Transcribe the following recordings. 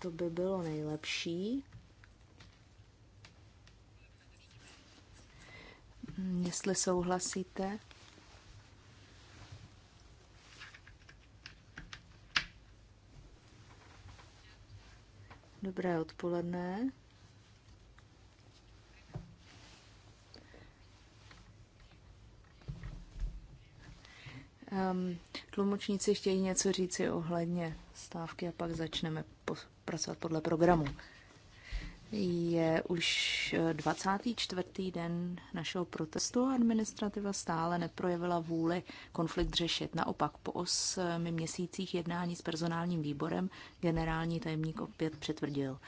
to by bylo nejlepší. Hmm, jestli souhlasíte. Dobré odpoledne. Um, tlumočníci chtějí něco říci ohledně stávky a pak začneme po pracovat podle programu. Je už 24. Eh, den našeho protestu a administrativa stále neprojevila vůli konflikt řešit. Naopak, po osmi měsících jednání s personálním výborem generální tajemník opět přetvrdil.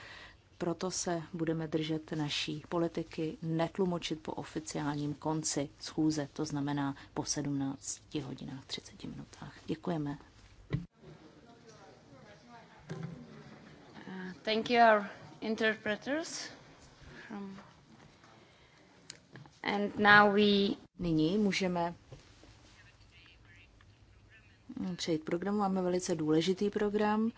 Proto se budeme držet naší politiky netlumočit po oficiálním konci schůze, to znamená po 17 hodinách 30 minutách. Děkujeme Thank you, our interpreters. From... And now we... Nyní můžeme přejít programu. Máme velice důležitý program.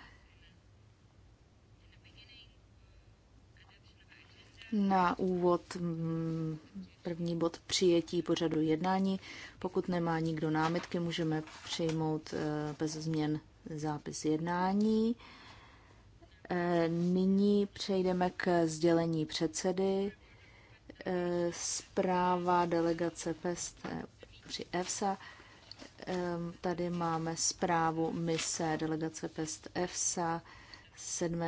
Na úvod mm, první bod přijetí pořadu jednání. Pokud nemá nikdo námitky, můžeme přijmout eh, bez změn zápis jednání. Eh, nyní přejdeme k sdělení předsedy. Eh, zpráva delegace PEST eh, při EFSA. Ehm, tady máme zprávu mise delegace PEST EFSA 7.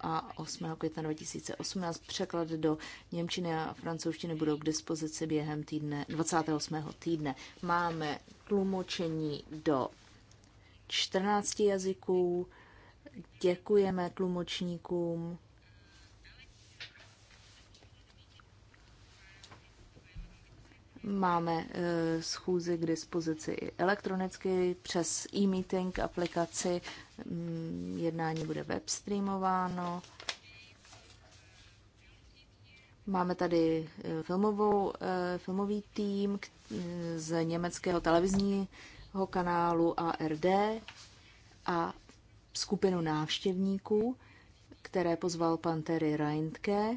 a 8. května 2018. Překlad do Němčiny a francouzštiny budou k dispozici během týdne, 28. týdne. Máme tlumočení do 14 jazyků Děkujeme tlumočníkům. Máme e, schůzi k dispozici i elektronicky přes e-meeting aplikaci. Mm, jednání bude webstreamováno. Máme tady eh, filmovou, eh, filmový tým z německého televizního kanálu ARD a skupinu návštěvníků, které pozval pan Terry Reintke,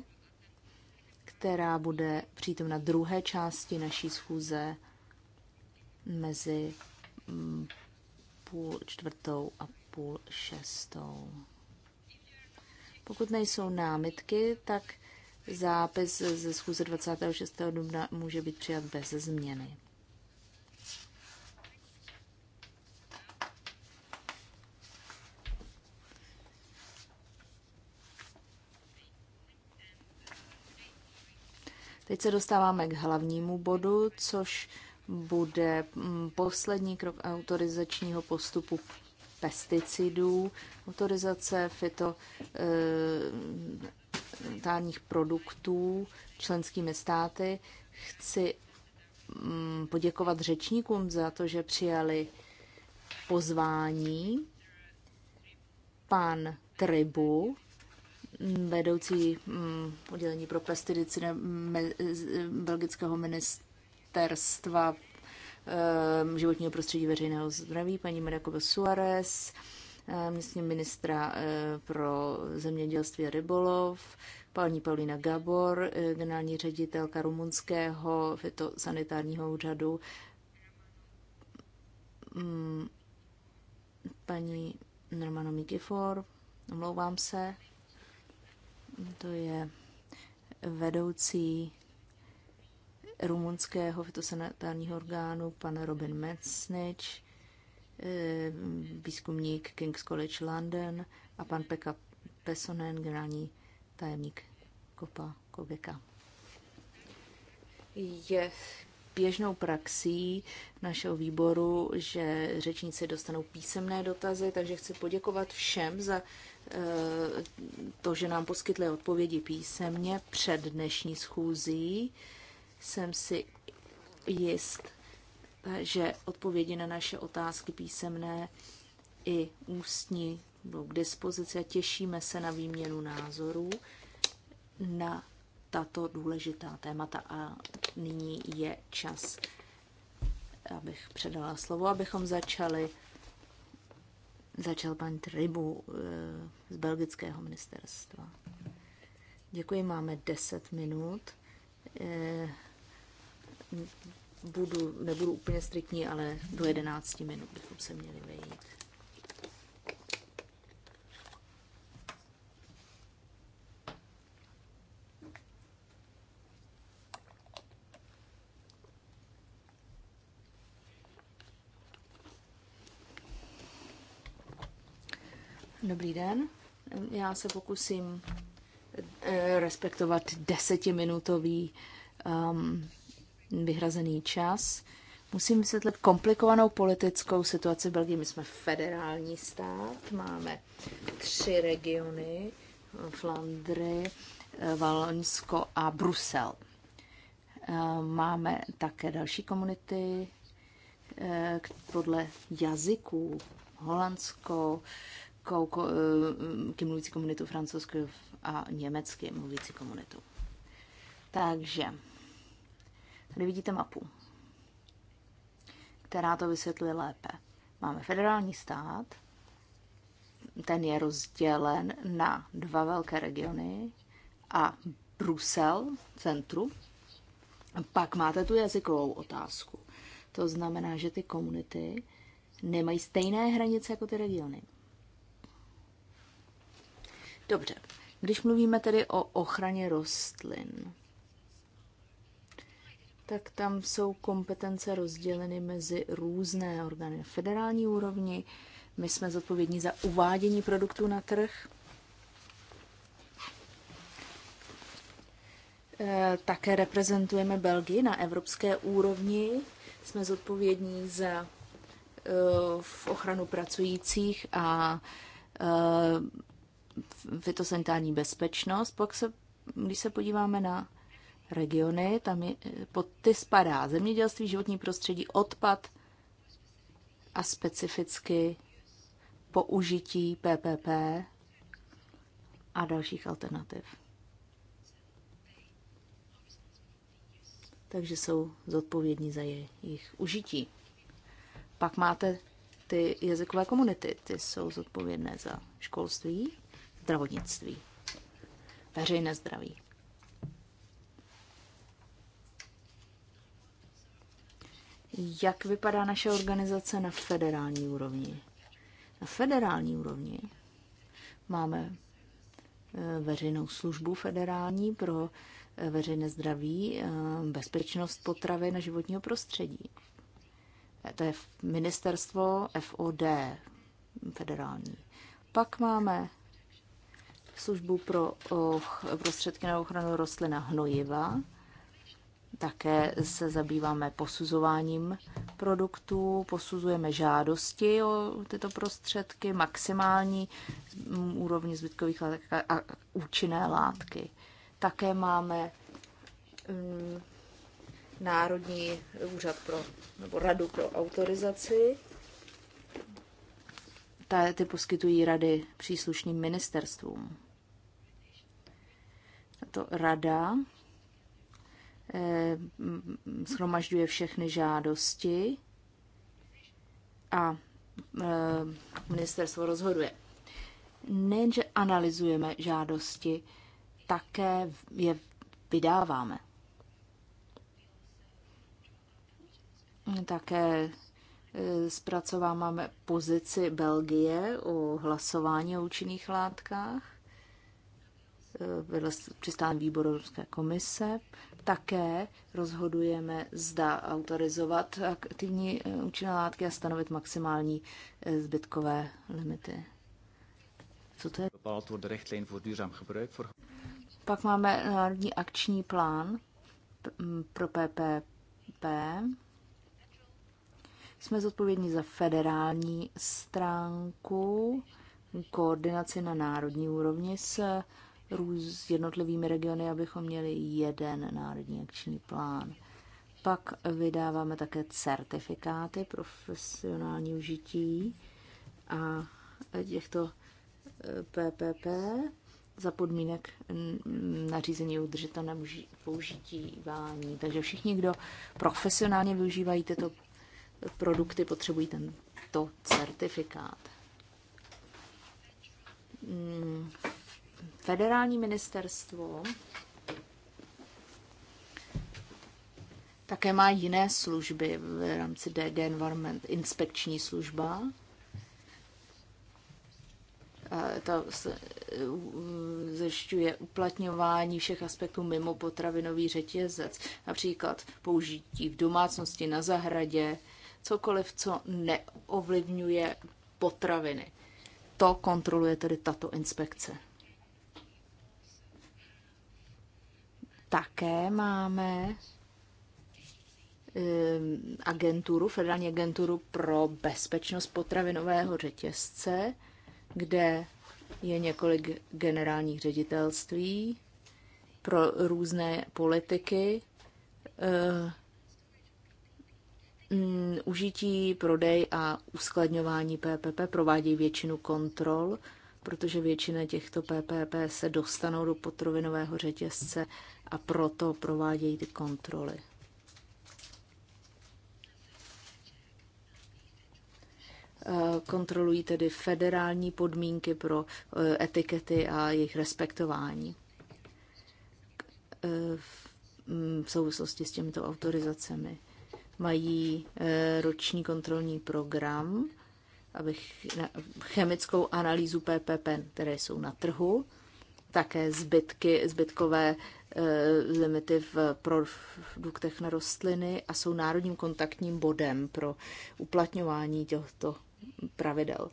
která bude přítomna druhé části naší schůze mezi mm, půl čtvrtou a půl šestou. Pokud nejsou námitky, tak zápis ze schůze 26. dubna může být přijat bez změny. Teď se dostáváme k hlavnímu bodu, což bude mm, poslední krok autorizačního postupu pesticidů, autorizace fitotálních eh, produktů členskými státy. Chci mm, poděkovat řečníkům za to, že přijali pozvání. Pan Tribu vedoucí mm, oddělení pro pesticidy belgického ministerstva ehm, životního prostředí veřejného zdraví, paní Medakova Suarez, městní ehm, ministra eh, pro zemědělství a rybolov, paní Paulina Gabor, eh, generální ředitelka rumunského fitosanitárního úřadu, mm, paní Normano Mikifor, omlouvám se, to je vedoucí rumunského fitosanitárního orgánu, pan Robin Metznič, eh, výzkumník King's College London a pan Pekka Pesonen, generální tajemník Kopa Kobeka. Je běžnou praxí našeho výboru, že řečníci dostanou písemné dotazy, takže chci poděkovat všem za to, že nám poskytli odpovědi písemně před dnešní schůzí. Jsem si jist, že odpovědi na naše otázky písemné i ústní budou k dispozici a těšíme se na výměnu názorů na tato důležitá témata a nyní je čas, abych předala slovo, abychom začali začal pan Tribu eh, z belgického ministerstva. Děkuji, máme 10 minut. Eh, budu, nebudu úplně striktní, ale do 11 minut bychom se měli vejít. Dobrý den. Já se pokusím eh, respektovat desetiminutový um, vyhrazený čas. Musím vysvětlit komplikovanou politickou situaci v Belgii. My jsme federální stát, máme tři regiony, eh, Flandry, eh, Valonsko a Brusel. Ehm, máme také další komunity podle jazyků. Holandsko, k eh, mm, mluvící komunitu francouzskou a německy mluvící komunitu. Takže tady vidíte mapu, která to vysvětluje lépe. Máme federální stát, ten je rozdělen na dva velké regiony a Brusel, centru. Pak máte tu jazykovou otázku. To znamená, že ty komunity nemají stejné hranice jako ty regiony. Dobře, když mluvíme tedy o ochraně rostlin, tak tam jsou kompetence rozděleny mezi různé orgány na federální úrovni. My jsme zodpovědní za uvádění produktů na trh. Eh, také reprezentujeme Belgii na evropské úrovni. Jsme zodpovědní za eh, v ochranu pracujících a eh, fitosanitární bezpečnost. Pak se, když se podíváme na regiony, tam je, pod ty spadá zemědělství, životní prostředí, odpad a specificky použití PPP a dalších alternativ. Takže jsou zodpovědní za jejich užití. Pak máte ty jazykové komunity, ty jsou zodpovědné za školství, zdravotnictví, veřejné zdraví. Jak vypadá naše organizace na federální úrovni? Na federální úrovni máme eh, veřejnou službu federální pro eh, veřejné zdraví, eh, bezpečnost potravy na životního prostředí. To je ministerstvo FOD federální. Pak máme službu pro prostředky na ochranu rostlin a hnojiva. Také se zabýváme posuzováním produktů, posuzujeme žádosti o tyto prostředky, maximální úrovni zbytkových látek a účinné látky. Také máme mm, Národní úřad pro, nebo radu pro autorizaci ta, ty poskytují rady příslušným ministerstvům. To rada eh, schromažďuje všechny žádosti a eh, ministerstvo rozhoduje. Nejenže analyzujeme žádosti, také je vydáváme. Také Eh, zpracováváme pozici Belgie o hlasování o účinných látkách. Eh, vedle přistání výboru Evropské komise. Také rozhodujeme, zda autorizovat aktivní eh, účinné látky a stanovit maximální zbytkové limity. Co to je? Pak máme národní akční plán pro PPP jsme zodpovědní za federální stránku, koordinaci na národní úrovni s růz jednotlivými regiony, abychom měli jeden národní akční plán. Pak vydáváme také certifikáty profesionální užití a těchto PPP eh, za podmínek mm, mm, nařízení udržitelné použitívání. Takže všichni, kdo profesionálně využívají tyto produkty potřebují tento certifikát. Hmm. Federální ministerstvo také má jiné služby v rámci DG Environment, inspekční služba. Ta eh, zjišťuje uplatňování všech aspektů mimo potravinový řetězec, například použití v domácnosti, na zahradě, cokoliv, co neovlivňuje potraviny. To kontroluje tedy tato inspekce. Také máme ehm, agenturu, federální agenturu pro bezpečnost potravinového řetězce, kde je několik generálních ředitelství pro různé politiky eh, mm, užití, prodej a uskladňování PPP provádějí většinu kontrol, protože většina těchto PPP se dostanou do potrovinového řetězce a proto provádějí ty kontroly. E, kontrolují tedy federální podmínky pro e, etikety a jejich respektování e, mm, v souvislosti s těmito autorizacemi mají eh, roční kontrolní program, na chemickou analýzu PPP, které jsou na trhu, také zbytky, zbytkové eh, limity v produktech na rostliny a jsou národním kontaktním bodem pro uplatňování těchto pravidel.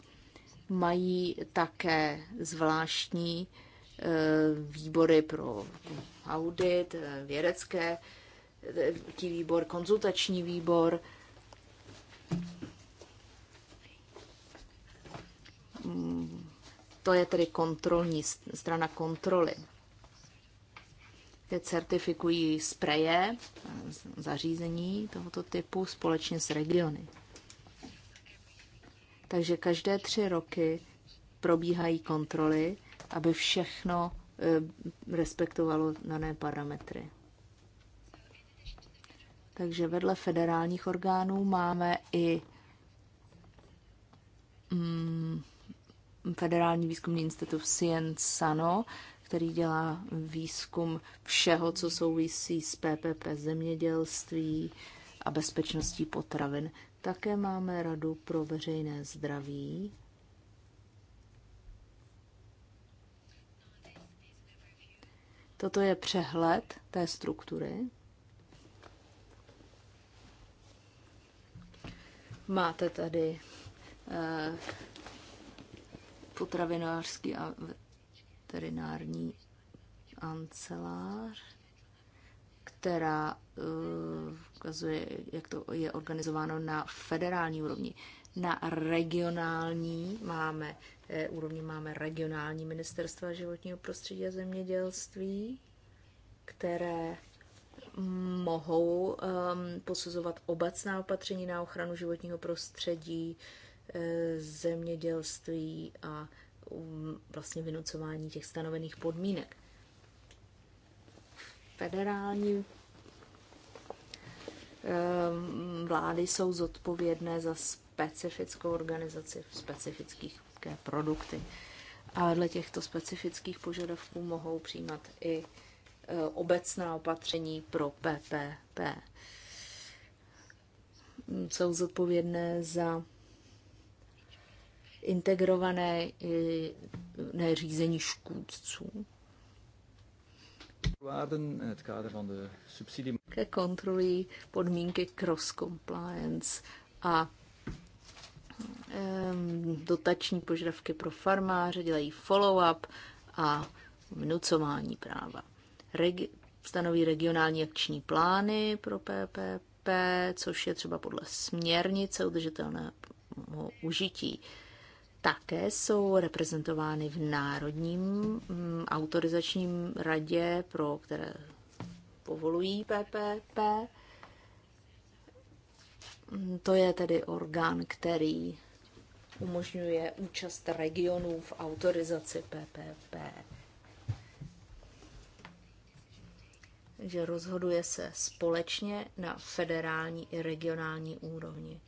Mají také zvláštní eh, výbory pro audit, vědecké výbor, konzultační výbor. To je tedy kontrolní strana kontroly. Teď certifikují spreje, zařízení tohoto typu společně s regiony. Takže každé tři roky probíhají kontroly, aby všechno eh, respektovalo dané parametry. Takže vedle federálních orgánů máme i mm, Federální výzkumný institut Sano, který dělá výzkum všeho, co souvisí s PPP zemědělství a bezpečností potravin. Také máme Radu pro veřejné zdraví. Toto je přehled té struktury. Máte tady eh, potravinářský a veterinární ancelář, která eh, ukazuje, jak to je organizováno na federální úrovni. Na regionální máme eh, úrovni máme regionální ministerstva životního prostředí a zemědělství, které mohou um, posuzovat obecná opatření na ochranu životního prostředí, eh, zemědělství a mm, vlastně vynucování těch stanovených podmínek. Federální ehm, vlády jsou zodpovědné za specifickou organizaci specifických produkty. A dle těchto specifických požadavků mohou přijímat i Eh, obecná opatření pro PPP. Jsou zodpovědné za integrované eh, neřízení škůdců. Ke kontroly podmínky cross-compliance a ehm, dotační požadavky pro farmáře, dělají follow-up a vnucování práva regi- stanoví regionální akční plány pro PPP, což je třeba podle směrnice udržitelného užití. Také jsou reprezentovány v Národním mm, autorizačním radě, pro které povolují PPP. To je tedy orgán, který umožňuje účast regionů v autorizaci PPP. že rozhoduje se společně na federální i regionální úrovni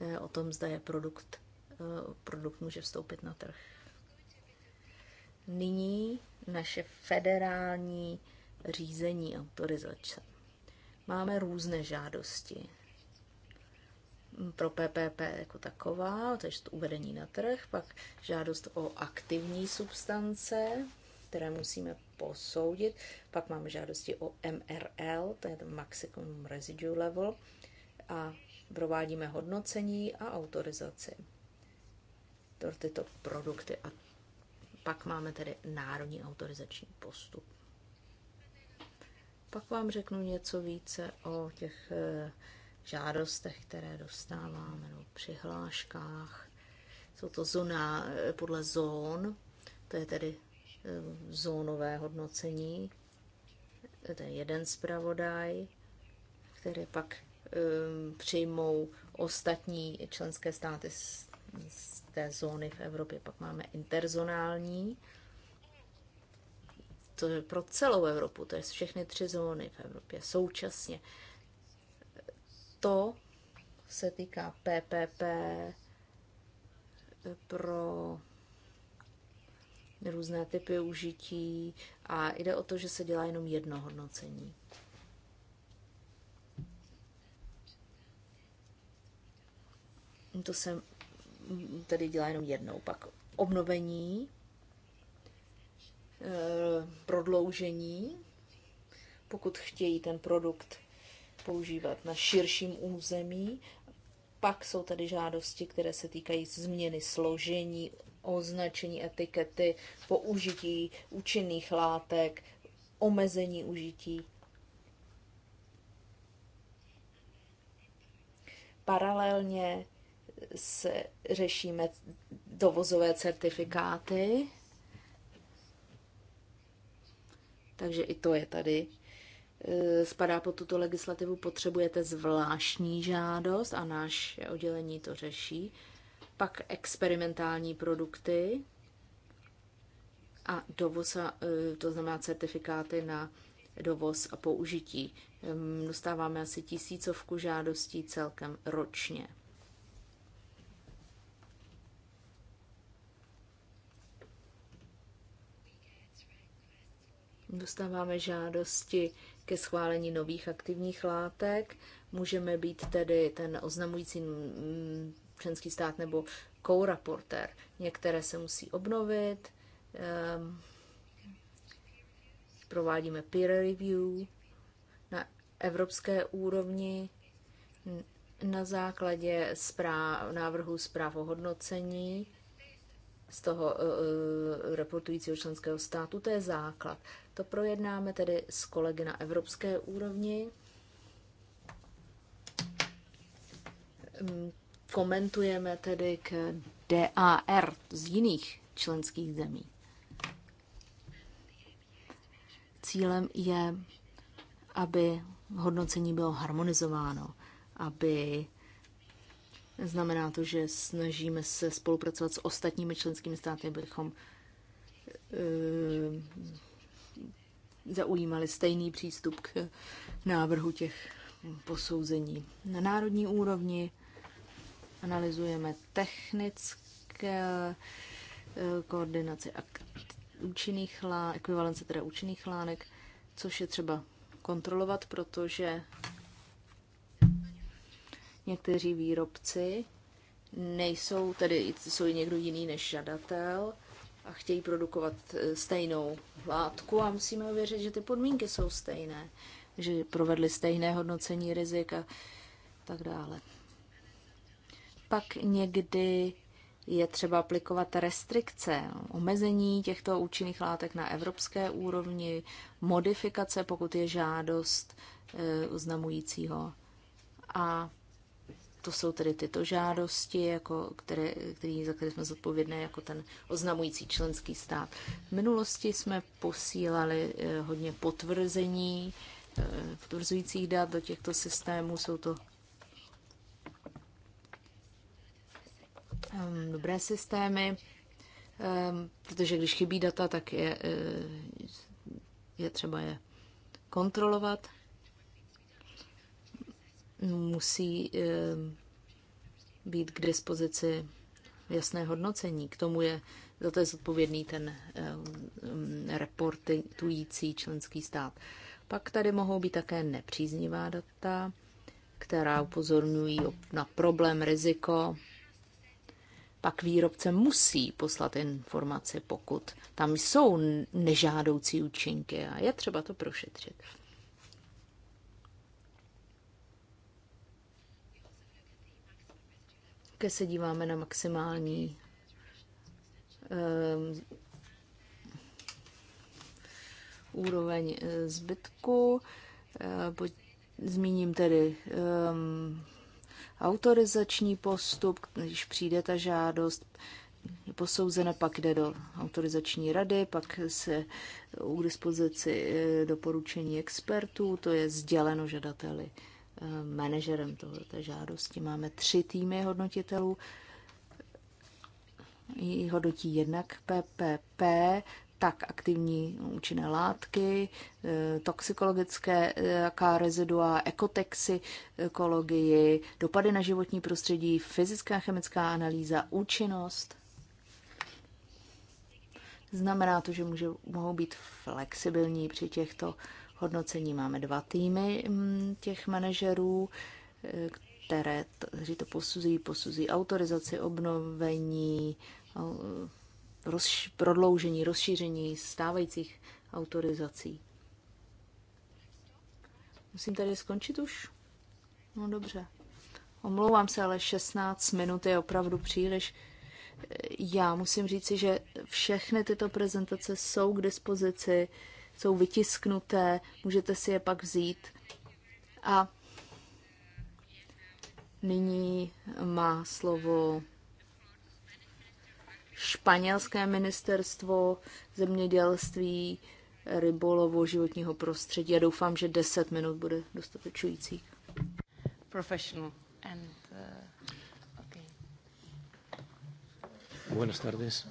e, o tom, zda je produkt, e, produkt může vstoupit na trh. Nyní naše federální řízení autorizace. Máme různé žádosti pro PPP jako taková, takže to uvedení na trh, pak žádost o aktivní substance, které musíme posoudit. Pak máme žádosti o MRL, to je to Maximum Residue Level, a provádíme hodnocení a autorizaci pro tyto produkty. A pak máme tedy národní autorizační postup. Pak vám řeknu něco více o těch eh, žádostech, které dostáváme, nebo přihláškách. Jsou to zóna, eh, podle zón, to je tedy Eh, zónové hodnocení. To je jeden zpravodaj, který pak eh, přijmou ostatní členské státy z té zóny v Evropě. Pak máme interzonální, to je pro celou Evropu, to je všechny tři zóny v Evropě současně. To se týká PPP pro různé typy užití a jde o to, že se dělá jenom jedno hodnocení. To se tedy dělá jenom jednou. Pak obnovení, eh, prodloužení, pokud chtějí ten produkt používat na širším území. Pak jsou tady žádosti, které se týkají změny složení označení etikety, použití účinných látek, omezení užití. Paralelně se řešíme dovozové certifikáty. Takže i to je tady. E, spadá pod tuto legislativu, potřebujete zvláštní žádost a náš oddělení to řeší pak experimentální produkty a dovoz, eh, to znamená certifikáty na dovoz a použití. Ehm, dostáváme asi tisícovku žádostí celkem ročně. Dostáváme žádosti ke schválení nových aktivních látek. Můžeme být tedy ten oznamující mm, členský stát nebo co reporter Některé se musí obnovit, ehm, provádíme peer review na evropské úrovni na základě zpráv, návrhu zpráv o hodnocení z toho uh, reportujícího členského státu. To je základ. To projednáme tedy s kolegy na evropské úrovni. Ehm, komentujeme tedy k DAR z jiných členských zemí. Cílem je, aby hodnocení bylo harmonizováno, aby znamená to, že snažíme se spolupracovat s ostatními členskými státy, abychom e, zaujímali stejný přístup k návrhu těch posouzení. Na národní úrovni Analyzujeme technické eh, koordinaci účinných lánek, ekvivalence teda účinných lánek, což je třeba kontrolovat, protože někteří výrobci nejsou, tedy jsou i někdo jiný než žadatel a chtějí produkovat eh, stejnou látku a musíme uvěřit, že ty podmínky jsou stejné, že provedli stejné hodnocení rizika a tak dále pak někdy je třeba aplikovat restrikce, omezení těchto účinných látek na evropské úrovni, modifikace, pokud je žádost uznamujícího. Eh, A to jsou tedy tyto žádosti, jako které, který, za které jsme zodpovědné jako ten oznamující členský stát. V minulosti jsme posílali eh, hodně potvrzení, eh, potvrzujících dat do těchto systémů. Jsou to Ehm, dobré systémy, ehm, protože když chybí data, tak je, eh, je třeba je kontrolovat. Musí ehm, být k dispozici jasné hodnocení. K tomu je za to je zodpovědný ten reportující členský stát. Pak tady mohou být také nepříznivá data, která upozorňují na problém, riziko, pak výrobce musí poslat informace pokud tam jsou nežádoucí účinky a je třeba to prošetřit. Také se díváme na maximální um, úroveň e, zbytku. E, zmíním tedy um, autorizační postup, když přijde ta žádost, posouzena, pak jde do autorizační rady, pak se u dispozici eh, doporučení expertů, to je sděleno žadateli eh, manažerem toho, té žádosti. Máme tři týmy hodnotitelů, hodnotí jednak PPP, tak aktivní účinné látky, eh, toxikologické eh, rezidua, ekotoxikologii, dopady na životní prostředí, fyzická chemická analýza, účinnost. Znamená to, že může, mohou být flexibilní při těchto hodnocení. Máme dva týmy mm, těch manažerů, eh, které to posuzují, posuzují autorizaci, obnovení, rozš- prodloužení, rozšíření stávajících autorizací. Musím tady skončit už? No dobře. Omlouvám se, ale 16 minut je opravdu příliš. Já musím říci, že všechny tyto prezentace jsou k dispozici, jsou vytisknuté, můžete si je pak vzít. A nyní má slovo španělské ministerstvo zemědělství, rybolovo, životního prostředí. Já doufám, že 10 minut bude dostatečující. Professional and, uh, okay. Buenas tardes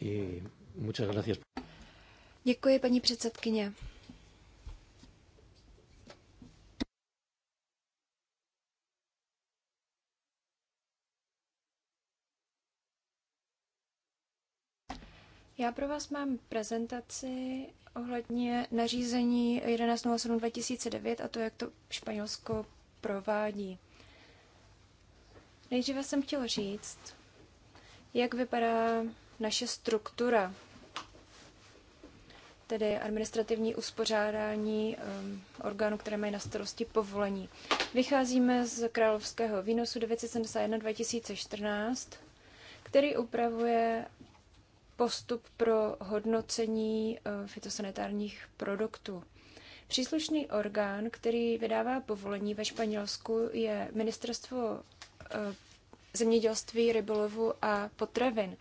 y muchas gracias. Děkuji, paní předsedkyně. Já pro vás mám prezentaci ohledně nařízení 11.07.2009 a to, jak to Španělsko provádí. Nejdříve jsem chtěla říct, jak vypadá naše struktura, tedy administrativní uspořádání um, orgánů, které mají na starosti povolení. Vycházíme z Královského výnosu 971 2014, který upravuje postup pro hodnocení eh, fitosanitárních produktů. Příslušný orgán, který vydává povolení ve Španělsku, je Ministerstvo eh, zemědělství, rybolovu a potravin.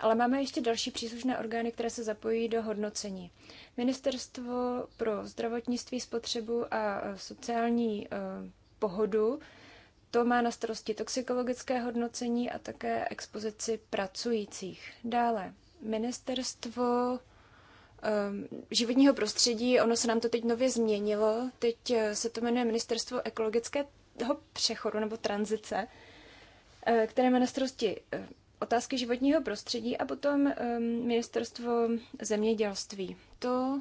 Ale máme ještě další příslušné orgány, které se zapojí do hodnocení. Ministerstvo pro zdravotnictví, spotřebu a eh, sociální pohodu to má na starosti toxikologické hodnocení a také expozici pracujících. Dále ministerstvo ehm, životního prostředí, ono se nám to teď nově změnilo, teď eh, se to jmenuje Ministerstvo ekologického přechodu nebo tranzice, eh, které má na starosti eh, otázky životního prostředí a potom ehm, Ministerstvo zemědělství. To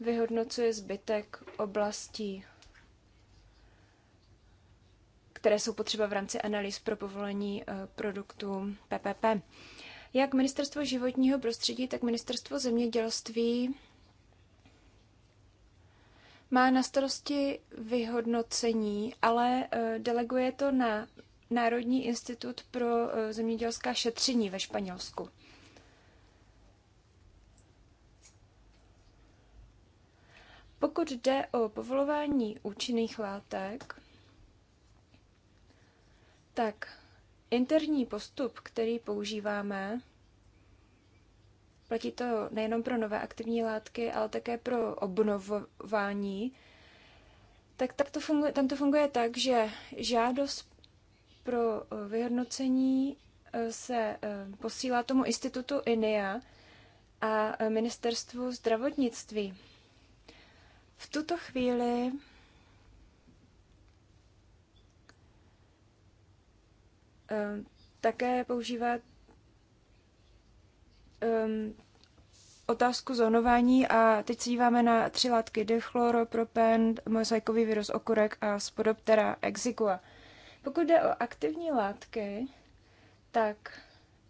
vyhodnocuje zbytek oblastí, které jsou potřeba v rámci analýz pro povolení produktů PPP. Jak Ministerstvo životního prostředí, tak Ministerstvo zemědělství má na starosti vyhodnocení, ale eh, deleguje to na Národní institut pro eh, zemědělská šetření ve Španělsku. Pokud jde o povolování účinných látek, tak Interní postup, který používáme, platí to nejenom pro nové aktivní látky, ale také pro obnovování, tak, tak to funguje, tam to funguje tak, že žádost pro eh, vyhodnocení eh, se eh, posílá tomu institutu INIA a ministerstvu zdravotnictví. V tuto chvíli Ehm, také používá um, ehm, otázku zonování a teď se díváme na tři látky dechloropropen, mozaikový virus okurek a spodoptera exigua. Pokud jde o aktivní látky, tak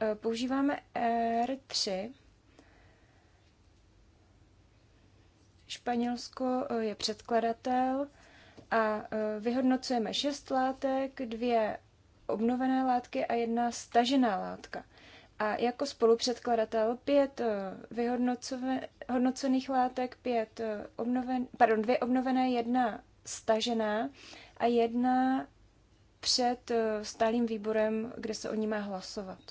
e, používáme R3. Španělsko e, je předkladatel a e, vyhodnocujeme šest látek, dvě obnovené látky a jedna stažená látka. A jako spolupředkladatel pět eh, vyhodnocených látek, pět eh, obnoven, pardon, dvě obnovené, jedna stažená a jedna před eh, stálým výborem, kde se o ní má hlasovat.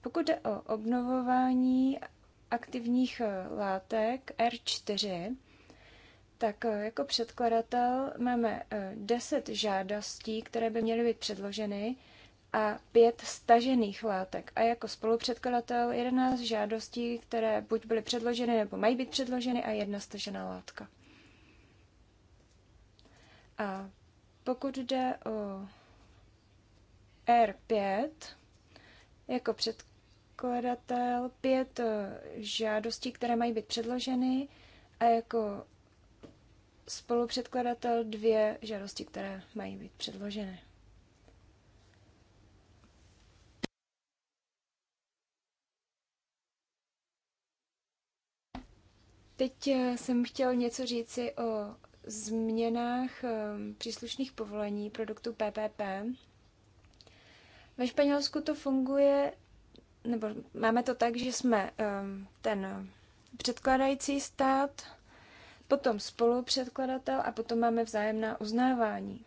Pokud jde o obnovování aktivních látek R4, tak eh, jako předkladatel máme 10 eh, žádostí, které by měly být předloženy a pět stažených látek. A jako spolupředkladatel 11 žádostí, které buď byly předloženy nebo mají být předloženy a jedna stažená látka. A pokud jde o R5, jako předkladatel pět eh, žádostí, které mají být předloženy a jako spolupředkladatel dvě žádosti, které mají být předloženy. Teď eh, jsem chtěl něco říci o změnách eh, příslušných povolení produktu PPP. Ve Španělsku to funguje, nebo máme to tak, že jsme eh, ten předkládající stát, potom spolupředkladatel a potom máme vzájemná uznávání.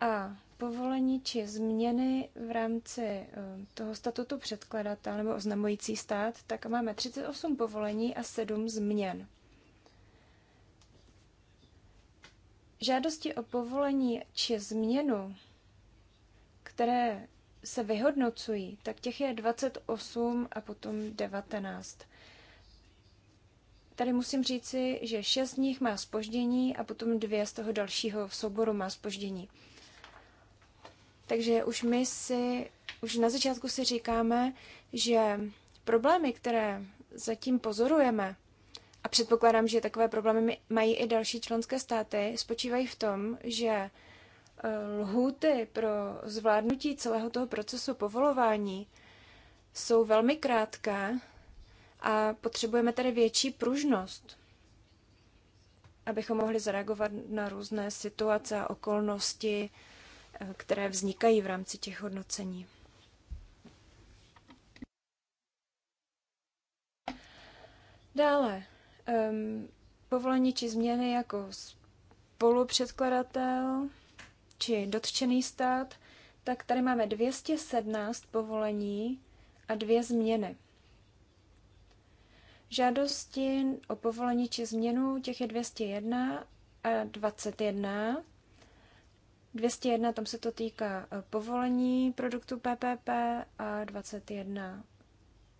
A povolení či změny v rámci eh, toho statutu předkladatel nebo oznamující stát, tak máme 38 povolení a 7 změn. Žádosti o povolení či změnu, které se vyhodnocují, tak těch je 28 a potom 19. Tady musím říci, že 6 z nich má spoždění a potom dvě z toho dalšího v souboru má spoždění. Takže už my si, už na začátku si říkáme, že problémy, které zatím pozorujeme, a předpokládám, že takové problémy mají i další členské státy, spočívají v tom, že lhůty pro zvládnutí celého toho procesu povolování jsou velmi krátké a potřebujeme tedy větší pružnost, abychom mohli zareagovat na různé situace a okolnosti, eh, které vznikají v rámci těch hodnocení. Dále, um, povolení či změny jako spolupředkladatel či dotčený stát, tak tady máme 217 povolení a dvě změny. Žádosti o povolení či změnu těch je 201 a 21. 201 tam se to týká eh, povolení produktu PPP a 21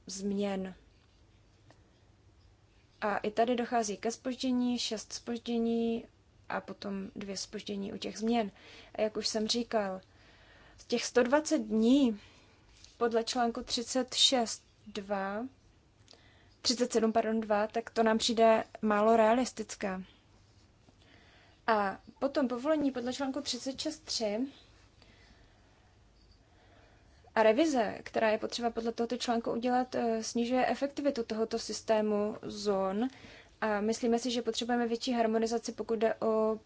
změn. A i tady dochází ke spoždění, 6 spoždění a potom dvě spoždění u těch změn. A jak už jsem říkal, z těch 120 dní podle článku 36.2, 37, pardon, 2, tak to nám přijde málo realistické. A potom povolení podle článku 36.3 a revize, která je potřeba podle tohoto článku udělat, eh, snižuje efektivitu tohoto systému zón a myslíme si, že potřebujeme větší harmonizaci, pokud jde o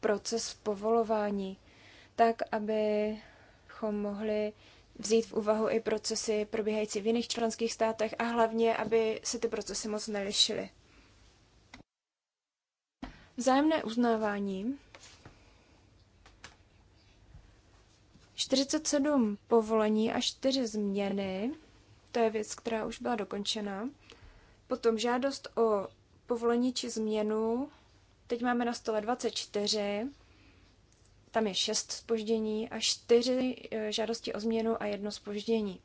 proces povolování, tak abychom mohli vzít v úvahu i procesy probíhající v jiných členských státech a hlavně, aby se ty procesy moc nelišily. Vzájemné uznávání. 47 povolení a 4 změny, to je věc, která už byla dokončena. Potom žádost o povolení či změnu. Teď máme na stole 24, tam je 6 spoždění a 4 e, žádosti o změnu a jedno spoždění.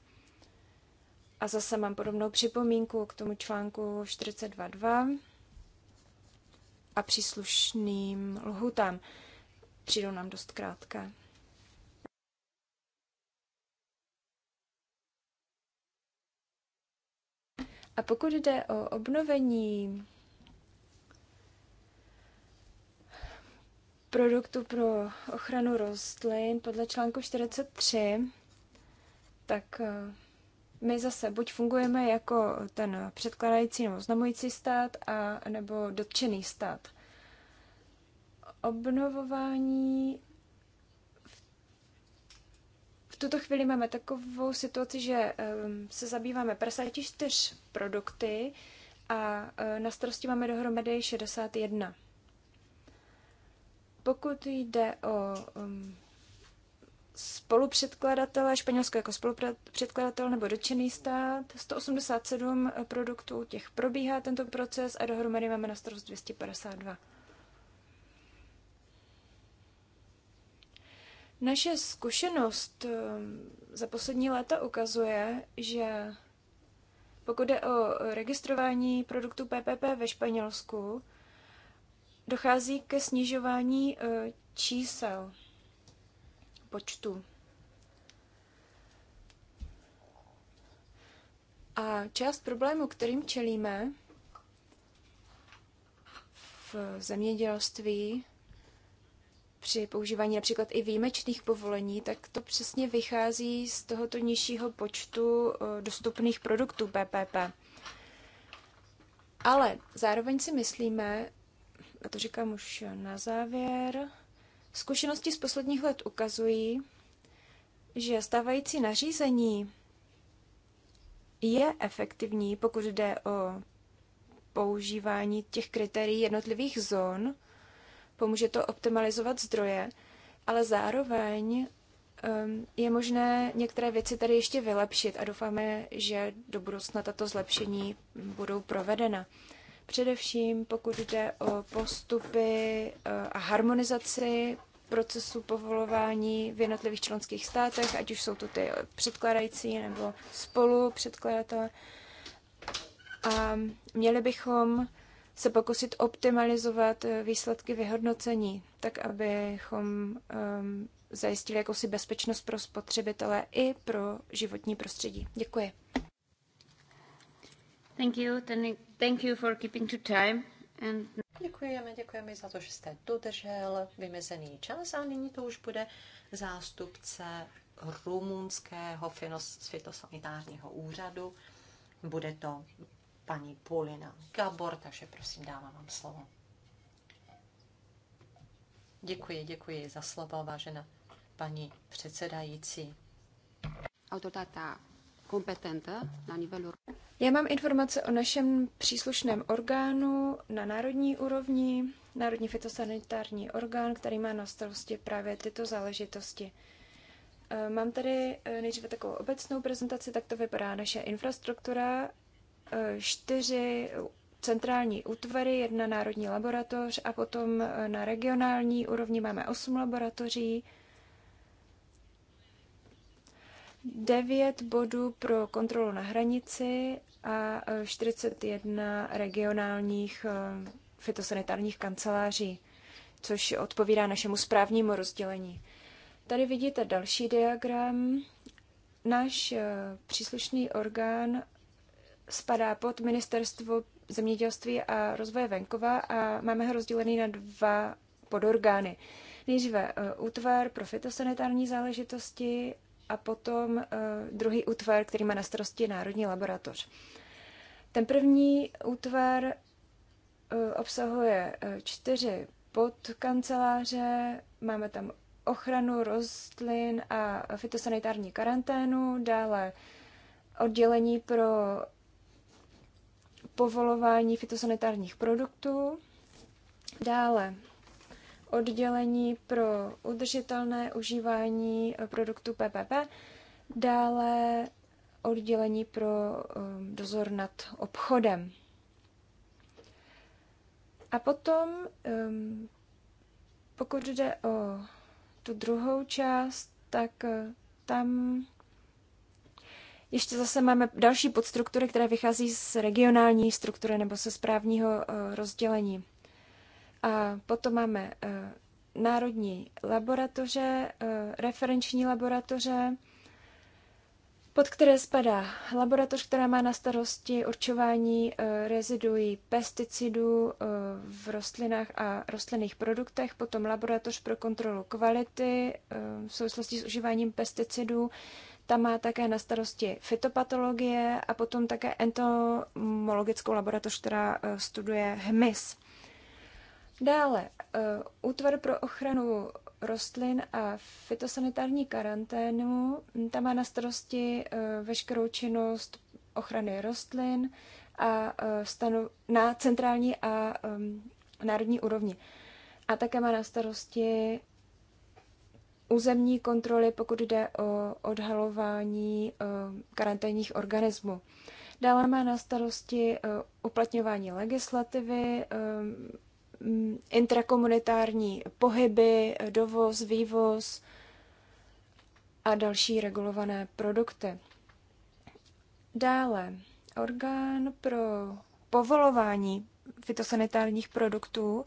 A zase mám podobnou připomínku k tomu článku 42.2 a příslušným lhutám. Přijdou nám dost krátké. A pokud jde o obnovení produktu pro ochranu rostlin podle článku 43, tak eh, my zase buď fungujeme jako ten předkladající nebo oznamující stát, a, nebo dotčený stát. Obnovování v tuto chvíli máme takovou situaci, že ehm, se zabýváme 54 produkty a eh, na starosti máme dohromady 61 pokud jde o um, spolupředkladatele, Španělsko jako spolupředkladatel nebo dočený stát, 187 produktů těch probíhá tento proces a dohromady máme na starost 252. Naše zkušenost um, za poslední léta ukazuje, že pokud jde o registrování produktů PPP ve Španělsku, dochází ke snižování eh, čísel, počtu. A část problému, kterým čelíme v zemědělství, při používání například i výjimečných povolení, tak to přesně vychází z tohoto nižšího počtu eh, dostupných produktů PPP. Ale zároveň si myslíme, a to říkám už na závěr, zkušenosti z posledních let ukazují, že stávající nařízení je efektivní, pokud jde o používání těch kritérií jednotlivých zón, pomůže to optimalizovat zdroje, ale zároveň um, je možné některé věci tady ještě vylepšit a doufáme, že do budoucna tato zlepšení budou provedena. Především pokud jde o postupy eh, a harmonizaci procesu povolování v jednotlivých členských státech, ať už jsou to ty předkladající nebo spolu předkladatelé. A měli bychom se pokusit optimalizovat eh, výsledky vyhodnocení, tak abychom um, zajistili jakousi bezpečnost pro spotřebitele i pro životní prostředí. Děkuji. Děkujeme, děkujeme za to, že jste dodržel vymezený čas a nyní to už bude zástupce rumunského fitosanitárního úřadu. Bude to paní Polina Gabor, takže prosím, dávám vám slovo. Děkuji, děkuji za slovo, vážená paní předsedající. Autotata já mám informace o našem příslušném orgánu na národní úrovni, Národní fitosanitární orgán, který má na starosti právě tyto záležitosti. Eh, mám tady eh, nejdříve takovou obecnou prezentaci, tak to vypadá naše infrastruktura, eh, čtyři centrální útvary, jedna národní laboratoř a potom na regionální úrovni máme osm laboratoří, 9 bodů pro kontrolu na hranici a 41 e, regionálních e, fitosanitárních kanceláří, což odpovídá našemu správnímu rozdělení. Tady vidíte další diagram. Náš e, příslušný orgán spadá pod Ministerstvo zemědělství a rozvoje venkova a máme ho rozdělený na dva podorgány. Nejdříve útvar pro fitosanitární záležitosti a potom eh, druhý útvar, který má na starosti Národní laboratoř. Ten první útvar eh, obsahuje eh, čtyři podkanceláře, máme tam ochranu rostlin a fitosanitární karanténu, dále oddělení pro povolování fitosanitárních produktů, dále oddělení pro udržitelné užívání eh, produktů PPP, dále oddělení pro eh, dozor nad obchodem. A potom, eh, pokud jde o tu druhou část, tak tam ještě zase máme další podstruktury, které vychází z regionální struktury nebo se správního rozdělení. A potom máme eh, národní laboratoře, eh, referenční laboratoře, pod které spadá laboratoř, která má na starosti určování eh, reziduí pesticidů v rostlinách a rostlinných produktech, potom laboratoř pro kontrolu kvality v souvislosti s užíváním pesticidů, ta má také na starosti fytopatologie a potom také entomologickou laboratoř, která studuje hmyz. Dále, eh, Útvar pro ochranu rostlin a fitosanitární karanténu, tam má na starosti eh, veškerou činnost ochrany rostlin a eh, stanu, na centrální a národní úrovni. A také má na starosti územní kontroly, pokud jde o odhalování karanténních organismů. Dále má na starosti uplatňování legislativy, Mm, intrakomunitární pohyby, dovoz, vývoz a další regulované produkty. Dále, orgán pro povolování fitosanitárních produktů,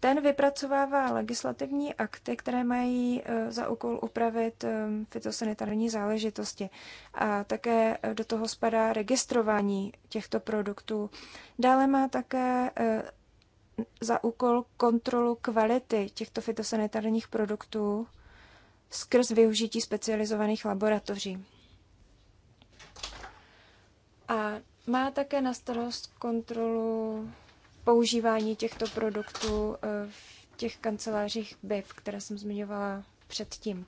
ten vypracovává legislativní akty, které mají eh, za úkol upravit eh, fitosanitární záležitosti. A také eh, do toho spadá registrování těchto produktů. Dále má také za úkol kontrolu kvality těchto fitosanitárních produktů skrz využití specializovaných laboratoří. A má také na starost kontrolu používání těchto produktů eh, v těch kancelářích BIF, které jsem zmiňovala předtím.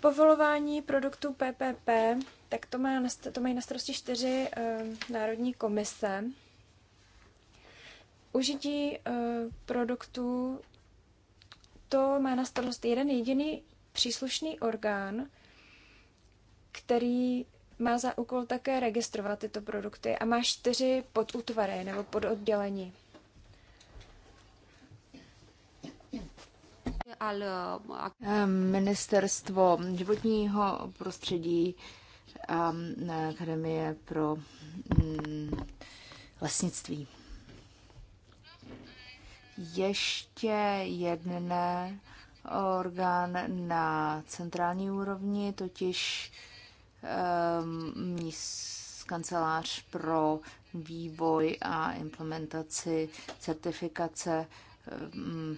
Povolování produktů PPP tak to, má, to mají na starosti čtyři uh, národní komise. Užití uh, produktů to má na starost jeden jediný příslušný orgán, který má za úkol také registrovat tyto produkty a má čtyři podútvary nebo pododdělení. Eh, ministerstvo životního prostředí Mm, na Akademie pro mm, lesnictví. Ještě jeden orgán na centrální úrovni, totiž um, kancelář pro vývoj a implementaci certifikace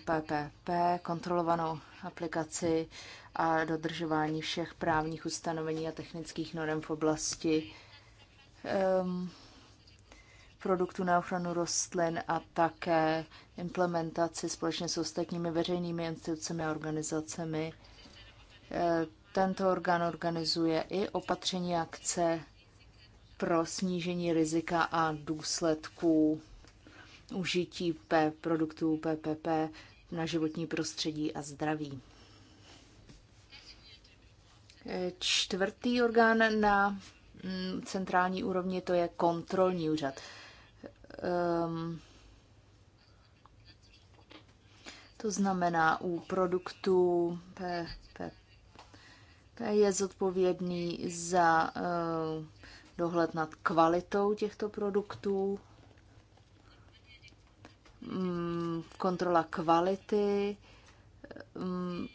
PPP, ehm, kontrolovanou aplikaci a dodržování všech právních ustanovení a technických norm v oblasti um, ehm, produktů na ochranu rostlin a také implementaci společně s ostatními veřejnými institucemi a organizacemi. E, tento orgán organizuje i opatření akce pro snížení rizika a důsledků užití P produktů PPP na životní prostředí a zdraví. Čtvrtý orgán na mm, centrální úrovni to je kontrolní úřad. Um, to znamená, u produktů P, P, P je zodpovědný za uh, dohled nad kvalitou těchto produktů, um, kontrola kvality um, mm,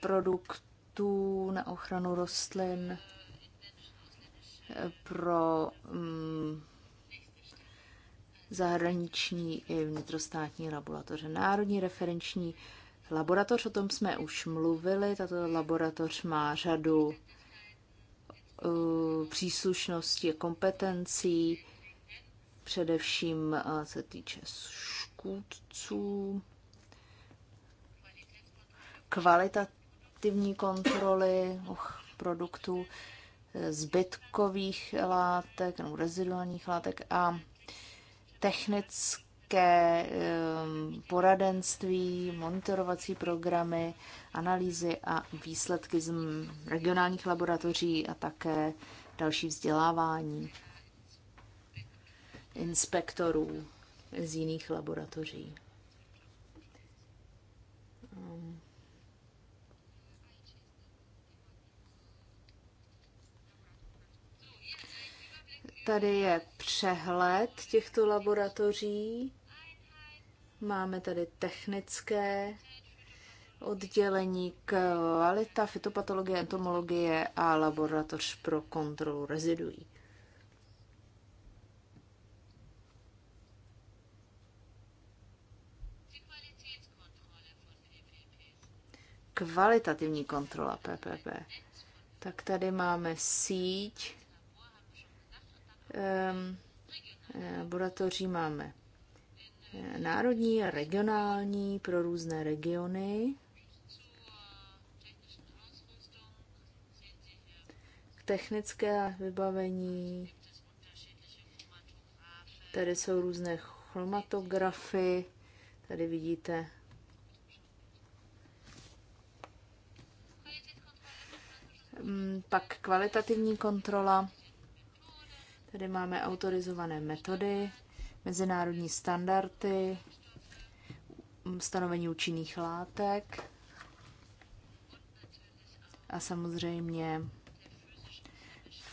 produktů projektů na ochranu rostlin eh, pro mm, zahraniční i vnitrostátní laboratoře. Národní referenční laboratoř, o tom jsme už mluvili, tato laboratoř má řadu uh, příslušností a kompetencí, především uh, se týče škůdců, kvalitativní aktivní kontroly och, produktů eh, zbytkových látek nebo reziduálních látek a technické ehm, poradenství, monitorovací programy, analýzy a výsledky z regionálních laboratoří a také další vzdělávání inspektorů z jiných laboratoří. Ehm, Tady je přehled těchto laboratoří. Máme tady technické oddělení kvalita, fitopatologie, entomologie a laboratoř pro kontrolu reziduí. Kvalitativní kontrola PPP. Tak tady máme síť laboratoří eh, máme eh, národní, regionální, pro různé regiony. Technické vybavení, tady jsou různé chromatografy, tady vidíte pak kvalitativní kontrola. Tady máme autorizované metody, mezinárodní standardy, stanovení účinných látek a samozřejmě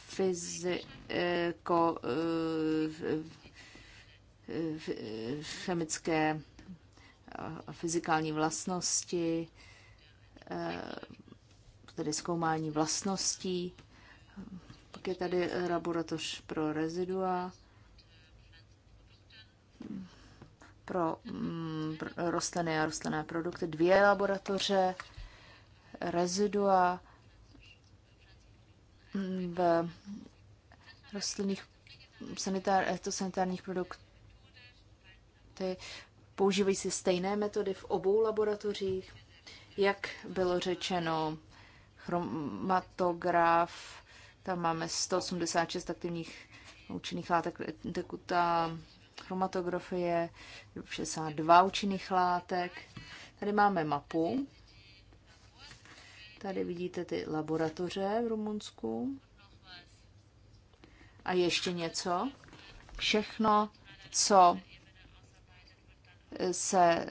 fyziko, eh, eh, chemické a fyzikální vlastnosti, eh, tedy zkoumání vlastností pak je tady eh, laboratoř pro rezidua, pro mm, rostliny a rostlinné produkty, dvě laboratoře, rezidua mm, v rostlinných sanitár, sanitárních produktů. Používají si stejné metody v obou laboratořích. Jak bylo řečeno, chromatograf, tam máme 186 aktivních účinných látek, ta chromatografie, 62 účinných látek. Tady máme mapu. Tady vidíte ty laboratoře v Rumunsku. A ještě něco. Všechno, co se e,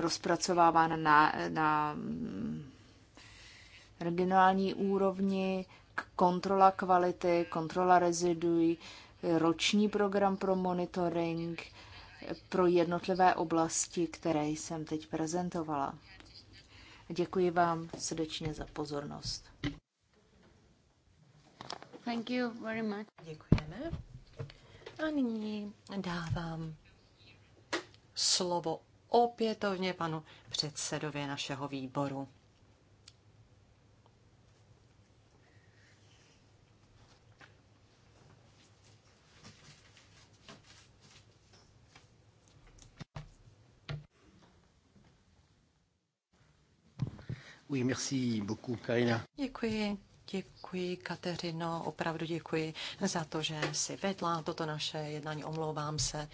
rozpracovává na, na, na regionální úrovni, kontrola kvality, kontrola reziduí, roční program pro monitoring pro jednotlivé oblasti, které jsem teď prezentovala. Děkuji vám srdečně za pozornost. Thank you very much. Děkujeme. A nyní dávám slovo opětovně panu předsedovi našeho výboru. Oui, merci beaucoup, Karina. Děkuji. Děkuji, Kateřino, opravdu děkuji za to, že jsi vedla toto naše jednání. Omlouvám se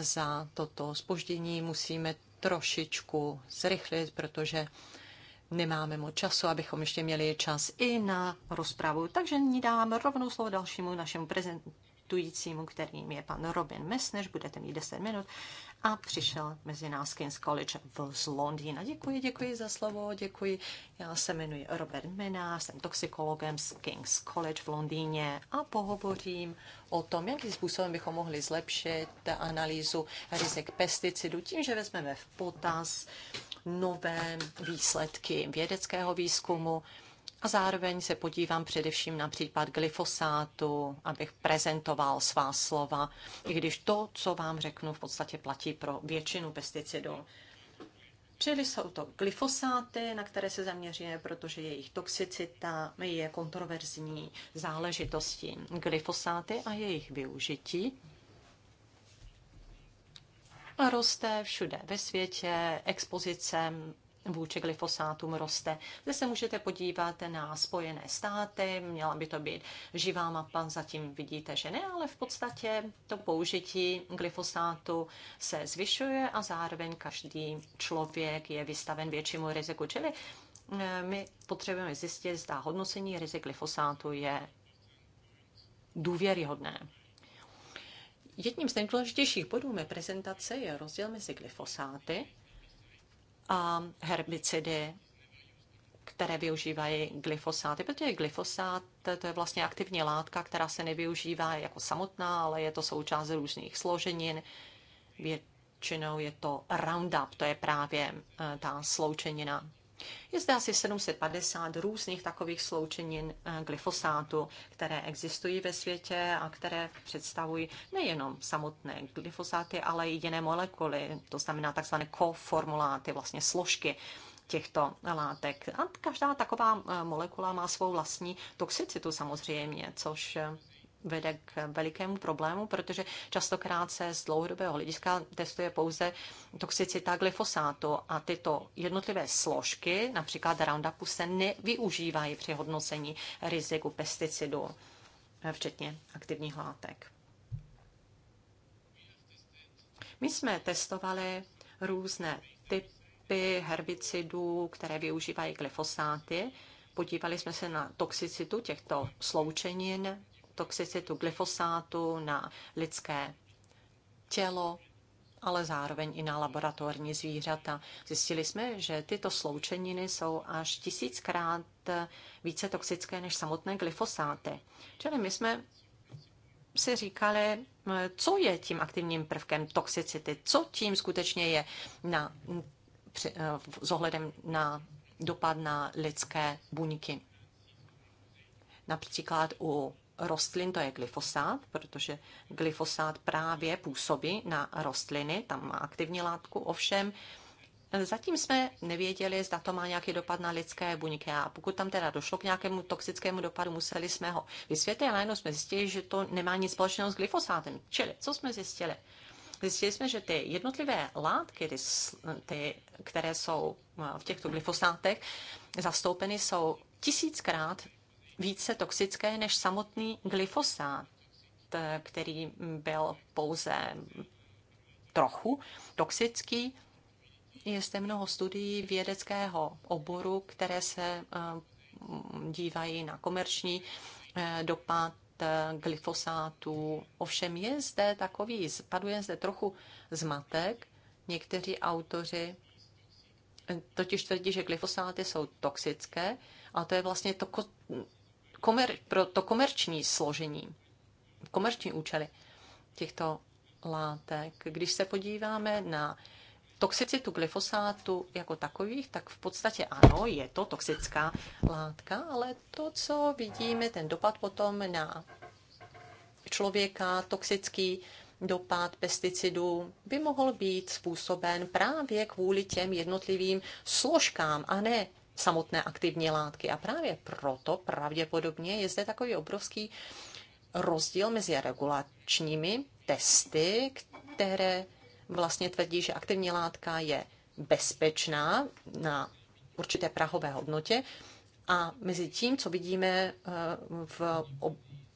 za toto spoždění. Musíme trošičku zrychlit, protože nemáme moc času, abychom ještě měli čas i na rozpravu. Takže ní dám rovnou slovo dalšímu našemu prezentu diskutujícímu, kterým je pan Robin Messner, budete mít 10 minut, a přišel mezi nás King's College v Londýna. Děkuji, děkuji za slovo, děkuji. Já se jmenuji Robert Mena, jsem toxikologem z King's College v Londýně a pohovořím o tom, jakým způsobem bychom mohli zlepšit analýzu rizik pesticidů tím, že vezmeme v potaz nové výsledky vědeckého výzkumu, a zároveň se podívám především na případ glyfosátu, abych prezentoval svá slova, i když to, co vám řeknu, v podstatě platí pro většinu pesticidů. Čili jsou to glyfosáty, na které se zaměříme, protože jejich toxicita je kontroverzní záležitostí. Glyfosáty a jejich využití roste všude ve světě, expozice vůči glyfosátům roste. Zde se můžete podívat na Spojené státy, měla by to být živá mapa, zatím vidíte, že ne, ale v podstatě to použití glyfosátu se zvyšuje a zároveň každý člověk je vystaven většímu riziku. Čili eh, my potřebujeme zjistit, zda hodnocení rizik glyfosátu je důvěryhodné. Jedním z nejdůležitějších bodů mé prezentace je rozdíl mezi glyfosáty a herbicidy, které využívají glyfosáty, protože glyfosát to je vlastně aktivní látka, která se nevyužívá jako samotná, ale je to součást různých složenin. Většinou je to Roundup, to je právě eh, ta sloučenina je zde asi 750 různých takových sloučenin eh, glyfosátu, které existují ve světě a které představují nejenom samotné glyfosáty, ale i jiné molekuly, to znamená takzvané koformuláty, vlastně složky těchto látek. A každá taková eh, molekula má svou vlastní toxicitu samozřejmě, což eh, vede k velikému problému, protože častokrát se z dlouhodobého hlediska testuje pouze toxicita glyfosátu a tyto jednotlivé složky, například Roundupu, se nevyužívají při hodnocení riziku pesticidů, včetně aktivních látek. My jsme testovali různé typy herbicidů, které využívají glyfosáty. Podívali jsme se na toxicitu těchto sloučenin toxicitu glyfosátu na lidské tělo, ale zároveň i na laboratorní zvířata. Zjistili jsme, že tyto sloučeniny jsou až tisíckrát více toxické než samotné glyfosáty. Čili my jsme si říkali, co je tím aktivním prvkem toxicity, co tím skutečně je na, při, eh, s ohledem na dopad na lidské buňky. Například u rostlin, to je glyfosát, protože glyfosát právě působí na rostliny, tam má aktivní látku, ovšem eh, Zatím jsme nevěděli, zda to má nějaký dopad na lidské buňky a pokud tam teda došlo k nějakému toxickému dopadu, museli jsme ho vysvětlit Ale jenom jsme zjistili, že to nemá nic společného s glyfosátem. Čili, co jsme zjistili? Zjistili jsme, že ty jednotlivé látky, ty, ty, které jsou eh, v těchto glyfosátech zastoupeny, jsou tisíckrát více toxické než samotný glyfosát, eh, který byl pouze trochu toxický. Je zde mnoho studií vědeckého oboru, které se eh, dívají na komerční eh, dopad glyfosátů. Ovšem je zde takový, spaduje zde trochu zmatek. Někteří autoři totiž tvrdí, že glyfosáty jsou toxické, a to je vlastně to, komer, pro to komerční složení, komerční účely těchto látek. Když se podíváme na toxicitu glyfosátu jako takových, tak v podstatě ano, je to toxická látka, ale to, co vidíme, ten dopad potom na člověka, toxický dopad pesticidů, by mohl být způsoben právě kvůli těm jednotlivým složkám a ne samotné aktivní látky. A právě proto pravděpodobně je zde takový obrovský rozdíl mezi regulačními testy, které vlastně tvrdí, že aktivní látka je bezpečná na určité prahové hodnotě a mezi tím, co vidíme eh, v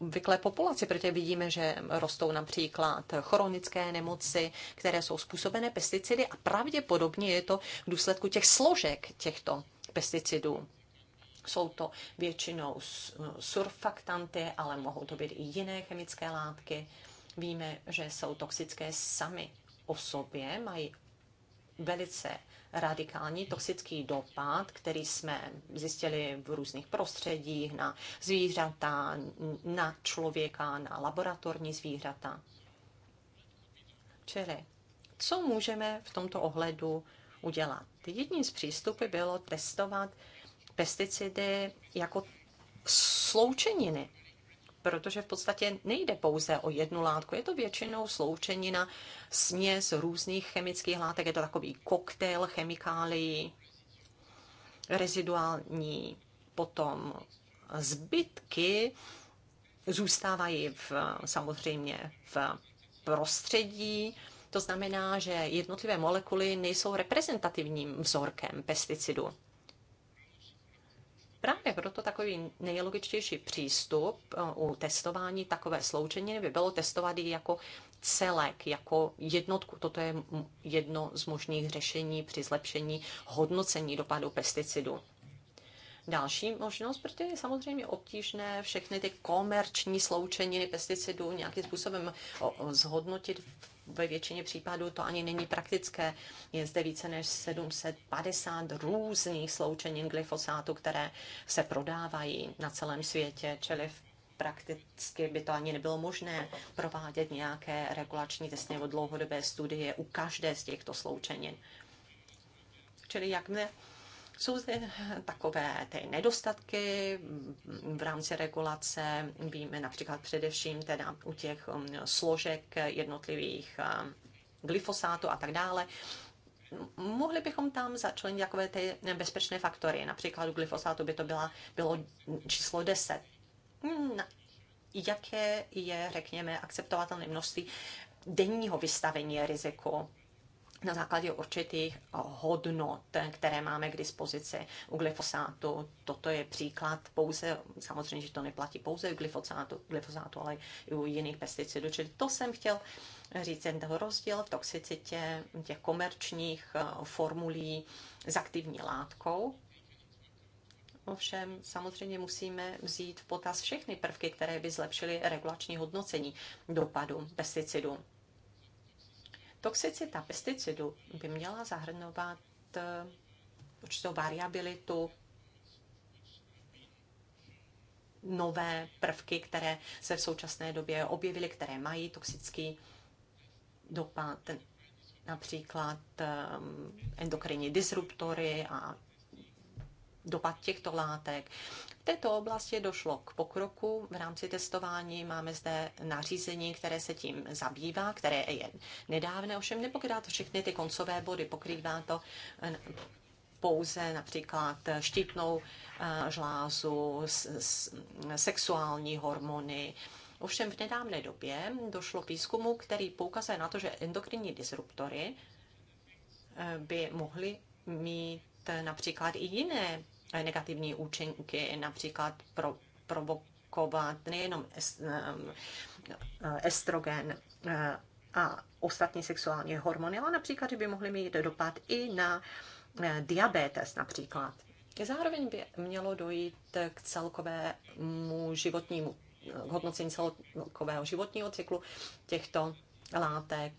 obvyklé populaci, protože vidíme, že rostou například chronické nemoci, které jsou způsobené pesticidy a pravděpodobně je to v důsledku těch složek těchto pesticidů. Jsou to většinou surfaktanty, ale mohou to být i jiné chemické látky. Víme, že jsou toxické sami o sobě, mají velice radikální toxický dopad, který jsme zjistili v různých prostředích, na zvířata, na člověka, na laboratorní zvířata. Čili, co můžeme v tomto ohledu udělat. Jedním z přístupů bylo testovat pesticidy jako sloučeniny, protože v podstatě nejde pouze o jednu látku, je to většinou sloučenina, směs různých chemických látek, je to takový koktejl chemikálií, reziduální potom zbytky zůstávají v, samozřejmě v prostředí, to znamená, že jednotlivé molekuly nejsou reprezentativním vzorkem pesticidu. Právě proto takový nejlogičtější přístup eh, u testování takové sloučeniny by bylo testovat ji jako celek, jako jednotku. Toto je jedno z možných řešení při zlepšení hodnocení dopadu pesticidu. Další možnost, protože je samozřejmě obtížné všechny ty komerční sloučeniny pesticidů nějakým způsobem zhodnotit v ve většině případů to ani není praktické. Je zde více než 750 různých sloučenin glyfosátu, které se prodávají na celém světě, čili v prakticky by to ani nebylo možné provádět nějaké regulační testy nebo dlouhodobé studie u každé z těchto sloučenin. Čili ne jsou zde takové ty nedostatky v rámci regulace, víme například především teda u těch um, složek jednotlivých um, glyfosátu a tak dále mohli bychom tam začlenit takové ty bezpečné faktory. Například u glyfosátu by to byla, bylo číslo 10. Jaké je, řekněme, akceptovatelné množství denního vystavení riziku? na základě určitých eh, hodnot, které máme k dispozici u glyfosátu. Toto je příklad pouze, samozřejmě, že to neplatí pouze u glyfosátu, glyfosátu ale i u jiných pesticidů. Čili to jsem chtěl říct, ten rozdíl v toxicitě těch komerčních eh, formulí s aktivní látkou, Ovšem samozřejmě musíme vzít v potaz všechny prvky, které by zlepšily regulační hodnocení dopadu pesticidů. Toxicita pesticidu by měla zahrnovat eh, určitou variabilitu, nové prvky, které se v současné době objevily, které mají toxický dopad, například eh, endokrinní disruptory a dopad těchto látek. V této oblasti došlo k pokroku v rámci testování. Máme zde nařízení, které se tím zabývá, které je nedávné, ovšem nepokrývá to všechny ty koncové body, pokrývá to eh, pouze například štítnou eh, žlázu, sexuální hormony, Ovšem v nedávné době došlo k výzkumu, který poukazuje na to, že endokrinní disruptory eh, by mohly mít například i jiné negativní účinky, například pro, provokovat nejenom eh, eh, estrogen eh, a ostatní sexuální hormony, ale například, že by mohly mít dopad i na diabetes například. Zároveň by mělo dojít k celkovému životnímu k hodnocení celkového životního cyklu těchto látek.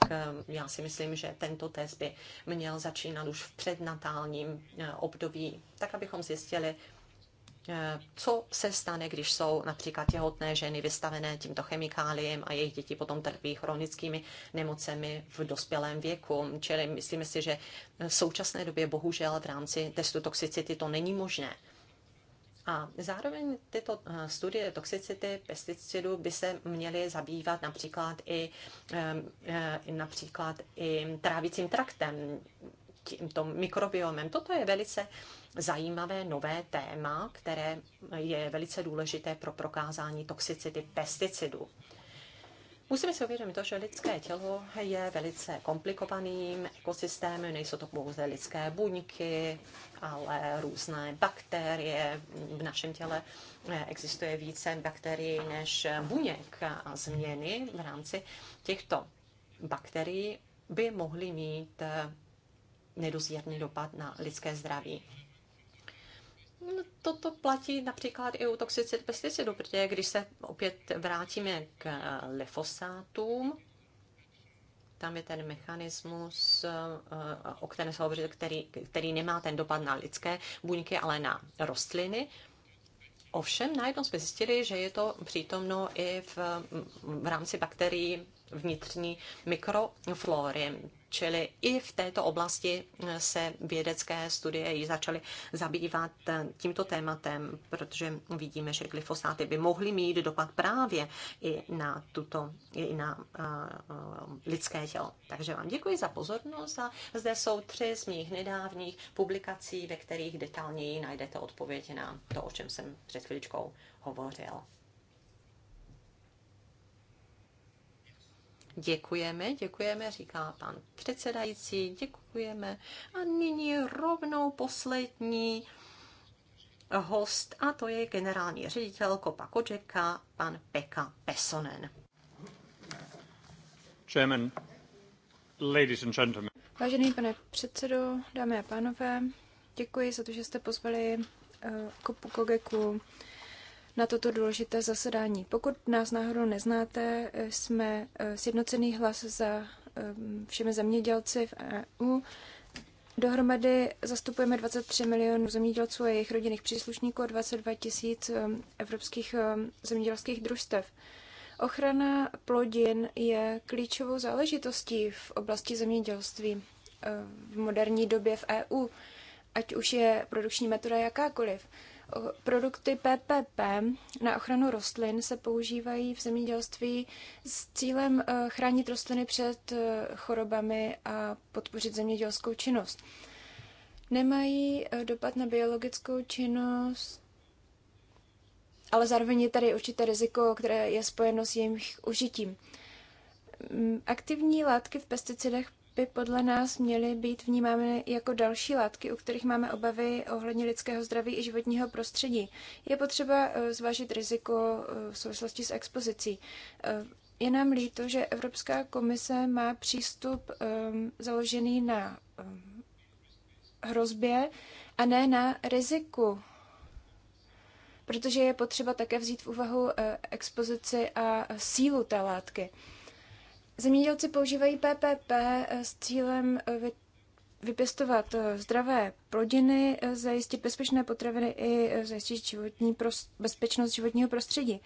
Já si myslím, že tento test by měl začínat už v přednatálním eh, období, tak abychom zjistili, eh, co se stane, když jsou například těhotné ženy vystavené tímto chemikáliím a jejich děti potom trpí chronickými nemocemi v dospělém věku. Čili myslíme si, že v současné době bohužel v rámci testu toxicity to není možné a zároveň tyto eh, studie toxicity pesticidů by se měly zabývat například i, eh, eh, například i trávicím traktem, tímto mikrobiomem. Toto je velice zajímavé nové téma, které je velice důležité pro prokázání toxicity pesticidů. Musíme si uvědomit to, že lidské tělo je velice komplikovaným ekosystémem, nejsou to pouze lidské buňky, ale různé bakterie. V našem těle eh, existuje více bakterií než buněk a změny v rámci těchto bakterií by mohly mít eh, nedozírný dopad na lidské zdraví. Toto platí například i u toxicit pesticidů, protože když se opět vrátíme k lefosátům, tam je ten mechanismus, eh, o kterém se hovoří, který, který nemá ten dopad na lidské buňky, ale na rostliny. Ovšem najednou jsme zjistili, že je to přítomno i v, v rámci bakterií vnitřní mikroflóry. Čili i v této oblasti eh, se vědecké studie již začaly zabývat eh, tímto tématem, protože vidíme, že glyfosáty by mohly mít dopad právě i na, tuto, i na uh, lidské tělo. Takže vám děkuji za pozornost a zde jsou tři z mých nedávných publikací, ve kterých detailněji najdete odpověď na to, o čem jsem před chvíličkou hovořil. Děkujeme, děkujeme, říká pan předsedající, děkujeme. A nyní rovnou poslední host, a to je generální ředitel Kopa Kočeka, pan Pekka Pesonen. Chairman, ladies and gentlemen. Vážený pane předsedo, dámy a pánové, děkuji za to, že jste pozvali eh, Kopu Kogeku na toto důležité zasedání. Pokud nás náhodou neznáte, eh, jsme eh, sjednocený hlas za eh, všemi zemědělci v EU. Dohromady zastupujeme 23 milionů zemědělců a jejich rodinných příslušníků a 22 tisíc evropských zemědělských družstev. Ochrana plodin je klíčovou záležitostí v oblasti zemědělství v moderní době v EU, ať už je produkční metoda jakákoliv. Produkty PPP na ochranu rostlin se používají v zemědělství s cílem eh, chránit rostliny před eh, chorobami a podpořit zemědělskou činnost. Nemají eh, dopad na biologickou činnost, ale zároveň je tady určité riziko, které je spojeno s jejich užitím. Mm, aktivní látky v pesticidech by podle nás měly být vnímány jako další látky, u kterých máme obavy ohledně lidského zdraví i životního prostředí. Je potřeba eh, zvážit riziko eh, v souvislosti s expozicí. Eh, je nám líto, že Evropská komise má přístup ehm, založený na ehm, hrozbě a ne na riziku protože je potřeba také vzít v úvahu expozici a sílu té látky. Zemědělci používají PPP eh, s cílem eh, vypěstovat eh, zdravé plodiny, zajistit bezpečné potraviny i zajistit životní prost, bezpečnost životního prostředí.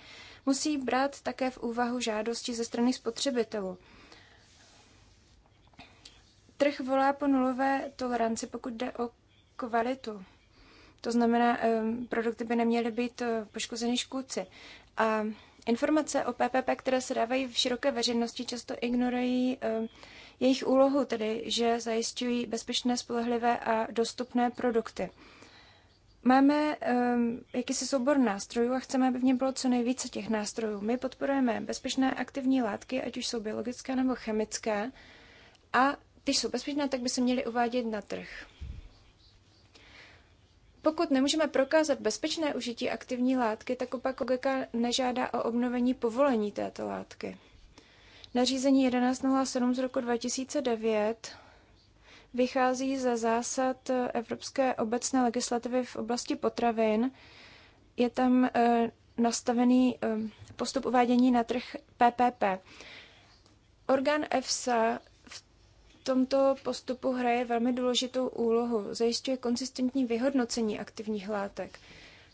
Musí brát také v úvahu žádosti ze strany spotřebitelů. Trh volá po nulové toleranci, pokud jde o kvalitu. To znamená, produkty by neměly být poškozeny škůdci. A Informace o PPP, které se dávají v široké veřejnosti, často ignorují eh, jejich úlohu, tedy že zajišťují bezpečné, spolehlivé a dostupné produkty. Máme um, jakýsi soubor nástrojů a chceme, aby v něm bylo co nejvíce těch nástrojů. My podporujeme bezpečné aktivní látky, ať už jsou biologické nebo chemické, a když jsou bezpečné, tak by se měly uvádět na trh. Pokud nemůžeme prokázat bezpečné užití aktivní látky, tak opak OGK nežádá o obnovení povolení této látky. Nařízení 1107 z roku 2009 vychází ze zásad eh, Evropské obecné legislativy v oblasti potravin. Je tam eh, nastavený eh, postup uvádění na trh PPP. Orgán EFSA tomto postupu hraje velmi důležitou úlohu. Zajišťuje konsistentní vyhodnocení aktivních látek.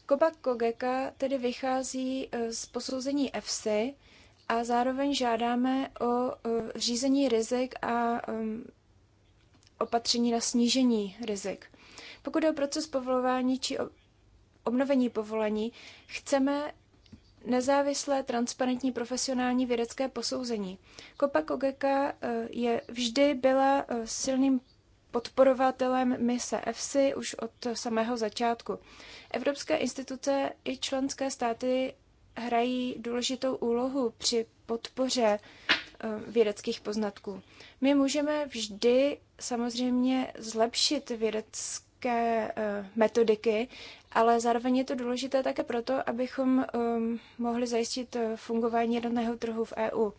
Kobak Kogeka tedy vychází e, z posouzení EFSI a zároveň žádáme o e, řízení rizik a opatření na snížení rizik. Pokud je o proces povolování či obnovení povolení, chceme nezávislé, transparentní, profesionální vědecké posouzení. Kopa Kogeka eh, je vždy byla eh, silným podporovatelem mise EFSI už od samého začátku. Evropské instituce i členské státy hrají důležitou úlohu při podpoře eh, vědeckých poznatků. My můžeme vždy samozřejmě zlepšit vědecké metodické eh, metodiky, ale zároveň je to důležité také proto, abychom ehm, mohli zajistit eh, fungování jednotného trhu v EU.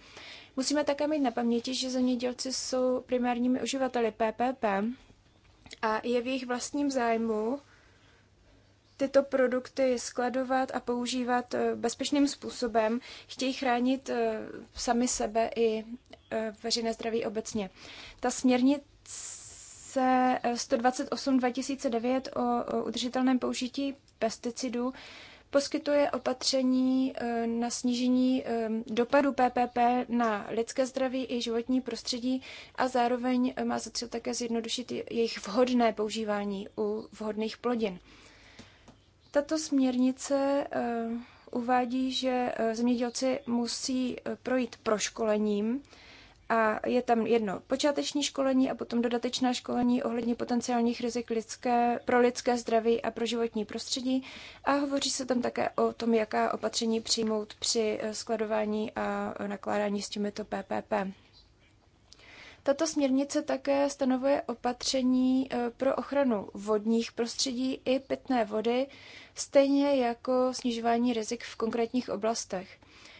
Musíme také mít na paměti, že zemědělci jsou primárními uživateli PPP a je v jejich vlastním zájmu tyto produkty skladovat a používat eh, bezpečným způsobem. Chtějí chránit sami sebe i veřejné zdraví obecně. Ta směrnice směrnice 128-2009 eh, o udržitelném použití pesticidů poskytuje opatření eh, na snížení eh, dopadu PPP na lidské zdraví i životní prostředí a zároveň má za cíl také zjednodušit jejich vhodné používání u vhodných plodin. Tato směrnice uvádí, že zemědělci musí projít proškolením, a je tam jedno počáteční školení a potom dodatečná školení ohledně potenciálních rizik lidské, pro lidské zdraví a pro životní prostředí. A hovoří se tam také o tom, jaká opatření přijmout při eh, skladování a nakládání s těmito PPP. Tato směrnice také stanovuje opatření eh, pro ochranu vodních prostředí i pitné vody, stejně jako snižování rizik v konkrétních oblastech.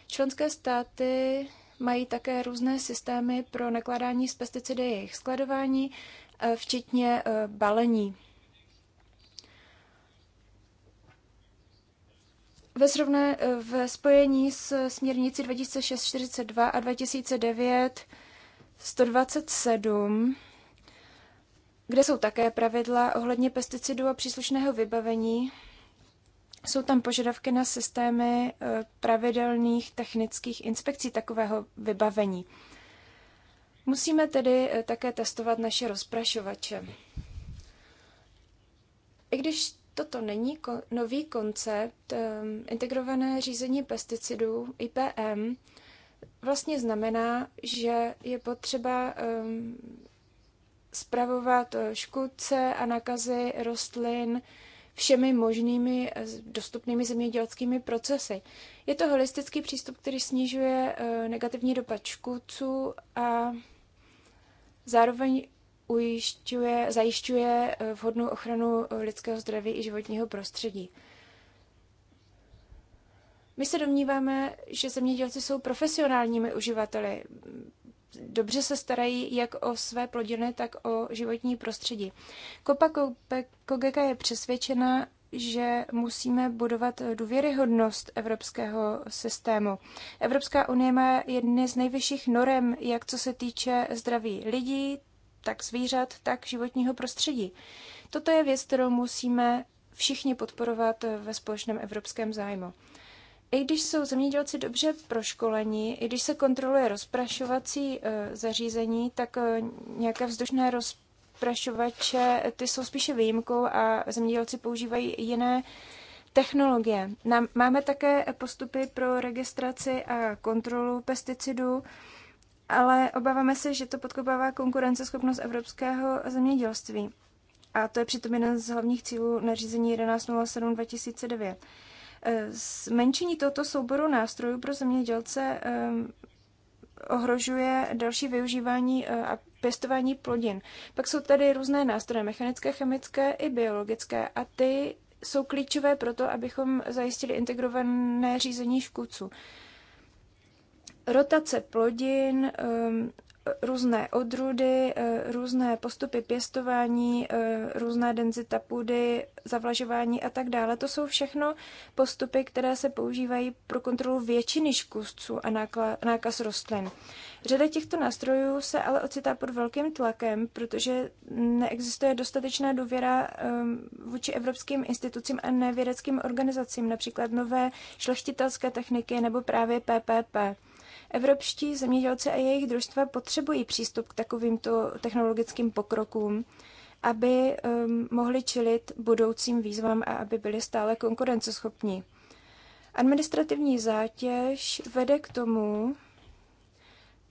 Členské státy mají také různé systémy pro nakládání s pesticidy, jejich skladování, eh, včetně eh, balení. Ve, srovné, eh, ve spojení s směrnici 2642 a 2009 127, kde jsou také pravidla ohledně pesticidů a příslušného vybavení, jsou tam požadavky na systémy e, pravidelných technických inspekcí takového vybavení. Musíme tedy e, také testovat naše rozprašovače. I když toto není nový koncept, e, integrované řízení pesticidů IPM vlastně znamená, že je potřeba spravovat škůdce a nakazy rostlin všemi možnými eh, dostupnými zemědělskými procesy. Je to holistický přístup, který snižuje eh, negativní dopad škůdců a zároveň ujišťuje, zajišťuje eh, vhodnou ochranu lidského zdraví i životního prostředí. My se domníváme, že zemědělci jsou profesionálními uživateli dobře se starají jak o své plodiny, tak o životní prostředí. Kopa Kogeka je přesvědčena, že musíme budovat důvěryhodnost evropského systému. Evropská unie má jedny z nejvyšších norem, jak co se týče zdraví lidí, tak zvířat, tak životního prostředí. Toto je věc, kterou musíme všichni podporovat ve společném evropském zájmu. I když jsou zemědělci dobře proškoleni, i když se kontroluje rozprašovací eh, zařízení, tak eh, nějaké vzdušné rozprašovače, eh, ty jsou spíše výjimkou a zemědělci používají jiné technologie. Máme také postupy pro registraci a kontrolu pesticidů, ale obáváme se, že to podkopává konkurenceschopnost evropského zemědělství. A to je přitom jeden z hlavních cílů nařízení 1107 2009. Eh, zmenšení tohoto souboru nástrojů pro zemědělce ehm, ohrožuje další využívání eh, a pěstování plodin. Pak jsou tady různé nástroje, mechanické, chemické i biologické, a ty jsou klíčové pro to, abychom zajistili integrované řízení škůdců. Rotace plodin, ehm, různé odrůdy, eh, různé postupy pěstování, eh, různá denzita půdy, zavlažování a tak dále. To jsou všechno postupy, které se používají pro kontrolu většiny škůzců a nákaz rostlin. Řada těchto nástrojů se ale ocitá pod velkým tlakem, protože neexistuje dostatečná důvěra ehm, vůči evropským institucím a nevědeckým organizacím, například nové šlechtitelské techniky nebo právě PPP. Evropští zemědělci a jejich družstva potřebují přístup k takovýmto technologickým pokrokům, aby um, mohli čelit budoucím výzvám a aby byli stále konkurenceschopní. Administrativní zátěž vede k tomu,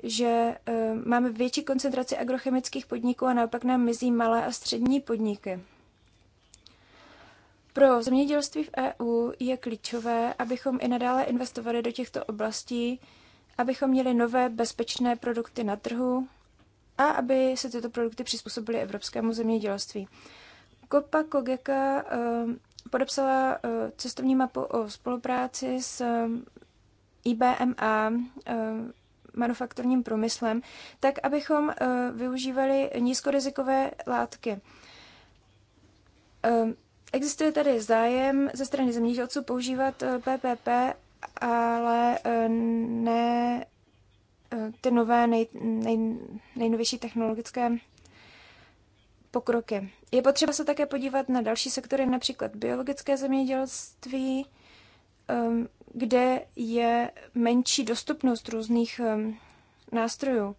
že um, máme větší koncentraci agrochemických podniků a naopak nám mizí malé a střední podniky. Pro zemědělství v EU je klíčové, abychom i nadále investovali do těchto oblastí, abychom měli nové bezpečné produkty na trhu a aby se tyto produkty přizpůsobily evropskému zemědělství. Kopa Kogeka eh, podepsala eh, cestovní mapu o spolupráci s eh, IBMA, manufakturním průmyslem, tak abychom využívali nízkorizikové látky. Existuje tady zájem ze strany zemědělců používat PPP ale eh, ne eh, ty nové, nej, nej, nejnovější technologické pokroky. Je potřeba se také podívat na další sektory, například biologické zemědělství, ehm, kde je menší dostupnost různých ehm, nástrojů.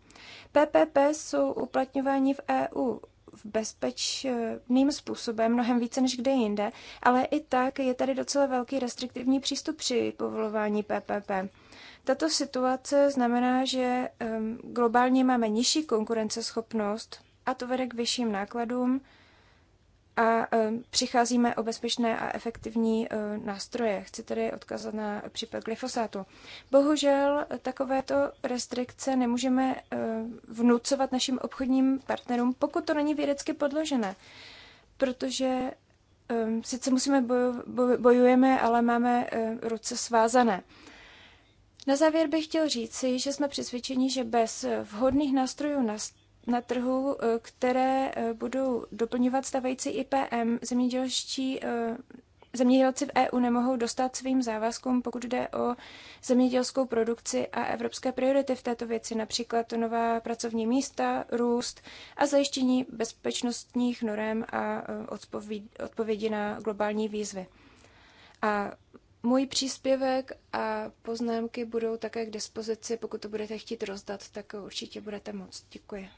PPP jsou uplatňováni v EU v bezpečným způsobem, mnohem více než kde jinde, ale i tak je tady docela velký restriktivní přístup při povolování PPP. Tato situace znamená, že globálně máme nižší konkurenceschopnost a to vede k vyšším nákladům a přicházíme o bezpečné a efektivní e, nástroje. Chci tedy odkazat na případ glyfosátu. Bohužel e, takovéto restrikce nemůžeme e, vnucovat našim obchodním partnerům, pokud to není vědecky podložené, protože sice musíme bojujeme, ale máme ruce svázané. Na závěr bych chtěl říci, že jsme přesvědčeni, že bez vhodných nástrojů na na trhu, eh, které eh, budou doplňovat stavající IPM. Zemědělští eh, Zemědělci v EU nemohou dostat svým závazkům, pokud jde o zemědělskou produkci a evropské priority v této věci, například nová pracovní místa, růst a zajištění bezpečnostních norem a odpovědi na globální výzvy. A můj příspěvek a poznámky budou také k dispozici. Pokud to budete chtít rozdat, tak určitě budete moc Děkuji.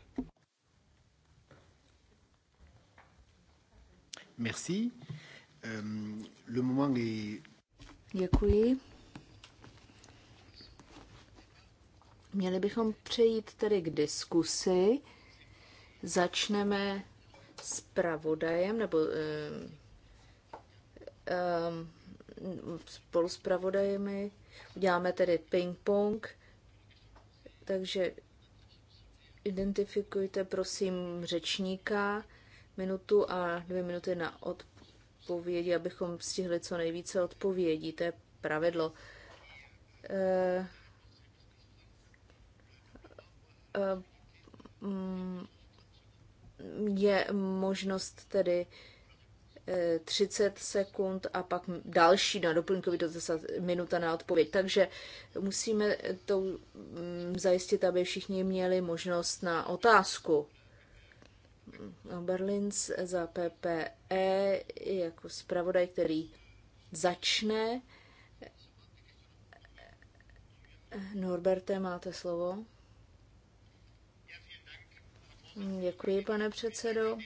Merci. Um, le moment est... Děkuji. Měli bychom přejít tedy k diskusi. Začneme s pravodajem, nebo um, um, spolu s pravodajemi. Uděláme tedy ping-pong, takže identifikujte prosím řečníka minutu a dvě minuty na odpovědi, abychom stihli co nejvíce odpovědí. To je pravidlo. E, e, je možnost tedy 30 sekund a pak další na doplňkový dotaz minuta na odpověď. Takže musíme to mm, zajistit, aby všichni měli možnost na otázku. Berlins za PPE jako zpravodaj, který začne. Norberte, máte slovo. Děkuji, pane předsedo.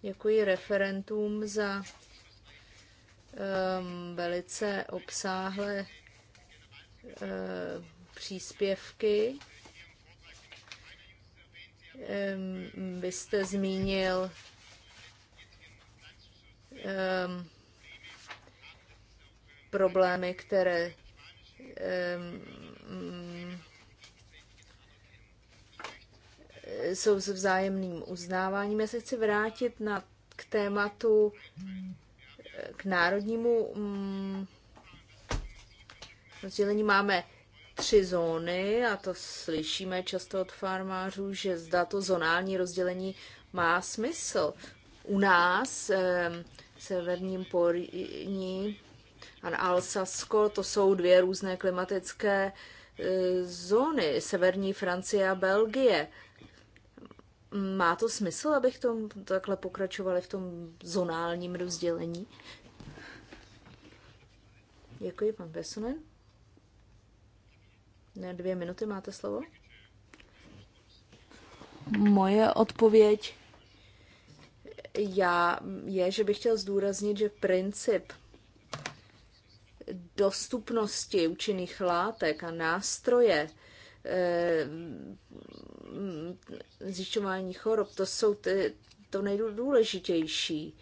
Děkuji referentům za um, velice obsáhlé uh, příspěvky. Um, vy jste zmínil um, problémy, které um, jsou s vzájemným uznáváním. Já se chci vrátit na, k tématu, k národnímu mm, rozdělení. Máme tři zóny a to slyšíme často od farmářů, že zda to zonální rozdělení má smysl. U nás v severním Poríní a na Alsasko to jsou dvě různé klimatické e, zóny, severní Francie a Belgie. Má to smysl, abych tom takhle pokračovali v tom zonálním rozdělení? Děkuji, pan Pesonen. Na dvě minuty máte slovo. Moje odpověď já, je, že bych chtěl zdůraznit, že princip dostupnosti účinných látek a nástroje Eh, zjišťování chorob. To jsou ty, to nejdůležitější.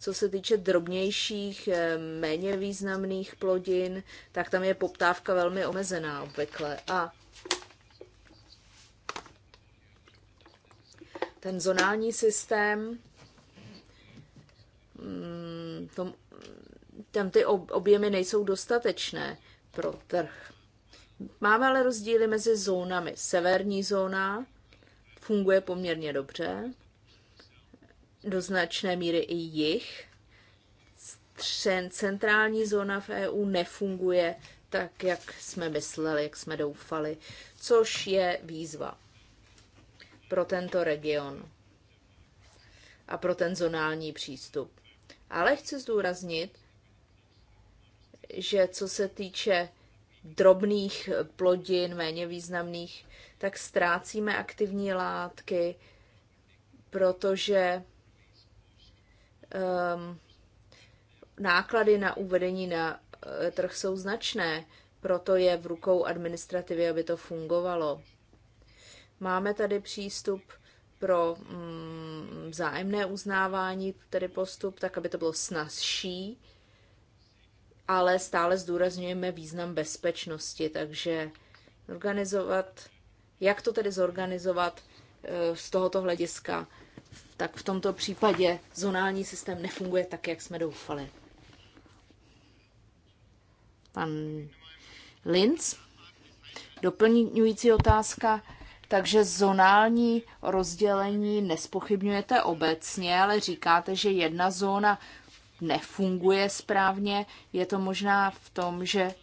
Co se týče drobnějších, eh, méně významných plodin, tak tam je poptávka velmi omezená obvykle. A ten zonální systém, mm, tam ty objemy nejsou dostatečné pro trh. Máme ale rozdíly mezi zónami. Severní zóna funguje poměrně dobře, do značné míry i jich. Centrální zóna v EU nefunguje tak, jak jsme mysleli, jak jsme doufali, což je výzva pro tento region a pro ten zonální přístup. Ale chci zdůraznit, že co se týče drobných plodin, méně významných, tak ztrácíme aktivní látky, protože um, náklady na uvedení na eh, trh jsou značné, proto je v rukou administrativy, aby to fungovalo. Máme tady přístup pro mm, vzájemné uznávání, tedy postup, tak aby to bylo snazší ale stále zdůrazňujeme význam bezpečnosti, takže organizovat, jak to tedy zorganizovat eh, z tohoto hlediska, tak v tomto případě zonální systém nefunguje tak, jak jsme doufali. Pan Linz, doplňující otázka. Takže zonální rozdělení nespochybňujete obecně, ale říkáte, že jedna zóna nefunguje správně. Je to možná v tom, že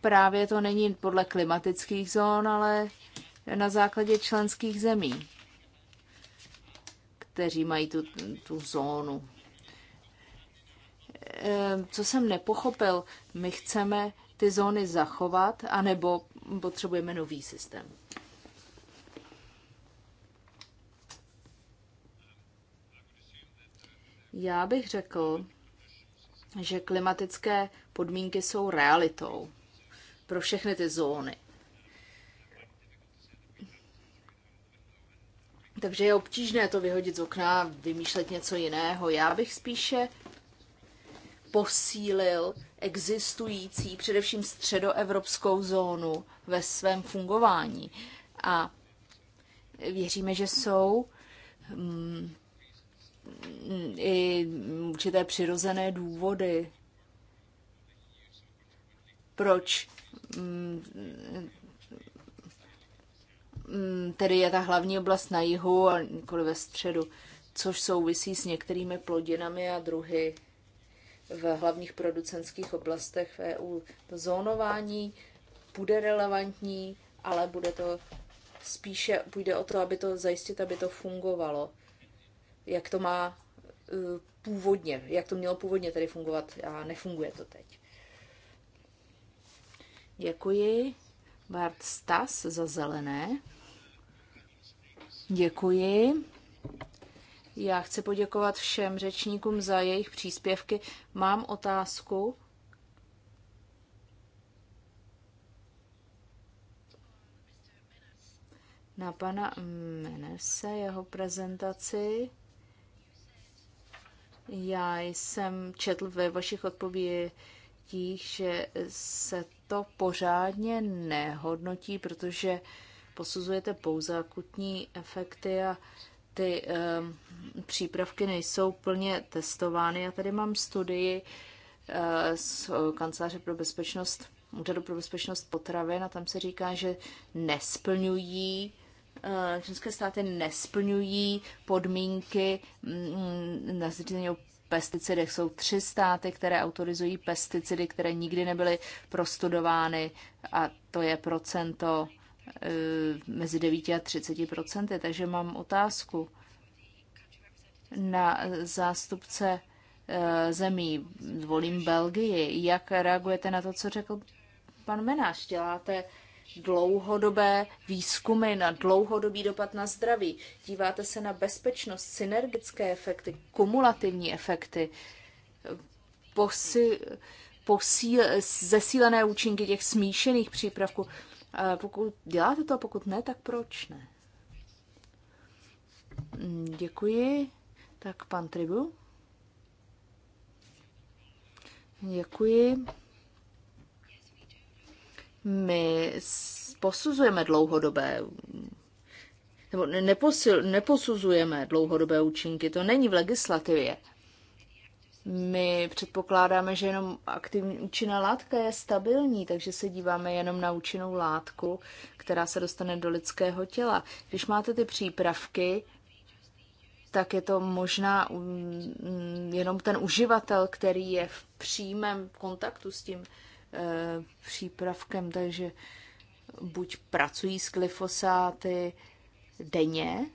právě to není podle klimatických zón, ale na základě členských zemí, kteří mají tu, tu zónu. Ehm, co jsem nepochopil, my chceme ty zóny zachovat, anebo potřebujeme nový systém. Já bych řekl, že klimatické podmínky jsou realitou pro všechny ty zóny. Takže je obtížné to vyhodit z okna, vymýšlet něco jiného. Já bych spíše posílil existující, především středoevropskou zónu ve svém fungování. A věříme, že jsou mm, i určité přirozené důvody, proč mm, mm, tedy je ta hlavní oblast na jihu a nikoli ve středu, což souvisí s některými plodinami a druhy v hlavních producentských oblastech v EU. To zónování bude relevantní, ale bude to spíše půjde o to, aby to zajistit, aby to fungovalo jak to má e, původně, jak to mělo původně tady fungovat a nefunguje to teď. Děkuji. Bart Stas za zelené. Děkuji. Já chci poděkovat všem řečníkům za jejich příspěvky. Mám otázku. Na pana Menese, jeho prezentaci. Já jsem četl ve vašich odpovědích, že se to pořádně nehodnotí, protože posuzujete pouze akutní efekty a ty um, přípravky nejsou plně testovány. Já tady mám studii uh, z Kanceláře pro bezpečnost, Úřadu pro bezpečnost potravin a tam se říká, že nesplňují Eh, členské státy nesplňují podmínky mm, na zřízení pesticidech. Jsou tři státy, které autorizují pesticidy, které nikdy nebyly prostudovány a to je procento eh, mezi 9 a 30 procenty. Takže mám otázku na zástupce eh, zemí, volím Belgii. Jak reagujete na to, co řekl pan Menáš? Děláte dlouhodobé výzkumy, na dlouhodobý dopad na zdraví. Díváte se na bezpečnost, synergické efekty, kumulativní efekty, posi, posíl, zesílené účinky těch smíšených přípravků. Pokud děláte to, pokud ne, tak proč ne? Děkuji. Tak pan Tribu. Děkuji. My posuzujeme dlouhodobé nebo neposil, neposuzujeme dlouhodobé účinky, to není v legislativě. My předpokládáme, že jenom aktivní účinná látka je stabilní, takže se díváme jenom na účinnou látku, která se dostane do lidského těla. Když máte ty přípravky, tak je to možná mm, jenom ten uživatel, který je v přímém kontaktu s tím Eh, přípravkem, takže buď pracují s glyfosáty denně,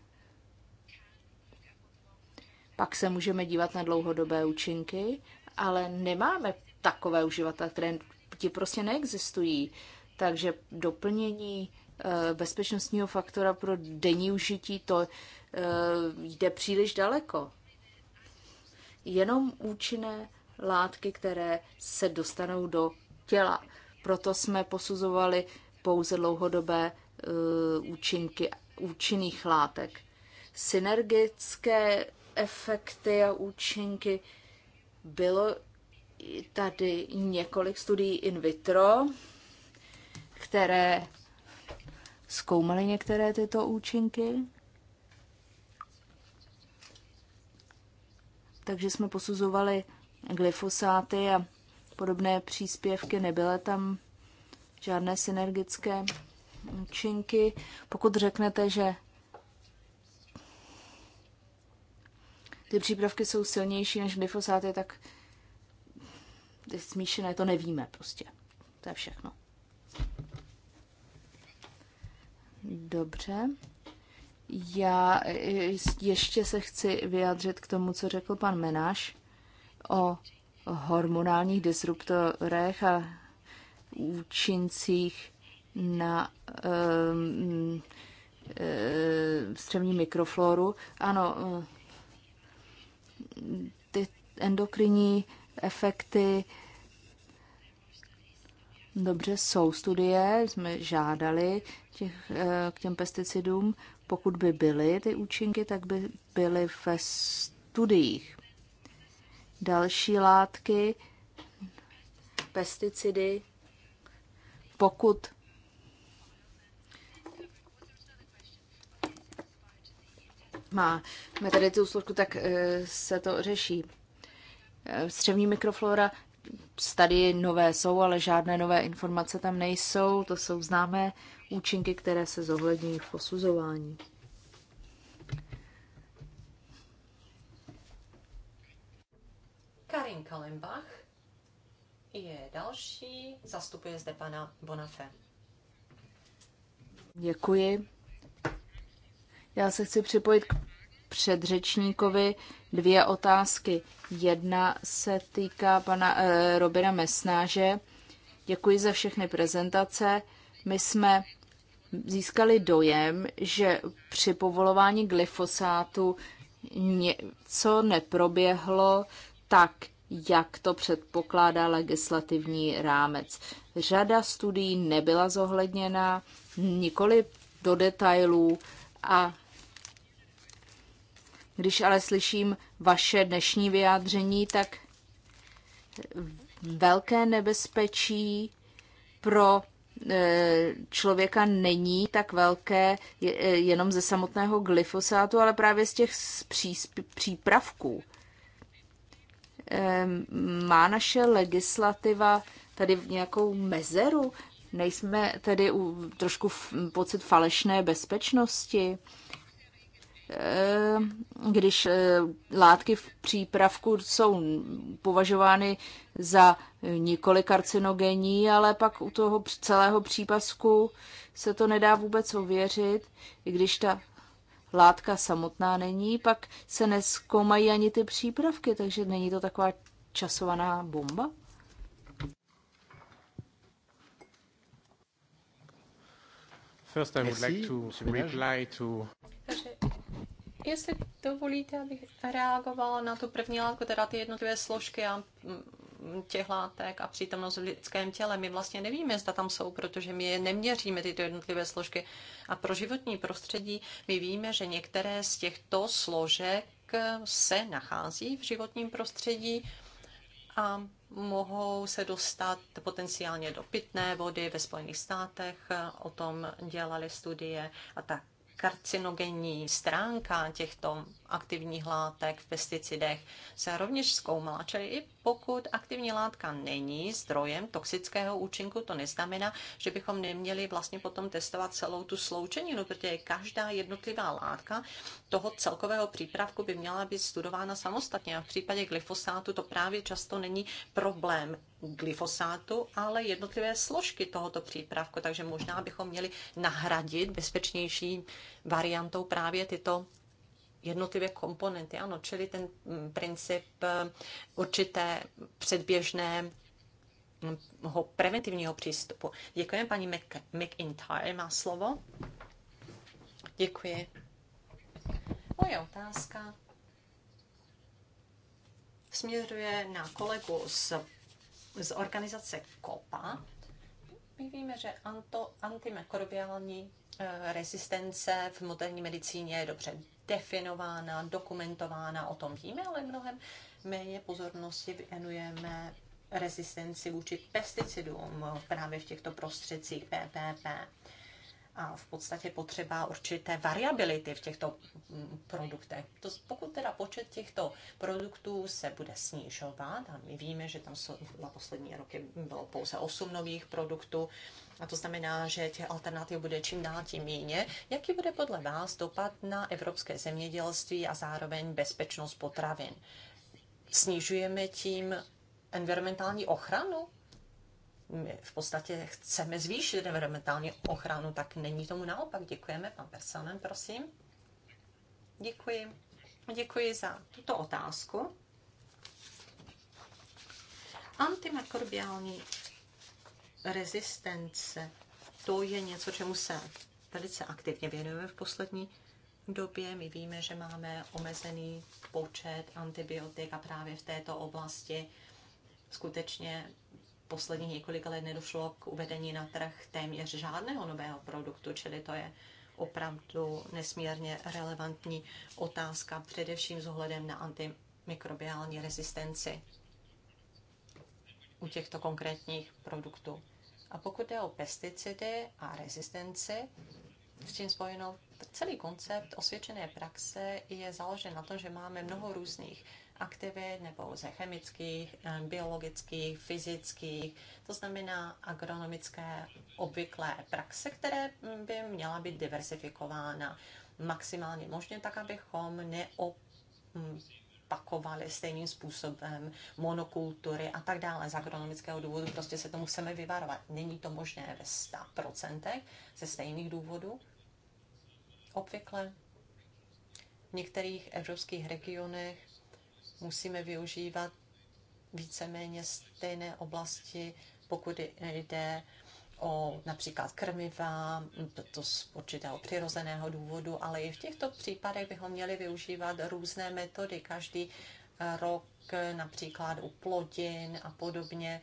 pak se můžeme dívat na dlouhodobé účinky, ale nemáme takové uživatele, které ti prostě neexistují. Takže doplnění eh, bezpečnostního faktora pro denní užití, to eh, jde příliš daleko. Jenom účinné látky, které se dostanou do těla. Proto jsme posuzovali pouze dlouhodobé eh, účinky účinných látek. Synergické efekty a účinky bylo tady několik studií in vitro, které zkoumaly některé tyto účinky. Takže jsme posuzovali glyfosáty a podobné příspěvky, nebyly tam žádné synergické účinky. Pokud řeknete, že ty přípravky jsou silnější než glyfosáty, tak je smíšené, to nevíme prostě. To je všechno. Dobře. Já eh, ještě se chci vyjádřit k tomu, co řekl pan Menáš o hormonálních disruptorech a účincích na um, střevní mikrofloru. Ano, ehm, ty endokrinní efekty dobře jsou studie, jsme žádali těch, eh, k těm pesticidům. Pokud by byly ty účinky, tak by byly ve studiích další látky, pesticidy, pokud má tady tu složku, tak eh, se to řeší. Eh, střevní mikroflora, tady nové jsou, ale žádné nové informace tam nejsou. To jsou známé účinky, které se zohledňují v posuzování. Karin Kalenbach. je další, zastupuje zde pana Bonafé. Děkuji. Já se chci připojit k předřečníkovi dvě otázky. Jedna se týká pana e, Robina Mesnáže. Děkuji za všechny prezentace. My jsme získali dojem, že při povolování glyfosátu něco neproběhlo tak, jak to předpokládá legislativní rámec. Řada studií nebyla zohledněna, nikoli do detailů a když ale slyším vaše dnešní vyjádření, tak velké nebezpečí pro e, člověka není tak velké e, jenom ze samotného glyfosátu, ale právě z těch přípravků. Má naše legislativa tady v nějakou mezeru? Nejsme tedy u trošku pocit falešné bezpečnosti? když eh, látky v přípravku jsou považovány za nikoli karcinogenní, ale pak u toho celého přípasku se to nedá vůbec ověřit, i když ta látka samotná není, pak se neskoumají ani ty přípravky, takže není to taková časovaná bomba? First I would like to reply to... Jestli dovolíte, abych reagovala na tu první látku, teda ty jednotlivé složky a mm, těch látek a přítomnost v lidském těle. My vlastně nevíme, zda tam jsou, protože my je neměříme, tyto jednotlivé složky. A pro životní prostředí my víme, že některé z těchto složek se nachází v životním prostředí a mohou se dostat potenciálně do pitné vody ve Spojených státech. O tom dělali studie a ta karcinogenní stránka těchto aktivních látek v pesticidech se rovněž zkoumala. Čili i pokud aktivní látka není zdrojem toxického účinku, to neznamená, že bychom neměli vlastně potom testovat celou tu sloučeninu, protože každá jednotlivá látka toho celkového přípravku by měla být studována samostatně. A v případě glyfosátu to právě často není problém glyfosátu, ale jednotlivé složky tohoto přípravku, takže možná bychom měli nahradit bezpečnější variantou právě tyto jednotlivé komponenty, ano, čili ten mm, princip eh, určité předběžné mm, preventivního přístupu. Děkujeme, paní McIntyre má slovo. Děkuji. Moje otázka směřuje na kolegu z, z organizace COPA. My víme, že anto, antimikrobiální eh, rezistence v moderní medicíně je dobře definována, dokumentována, o tom víme, ale mnohem méně pozornosti věnujeme rezistenci vůči pesticidům právě v těchto prostředcích PPP a v podstatě potřeba určité variability v těchto produktech. To, pokud teda počet těchto produktů se bude snižovat, a my víme, že tam jsou, na poslední roky bylo pouze 8 nových produktů, a to znamená, že těch alternativ bude čím dál tím méně. Jaký bude podle vás dopad na evropské zemědělství a zároveň bezpečnost potravin? Snižujeme tím environmentální ochranu my v podstatě chceme zvýšit environmentální ochranu, tak není tomu naopak. Děkujeme, pan Persanen, prosím. Děkuji. Děkuji za tuto otázku. Antimakrobiální rezistence, to je něco, čemu se velice aktivně věnujeme v poslední době. My víme, že máme omezený počet antibiotik a právě v této oblasti skutečně posledních několika let nedošlo k uvedení na trh téměř žádného nového produktu, čili to je opravdu nesmírně relevantní otázka, především s ohledem na antimikrobiální rezistenci u těchto konkrétních produktů. A pokud jde o pesticidy a rezistenci, s tím spojenou celý koncept osvědčené praxe je založen na tom, že máme mnoho různých aktivit, nebo ze chemických, eh, biologických, fyzických, to znamená agronomické obvyklé praxe, které mm, by měla být diversifikována maximálně možně tak, abychom neopakovali stejným způsobem monokultury a tak dále. Z agronomického důvodu prostě se to musíme vyvarovat. Není to možné ve 100% ze stejných důvodů. Obvykle v některých evropských regionech musíme využívat víceméně stejné oblasti, pokud jde o například krmiva, to z určitého přirozeného důvodu, ale i v těchto případech bychom měli využívat různé metody. Každý rok například u plodin a podobně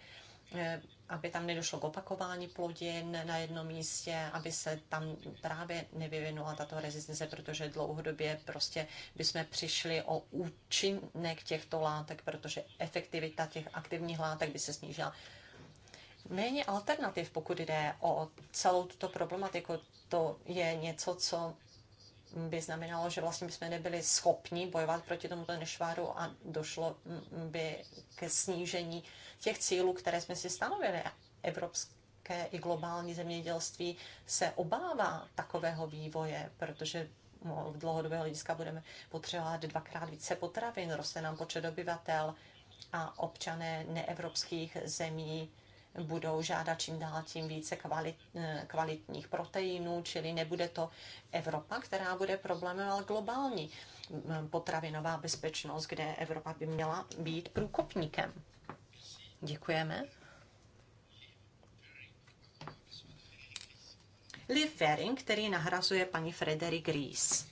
eh, aby tam nedošlo k opakování plodin na jednom místě, aby se tam právě nevyvinula tato rezistence, protože dlouhodobě prostě bychom přišli o účinek těchto látek, protože efektivita těch aktivních látek by se snížila. Méně alternativ, pokud jde o celou tuto problematiku, to je něco, co by znamenalo, že vlastně bychom nebyli schopni bojovat proti tomuto nešváru a došlo by ke snížení těch cílů, které jsme si stanovili. Evropské i globální zemědělství se obává takového vývoje, protože v dlouhodobého hlediska budeme potřebovat dvakrát více potravin, roste nám počet obyvatel a občané neevropských zemí budou žádat čím dál tím více kvalit, eh, kvalitních proteinů, čili nebude to Evropa, která bude problémem, ale globální mm, potravinová bezpečnost, kde Evropa by měla být průkopníkem. Děkujeme. Liv Fering, který nahrazuje paní Frederik Rees.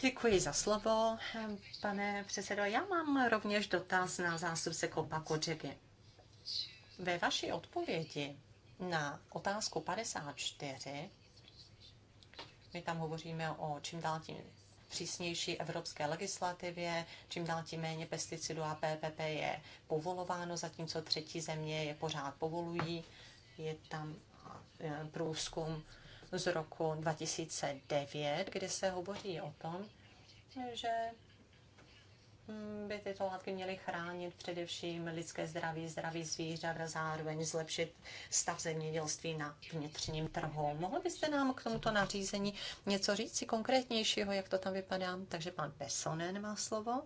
Děkuji za slovo, eh, pane předsedo. Já mám rovněž dotaz na zástupce Kopa Kodžegy. Ve vaší odpovědi na otázku 54, my tam hovoříme o čím dál tím přísnější evropské legislativě, čím dál tím méně pesticidů a PPP je povolováno, zatímco třetí země je pořád povolují. Je tam eh, průzkum z roku 2009, kde se hovoří o tom, že by tyto látky měly chránit především lidské zdraví, zdraví zvířat a zároveň zlepšit stav zemědělství na vnitřním trhu. Mohl byste nám k tomuto nařízení něco si konkrétnějšího, jak to tam vypadá? Takže pan Pesonen má slovo.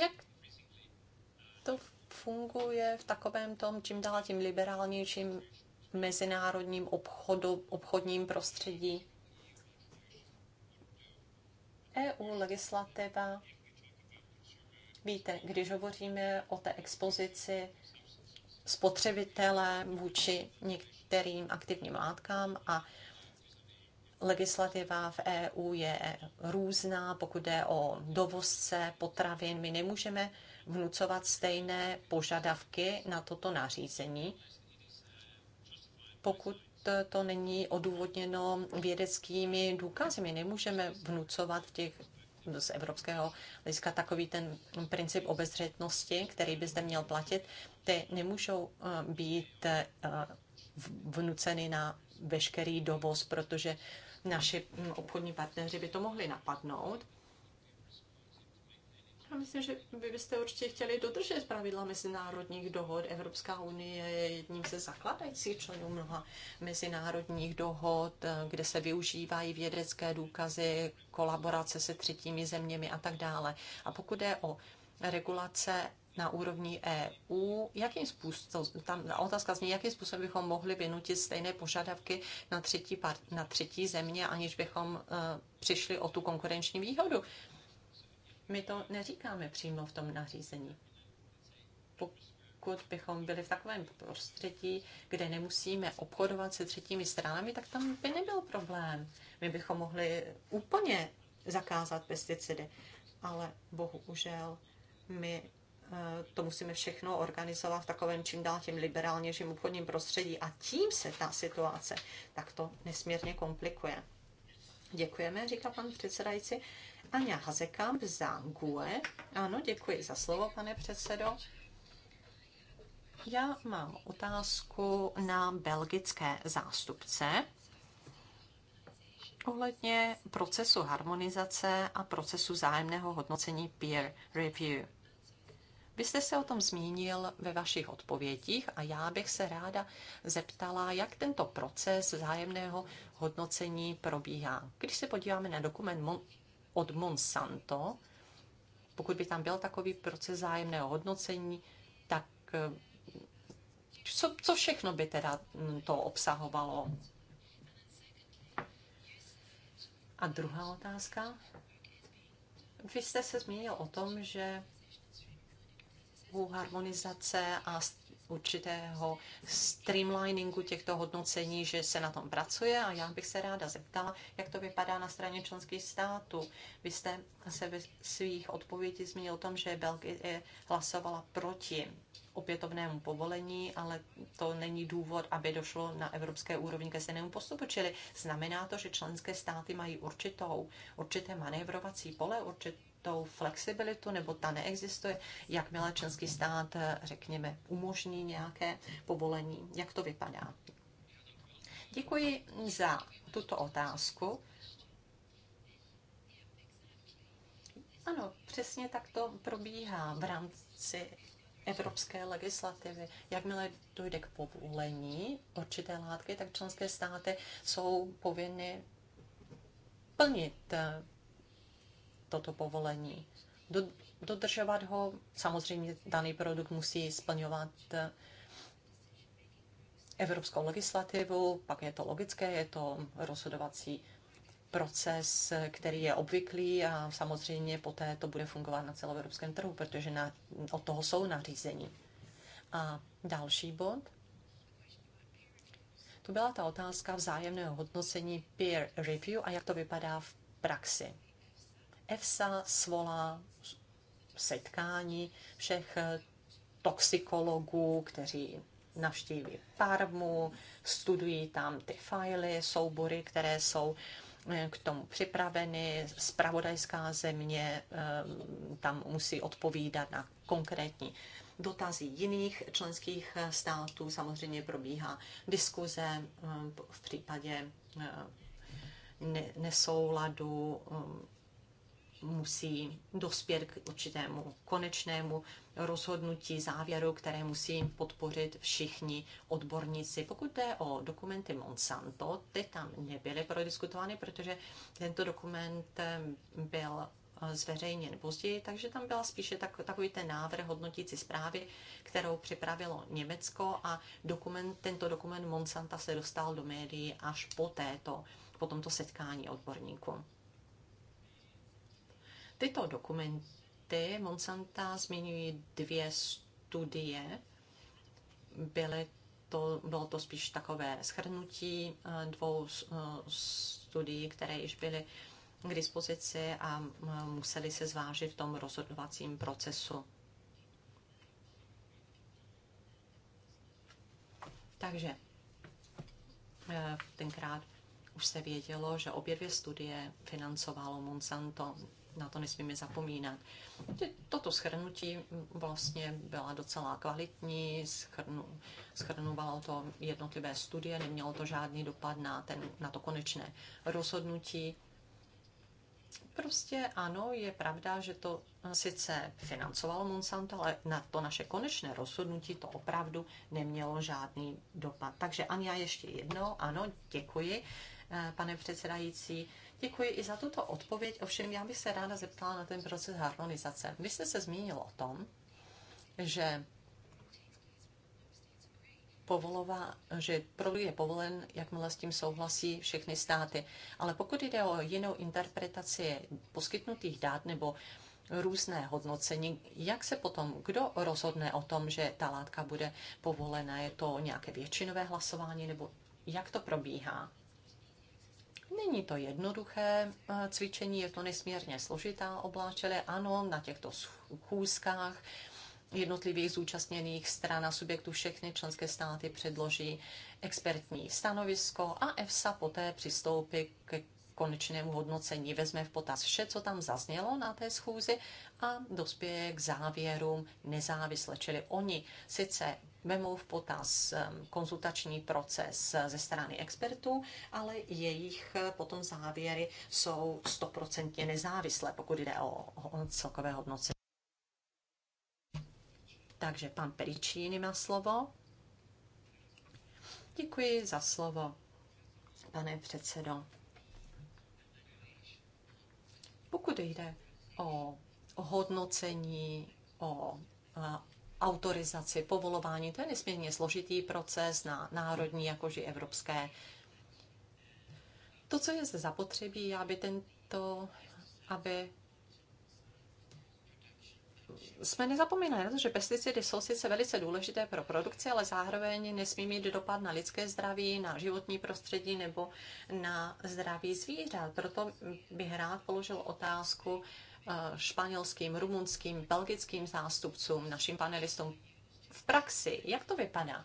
Jak to funguje v takovém tom čím dál tím liberálnějším mezinárodním obchodu, obchodním prostředí? EU legislativa, víte, když hovoříme o té expozici spotřebitele vůči některým aktivním látkám a legislativa v EU je různá, pokud jde o dovozce potravin, my nemůžeme vnucovat stejné požadavky na toto nařízení, pokud to není odůvodněno vědeckými důkazy. My nemůžeme vnucovat v těch z evropského hlediska takový ten princip obezřetnosti, který by zde měl platit, ty nemůžou eh, být eh, vnuceny na veškerý dovoz, protože naši mm, obchodní partneři by to mohli napadnout. Já myslím, že vy byste určitě chtěli dodržet pravidla mezinárodních dohod. Evropská unie je jedním ze zakladajících členů mnoha mezinárodních dohod, kde se využívají vědecké důkazy, kolaborace se třetími zeměmi a tak dále. A pokud je o regulace na úrovni EU, jakým způsobem, tam otázka zní, jakým způsobem bychom mohli vynutit stejné požadavky na třetí, part, na třetí země, aniž bychom uh, přišli o tu konkurenční výhodu, my to neříkáme přímo v tom nařízení. Pokud bychom byli v takovém prostředí, kde nemusíme obchodovat se třetími stranami, tak tam by nebyl problém. My bychom mohli úplně zakázat pesticidy. Ale bohužel my eh, to musíme všechno organizovat v takovém čím dál tím liberálnějším obchodním prostředí a tím se ta situace takto nesmírně komplikuje. Děkujeme, říká pan předsedající. Aňa Hazekamp za GUE. Ano, děkuji za slovo, pane předsedo. Já mám otázku na belgické zástupce ohledně procesu harmonizace a procesu zájemného hodnocení peer review. Vy jste se o tom zmínil ve vašich odpovědích a já bych se ráda zeptala, jak tento proces vzájemného hodnocení probíhá. Když se podíváme na dokument Mon- od Monsanto, pokud by tam byl takový proces vzájemného hodnocení, tak eh, co, co všechno by teda hm, to obsahovalo? A druhá otázka. Vy jste se zmínil o tom, že harmonizace a určitého streamliningu těchto hodnocení, že se na tom pracuje a já bych se ráda zeptala, jak to vypadá na straně členských států. Vy jste se ve svých odpovědí zmínil o tom, že Belgie hlasovala proti opětovnému povolení, ale to není důvod, aby došlo na evropské úrovni ke stejnému postupu. Čili znamená to, že členské státy mají určitou, určité manévrovací pole, určitý určitou flexibilitu, nebo ta neexistuje, jakmile členský stát, eh, řekněme, umožní nějaké povolení, jak to vypadá. Děkuji za tuto otázku. Ano, přesně tak to probíhá v rámci evropské legislativy. Jakmile dojde k povolení určité látky, tak členské státy jsou povinny plnit eh, toto povolení. Dodržovat ho, samozřejmě daný produkt musí splňovat eh, evropskou legislativu, pak je to logické, je to rozhodovací proces, který je obvyklý a samozřejmě poté to bude fungovat na celoevropském trhu, protože na, od toho jsou nařízení. A další bod. To byla ta otázka vzájemného hodnocení peer review a jak to vypadá v praxi. EFSA svolá setkání všech toxikologů, kteří navštíví farmu, studují tam ty fajly, soubory, které jsou eh, k tomu připraveny. Spravodajská země eh, tam musí odpovídat na konkrétní dotazy jiných členských států. Samozřejmě probíhá diskuze eh, v případě nesouladu musí dospět k určitému konečnému rozhodnutí, závěru, které musí podpořit všichni odborníci. Pokud jde o dokumenty Monsanto, ty tam nebyly prodiskutovány, protože tento dokument eh, byl eh, zveřejněn později, takže tam byla spíše tak, takový ten návrh hodnotící zprávy, kterou připravilo Německo a dokument, tento dokument Monsanta se dostal do médií až po, této, po tomto setkání odborníků. Tyto dokumenty Monsanta zmiňují dvě studie. Byly to, bylo to spíš takové schrnutí eh, dvou eh, studií, které již byly k dispozici a eh, museli se zvážit v tom rozhodovacím procesu. Takže tenkrát už se vědělo, že obě dvě studie financovalo Monsanto na to nesmíme zapomínat. Toto schrnutí vlastně byla docela kvalitní, schrnu, schrnovalo to jednotlivé studie, nemělo to žádný dopad na, ten, na to konečné rozhodnutí. Prostě ano, je pravda, že to sice financovalo Monsanto, ale na to naše konečné rozhodnutí to opravdu nemělo žádný dopad. Takže Anja ještě jednou, ano, děkuji, eh, pane předsedající. Děkuji i za tuto odpověď, ovšem já bych se ráda zeptala na ten proces harmonizace. Vy jste se zmínil o tom, že povolová, že produkt je povolen, jakmile s tím souhlasí všechny státy. Ale pokud jde o jinou interpretaci poskytnutých dát nebo různé hodnocení, jak se potom, kdo rozhodne o tom, že ta látka bude povolena, je to nějaké většinové hlasování, nebo jak to probíhá? Není to jednoduché eh, cvičení, je to nesmírně složitá oblast, ano, na těchto schůzkách jednotlivých zúčastněných stran a subjektů všechny členské státy předloží expertní stanovisko a EFSA poté přistoupí k konečnému hodnocení, vezme v potaz vše, co tam zaznělo na té schůzi a dospěje k závěrům nezávisle. Čili oni sice vemou v potaz um, konzultační proces ze strany expertů, ale jejich uh, potom závěry jsou stoprocentně nezávislé, pokud jde o, o celkové hodnocení. Takže pan Peričíny má slovo. Děkuji za slovo, pane předsedo. Pokud jde o hodnocení, o autorizaci, povolování. To je nesmírně složitý proces na národní, jakož i evropské. To, co je zde zapotřebí, aby tento, aby jsme nezapomínali na to, že pesticidy jsou sice velice důležité pro produkci, ale zároveň nesmí mít dopad na lidské zdraví, na životní prostředí nebo na zdraví zvířat. Proto bych rád položil otázku Eh, španělským, rumunským, belgickým zástupcům, našim panelistům v praxi, jak to vypadá,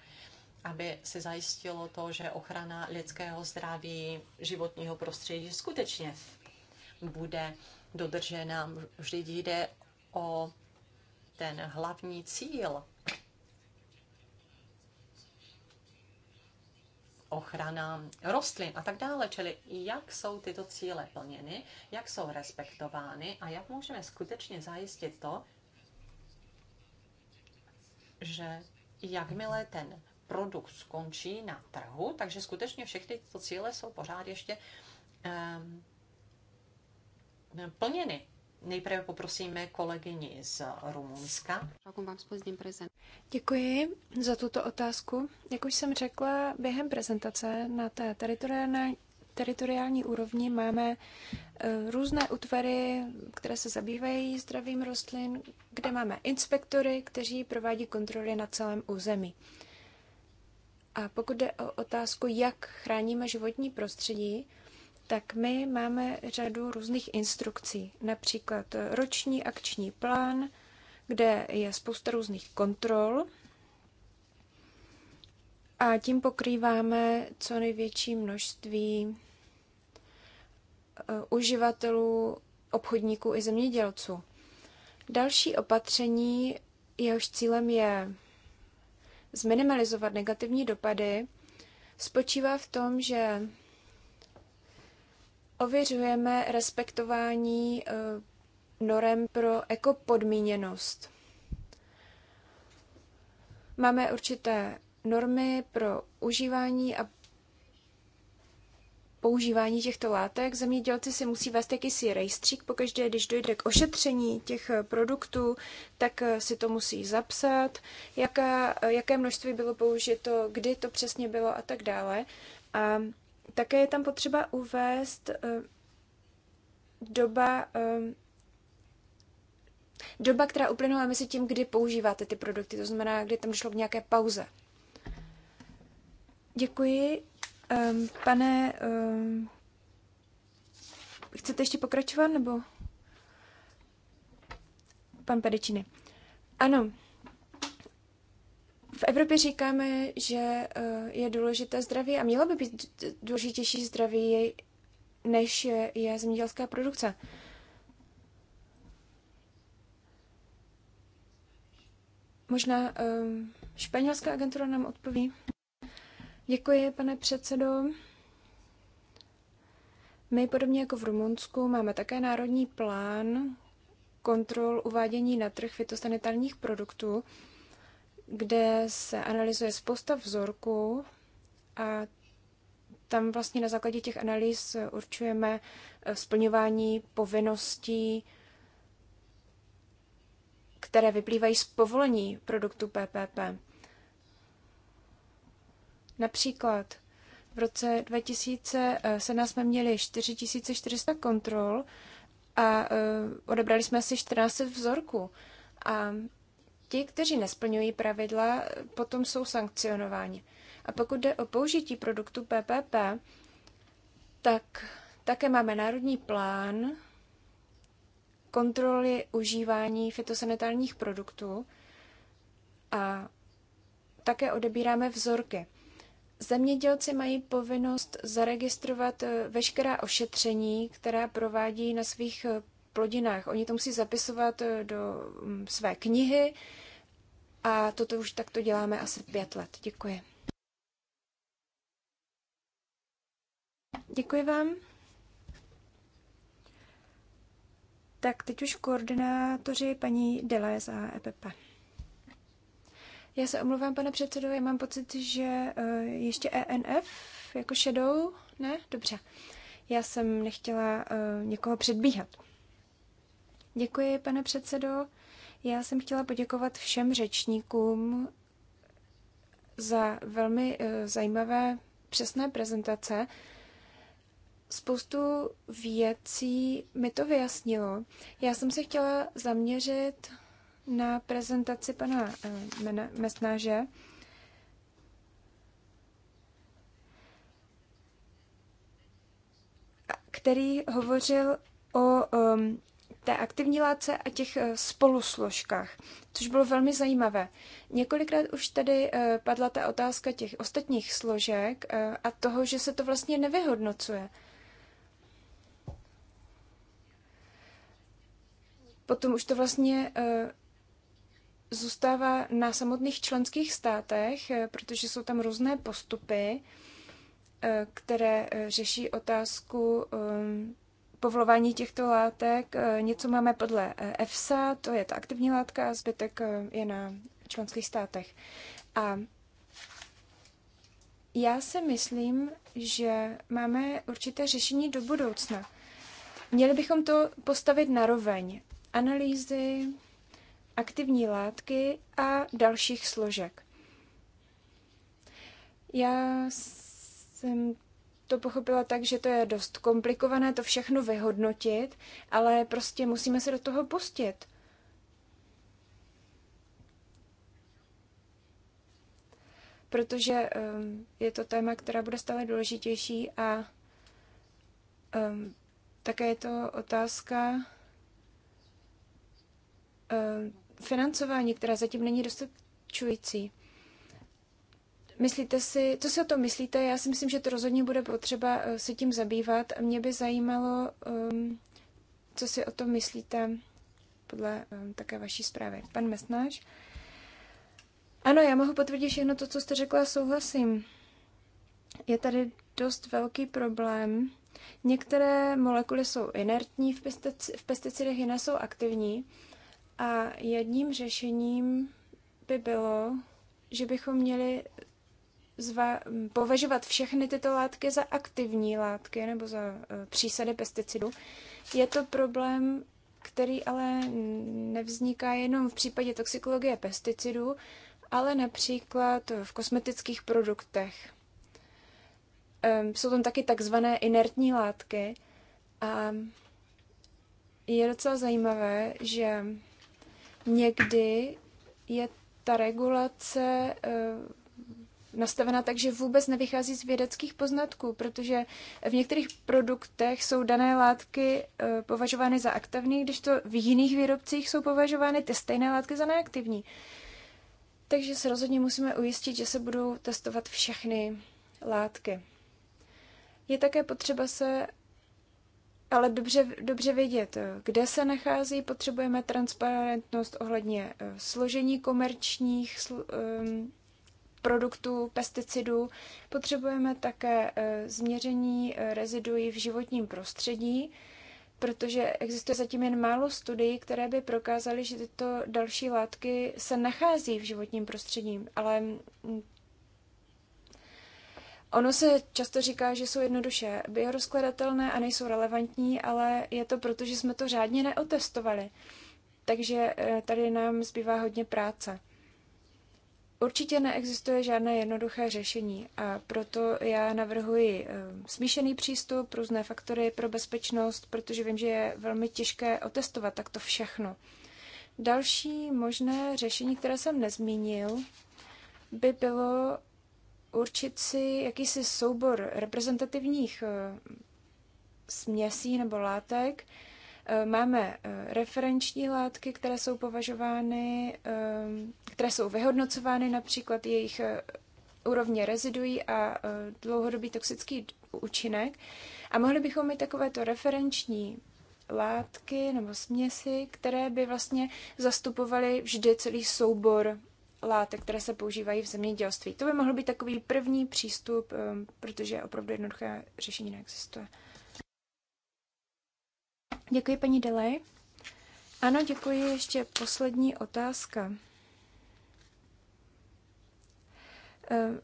aby se zajistilo to, že ochrana lidského zdraví, životního prostředí skutečně bude dodržena. Vždy jde o ten hlavní cíl ochrana rostlin a tak dále. Čili jak jsou tyto cíle plněny, jak jsou respektovány a jak můžeme skutečně zajistit to, že jakmile ten produkt skončí na trhu, takže skutečně všechny tyto cíle jsou pořád ještě um, plněny. Nejprve poprosíme kolegyni z Rumunska. Děkuji za tuto otázku. Jak už jsem řekla, během prezentace na té teritoriální teritoriální úrovni máme eh, různé útvary, které se zabývají zdravím rostlin, kde máme inspektory, kteří provádí kontroly na celém území. A pokud jde o otázku, jak chráníme životní prostředí, tak my máme řadu různých instrukcí, například roční akční plán, kde je spousta různých kontrol a tím pokrýváme co největší množství eh, uživatelů, obchodníků i zemědělců. Další opatření, jehož cílem je zminimalizovat negativní dopady, spočívá v tom, že ověřujeme respektování eh, norem pro ekopodmíněnost. Máme určité normy pro užívání a používání těchto látek. Zemědělci si musí vést jakýsi rejstřík, pokaždé, když dojde k ošetření těch eh, produktů, tak eh, si to musí zapsat, jaká, jaké množství bylo použito, kdy to přesně bylo a tak dále. A také je tam potřeba uvést eh, doba, eh, doba, která uplynula mezi tím, kdy používáte ty produkty, to znamená, kdy tam došlo k nějaké pauze. Děkuji. Um, pane, um, chcete ještě pokračovat, nebo? Pan Pedečiny. Ano, v Evropě říkáme, že eh, je důležité zdraví a mělo by být důležitější zdraví, než je, je zemědělská produkce. Možná um, španělská agentura nám odpoví. Děkuji, pane předsedo. My, podobně jako v Rumunsku, máme také národní plán kontrol uvádění na trh fitosanitárních produktů kde se analyzuje spousta vzorků a tam vlastně na základě těch analýz určujeme eh, splňování povinností, které vyplývají z povolení produktu PPP. Například v roce 2017 jsme měli 4400 kontrol a eh, odebrali jsme asi 14 vzorků. A Ti, kteří nesplňují pravidla, potom jsou sankcionováni. A pokud jde o použití produktu PPP, tak také máme národní plán kontroly užívání fitosanitárních produktů a také odebíráme vzorky. Zemědělci mají povinnost zaregistrovat eh, veškerá ošetření, která provádí na svých eh, plodinách. Oni to musí zapisovat eh, do mm, své knihy, a toto už takto děláme asi pět let. Děkuji. Děkuji vám. Tak teď už koordinátoři paní Delez a EPP. Já se omluvám, pane předsedo, já mám pocit, že eh, ještě ENF jako shadow, ne? Dobře. Já jsem nechtěla eh, někoho předbíhat. Děkuji, pane předsedo. Já jsem chtěla poděkovat všem řečníkům za velmi eh, zajímavé přesné prezentace. Spoustu věcí mi to vyjasnilo. Já jsem se chtěla zaměřit na prezentaci pana eh, Mesnáže. který hovořil o um, té aktivní látce a těch eh, spolusložkách, což bylo velmi zajímavé. Několikrát už tady eh, padla ta otázka těch ostatních složek eh, a toho, že se to vlastně nevyhodnocuje. Potom už to vlastně zůstává na samotných členských státech, protože jsou tam různé postupy, které řeší otázku ehm, povolování těchto látek. Eh, něco máme podle eh, EFSA, to je ta aktivní látka, a zbytek eh, je na členských státech. A já si myslím, že máme určité řešení do budoucna. Měli bychom to postavit na roveň analýzy, aktivní látky a dalších složek. Já jsem to pochopila tak, že to je dost komplikované to všechno vyhodnotit, ale prostě musíme se do toho pustit. Protože ehm, je to téma, která bude stále důležitější a ehm, také je to otázka ehm, financování, která zatím není dostačující. Myslíte si, co si o tom myslíte? Já si myslím, že to rozhodně bude potřeba eh, se tím zabývat. Mě by zajímalo, ehm, co si o tom myslíte podle ehm, také vaší zprávy. Pan Mesnáš? Ano, já mohu potvrdit všechno to, co jste řekla, souhlasím. Je tady dost velký problém. Některé molekuly jsou inertní v, pestic- v pesticidech, jiné jsou aktivní. A jedním řešením by bylo, že bychom měli zva- považovat všechny tyto látky za aktivní látky nebo za eh, přísady pesticidů. Je to problém, který ale nevzniká jenom v případě toxikologie pesticidů, ale například v kosmetických produktech. Jsou tam taky takzvané inertní látky a je docela zajímavé, že někdy je ta regulace eh, nastavena tak, že vůbec nevychází z vědeckých poznatků, protože v některých produktech jsou dané látky eh, považovány za aktivní, když to v jiných výrobcích jsou považovány ty stejné látky za neaktivní. Takže se rozhodně musíme ujistit, že se budou testovat všechny látky. Je také potřeba se ale dobře, dobře vědět, kde se nachází. Potřebujeme transparentnost ohledně eh, složení komerčních um, produktů, pesticidů. Potřebujeme také e, změření e, reziduí v životním prostředí, protože existuje zatím jen málo studií, které by prokázaly, že tyto další látky se nachází v životním prostředí, ale mm, Ono se často říká, že jsou jednoduše biorozkladatelné a nejsou relevantní, ale je to proto, že jsme to řádně neotestovali. Takže e, tady nám zbývá hodně práce. Určitě neexistuje žádné jednoduché řešení a proto já navrhuji eh, smíšený přístup, různé faktory pro bezpečnost, protože vím, že je velmi těžké otestovat takto všechno. Další možné řešení, které jsem nezmínil, by bylo určit si jakýsi soubor reprezentativních eh, směsí nebo látek, Eh, máme eh, referenční látky, které jsou považovány, eh, které jsou vyhodnocovány například jejich úrovně rezidují a dlouhodobý toxický účinek. A mohli bychom mít takovéto referenční látky nebo směsi, které by vlastně zastupovaly vždy celý soubor látek, které se používají v zemědělství. To by mohl být takový první přístup, protože opravdu jednoduché řešení neexistuje. Děkuji, paní Delej. Ano, děkuji. Ještě poslední otázka. Ehm,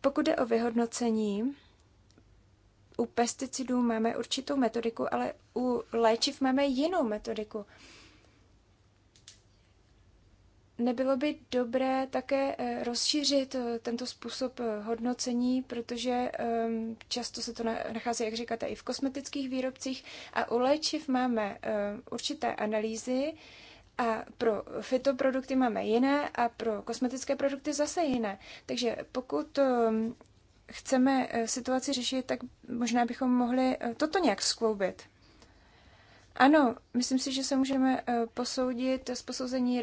pokud jde o vyhodnocení, u pesticidů máme určitou metodiku, ale u léčiv máme jinou metodiku. Nebylo by dobré také eh, rozšířit eh, tento způsob eh, hodnocení, protože ehm, často se to nachází, jak říkáte, i v kosmetických výrobcích a u léčiv máme určité analýzy a pro fitoprodukty máme jiné a pro kosmetické produkty zase jiné. Takže pokud ehm, chceme situaci řešit, tak možná bychom mohli toto nějak skloubit. Ano, myslím si, že se můžeme eh, posoudit z posouzení,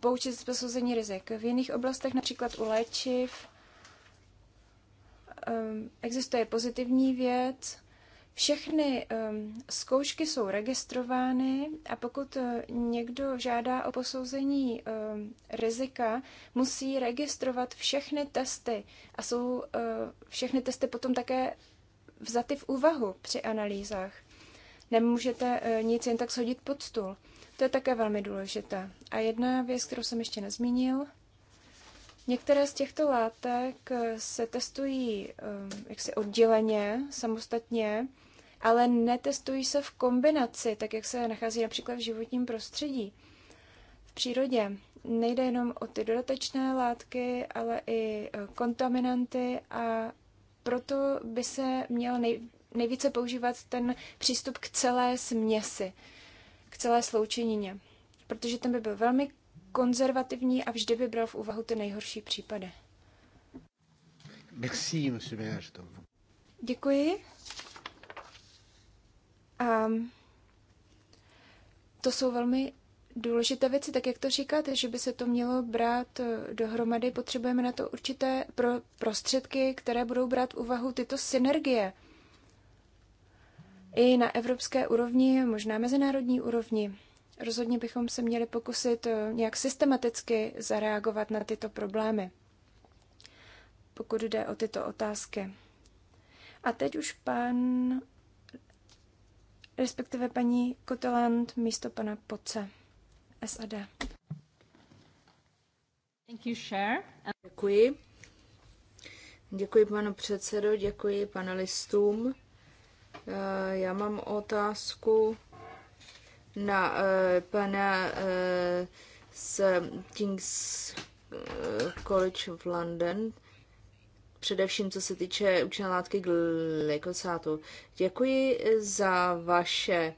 poučit z posouzení rizik. V jiných oblastech, například u léčiv, eh, existuje pozitivní věc. Všechny eh, zkoušky jsou registrovány a pokud někdo žádá o posouzení rizika, musí registrovat všechny testy a jsou všechny testy potom také vzaty v úvahu při analýzách nemůžete eh, nic jen tak shodit pod stůl. To je také velmi důležité. A jedna věc, kterou jsem ještě nezmínil, Některé z těchto látek eh, se testují eh, jaksi odděleně, samostatně, ale netestují se v kombinaci, tak jak se nachází například v životním prostředí, v přírodě. Nejde jenom o ty dodatečné látky, ale i kontaminanty a proto by se měl nej, nejvíce používat ten přístup k celé směsi, k celé sloučenině, protože ten by byl velmi konzervativní a vždy by bral v úvahu ty nejhorší případy. Merci, monsieur Děkuji. A to jsou velmi důležité věci, tak jak to říkáte, že by se to mělo brát eh, dohromady, potřebujeme na to určité pro prostředky, které budou brát v úvahu tyto synergie i na evropské úrovni, možná mezinárodní úrovni. Rozhodně bychom se měli pokusit eh, nějak systematicky zareagovat na tyto problémy, pokud jde o tyto otázky. A teď už pan, respektive paní Koteland místo pana Poce, SAD. Thank you, Cher. Děkuji. Děkuji panu předsedo, děkuji panelistům. Eh, já mám otázku na eh, pana eh, z King's College v London, především co se týče účinné látky glykosátu. Děkuji za vaše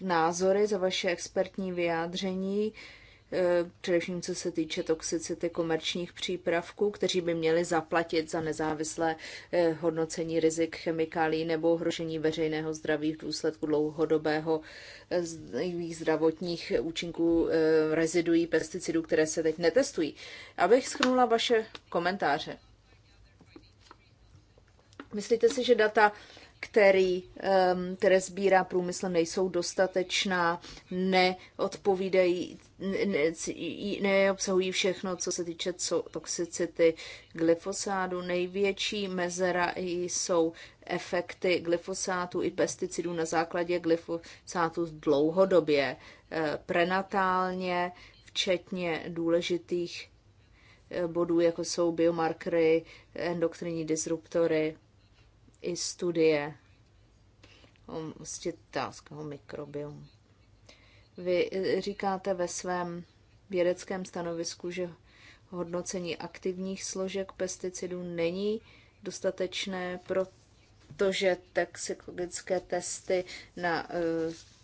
názory, za vaše expertní vyjádření. Eh, především co se týče toxicity komerčních přípravků, kteří by měli zaplatit za nezávislé eh, hodnocení rizik chemikálí nebo ohrožení veřejného zdraví v důsledku dlouhodobého eh, zdravotních účinků rezidují pesticidů, které se teď netestují. Abych schrnula vaše komentáře. Myslíte si, že data který, které sbírá průmysl, nejsou dostatečná, neodpovídají neobsahují všechno, co se týče toxicity glyfosádu. Největší mezera jsou efekty glyfosátu i pesticidů na základě glyfosátu dlouhodobě, eh, prenatálně, včetně důležitých eh, bodů, jako jsou biomarkery, endokrinní disruptory i studie. Vlastně ta mikrobiomu vy eh, říkáte ve svém vědeckém stanovisku, že hodnocení aktivních složek pesticidů není dostatečné, protože toxikologické testy na eh,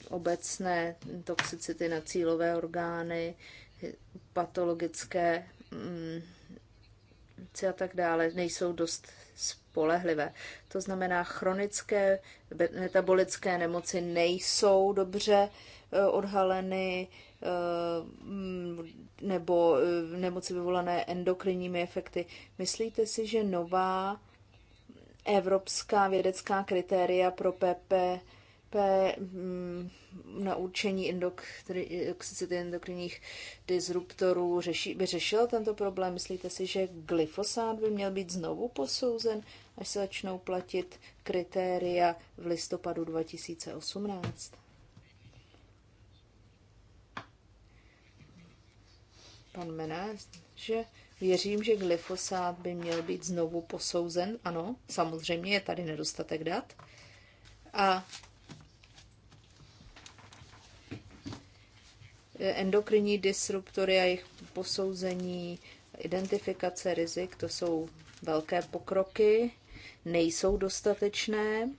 obecné toxicity na cílové orgány, patologické mm, a tak dále, nejsou dost spolehlivé. To znamená, chronické metabolické nemoci nejsou dobře Eh, odhaleny eh, nebo eh, nemoci vyvolané endokrinními efekty. Myslíte si, že nová evropská vědecká kritéria pro PP mm, na určení toxicity endokrinních disruptorů řeší, by řešil tento problém? Myslíte si, že glyfosát by měl být znovu posouzen, až se začnou platit kritéria v listopadu 2018? pan Menes, že věřím, že glyfosát by měl být znovu posouzen. Ano, samozřejmě je tady nedostatek dat. A endokrinní disruptory a jejich posouzení, identifikace rizik, to jsou velké pokroky, nejsou dostatečné.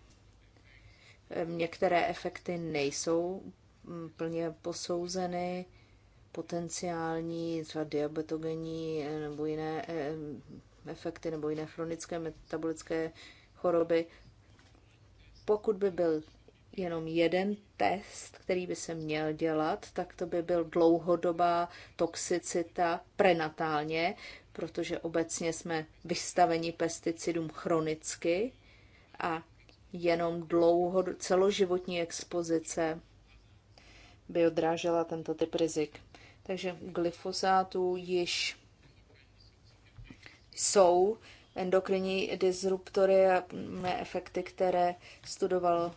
Některé efekty nejsou mm, plně posouzeny potenciální třeba diabetogenní eh, nebo jiné eh, efekty nebo jiné chronické metabolické choroby. Pokud by byl jenom jeden test, který by se měl dělat, tak to by byl dlouhodobá toxicita prenatálně, protože obecně jsme vystaveni pesticidům chronicky a jenom dlouho, celoživotní expozice by odrážela tento typ rizik. Takže glyfosátu již jsou endokrinní disruptory a efekty, které studoval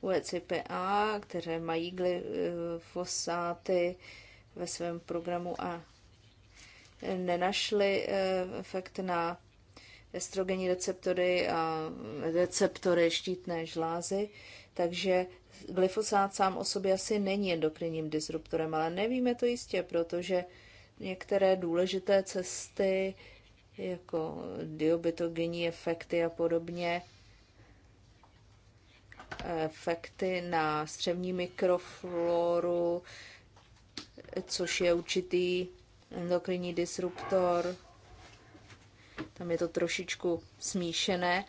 UECPA, které mají glyfosáty ve svém programu a nenašli eh, efekt na estrogenní receptory a receptory štítné žlázy, takže glyfosát sám o sobě asi není endokrinním disruptorem, ale nevíme to jistě, protože některé důležité cesty, jako diobitogenní efekty a podobně, efekty na střevní mikrofloru, což je určitý endokrinní disruptor. Tam je to trošičku smíšené,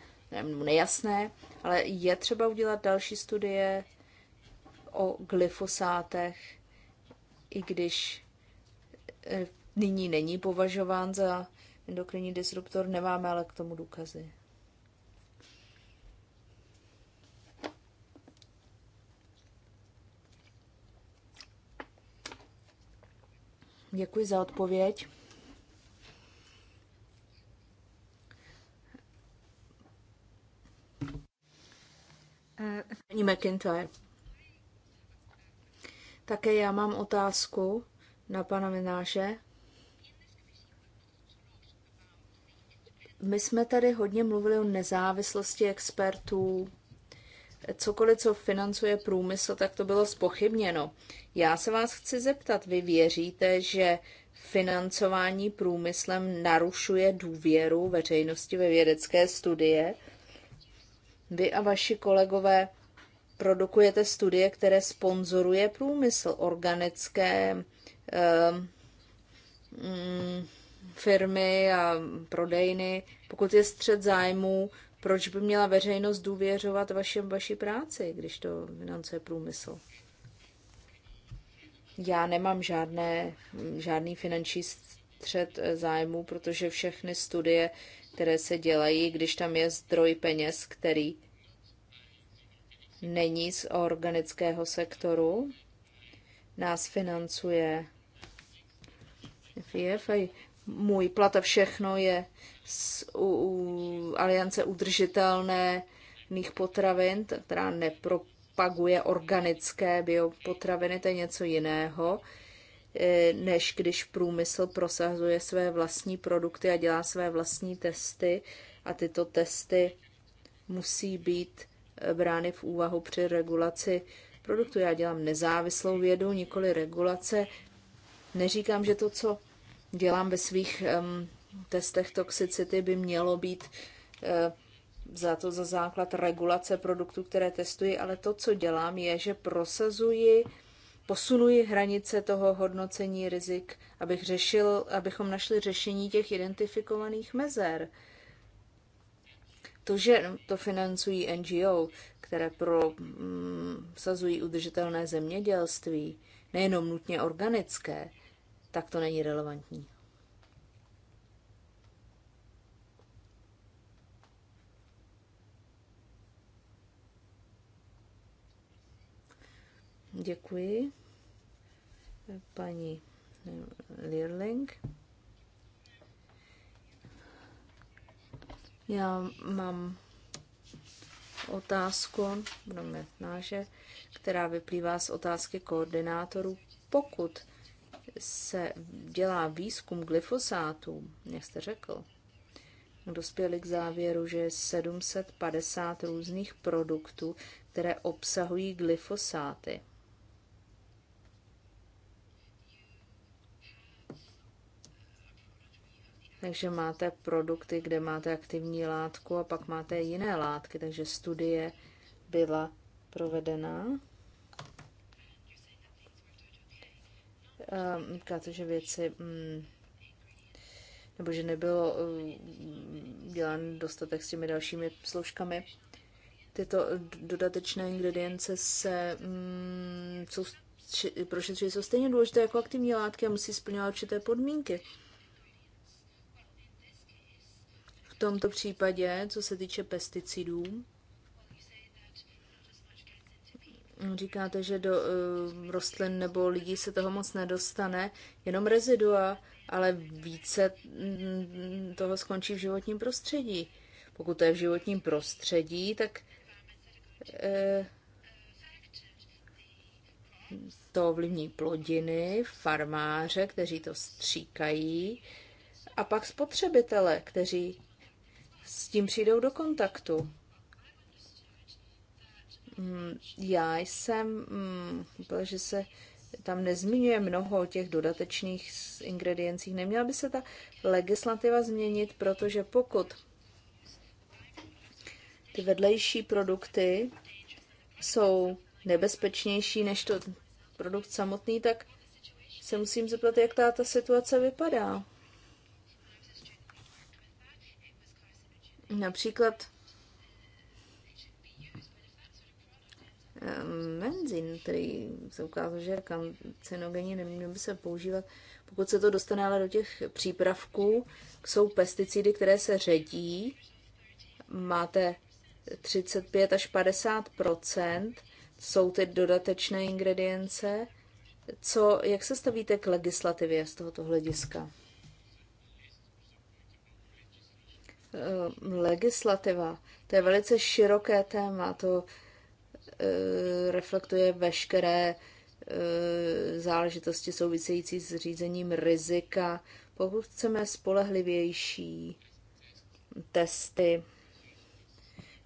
nejasné, ale je třeba udělat další studie o glyfosátech, i když e, nyní není považován za endokrinní disruptor, nemáme ale k tomu důkazy. Děkuji za odpověď. Eh, Paní McIntyre. Také já mám otázku na pana Mináše. My jsme tady hodně mluvili o nezávislosti expertů. Cokoliv, co financuje průmysl, tak to bylo spochybněno. Já se vás chci zeptat, vy věříte, že financování průmyslem narušuje důvěru veřejnosti ve vědecké studie? Vy a vaši kolegové produkujete studie, které sponzoruje průmysl, organické eh, mm, firmy a prodejny. Pokud je střed zájmů, proč by měla veřejnost důvěřovat vašem, vaší práci, když to financuje průmysl? Já nemám žádné, žádný finanční střed eh, zájmů, protože všechny studie, které se dělají, když tam je zdroj peněz, který není z organického sektoru, nás financuje FIF a můj plat a všechno je z u, u Aliance udržitelných potravin, která nepropaguje organické biopotraviny, to je něco jiného, eh, než když průmysl prosazuje své vlastní produkty a dělá své vlastní testy a tyto testy musí být Eh, brány v úvahu při regulaci produktu. Já dělám nezávislou vědu, nikoli regulace. Neříkám, že to, co dělám ve svých um, testech toxicity, by mělo být uh, za to za základ regulace produktů, které testuji, ale to, co dělám, je, že prosazuji, posunuji hranice toho hodnocení rizik, abych řešil, abychom našli řešení těch identifikovaných mezer. Uh, to, že to financují NGO, které pro mm, sazují udržitelné zemědělství, nejenom nutně organické, tak to není relevantní. Děkuji. Paní Lirling. Já mám otázku, budeme náže, která vyplývá z otázky koordinátorů. Pokud se dělá výzkum glyfosátů, jak jste řekl, dospěli k závěru, že 750 různých produktů, které obsahují glyfosáty. Takže máte produkty, kde máte aktivní látku a pak máte jiné látky, takže studie byla provedena. Ehm, říká to, že věci, mm, nebo že nebylo mm, dělán dostatek s těmi dalšími složkami. Tyto dodatečné ingredience se mm, jsou, prošetřují, jsou stejně důležité jako aktivní látky a musí splňovat určité podmínky tomto případě, co se týče pesticidů. Říkáte, že do uh, rostlin nebo lidí se toho moc nedostane, jenom rezidua, ale více mm, toho skončí v životním prostředí. Pokud to je v životním prostředí, tak uh, to ovlivní plodiny, farmáře, kteří to stříkají, a pak spotřebitele, kteří s tím přijdou do kontaktu. Hmm, já jsem, byla, hmm, že se tam nezmiňuje mnoho o těch dodatečných ingrediencích. Neměla by se ta legislativa změnit, protože pokud ty vedlejší produkty jsou nebezpečnější než to produkt samotný, tak se musím zeptat, jak ta situace vypadá. Například eh, benzin, který se ukázal, že je kancerogenní, neměl by se používat. Pokud se to dostane ale do těch přípravků, jsou pesticidy, které se ředí, máte 35 až 50 jsou ty dodatečné ingredience. Co, jak se stavíte k legislativě z tohoto hlediska? Ehm, legislativa, to je velice široké téma, to ehm, reflektuje veškeré ehm, záležitosti související s řízením rizika. Pokud chceme spolehlivější testy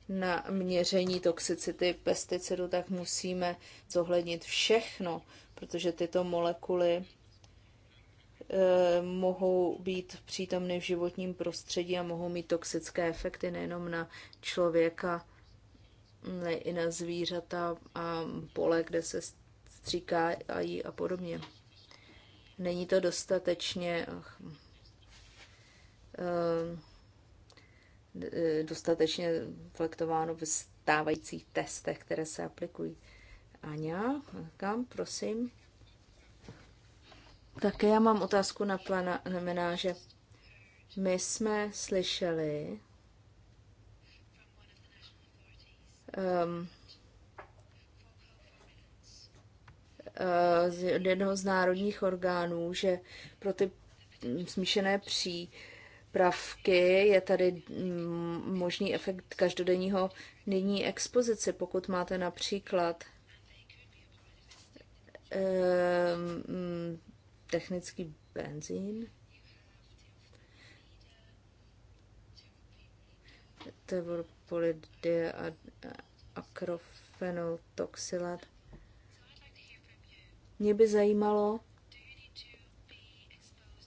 na měření toxicity pesticidu, tak musíme zohlednit všechno, protože tyto molekuly Eh, mohou být přítomny v životním prostředí a mohou mít toxické efekty nejenom na člověka, ale i na zvířata a pole, kde se stříkají a podobně. Není to dostatečně eh, dostatečně reflektováno ve stávajících testech, které se aplikují. Aňa, kam, prosím. Také já mám otázku na pana znamená, že my jsme slyšeli um, z jednoho z národních orgánů, že pro ty smíšené přípravky je tady mm, možný efekt každodenního nyní expozice, pokud máte například um, technický benzín. Tevorpolid a akrofenol toxilat. Mě by zajímalo,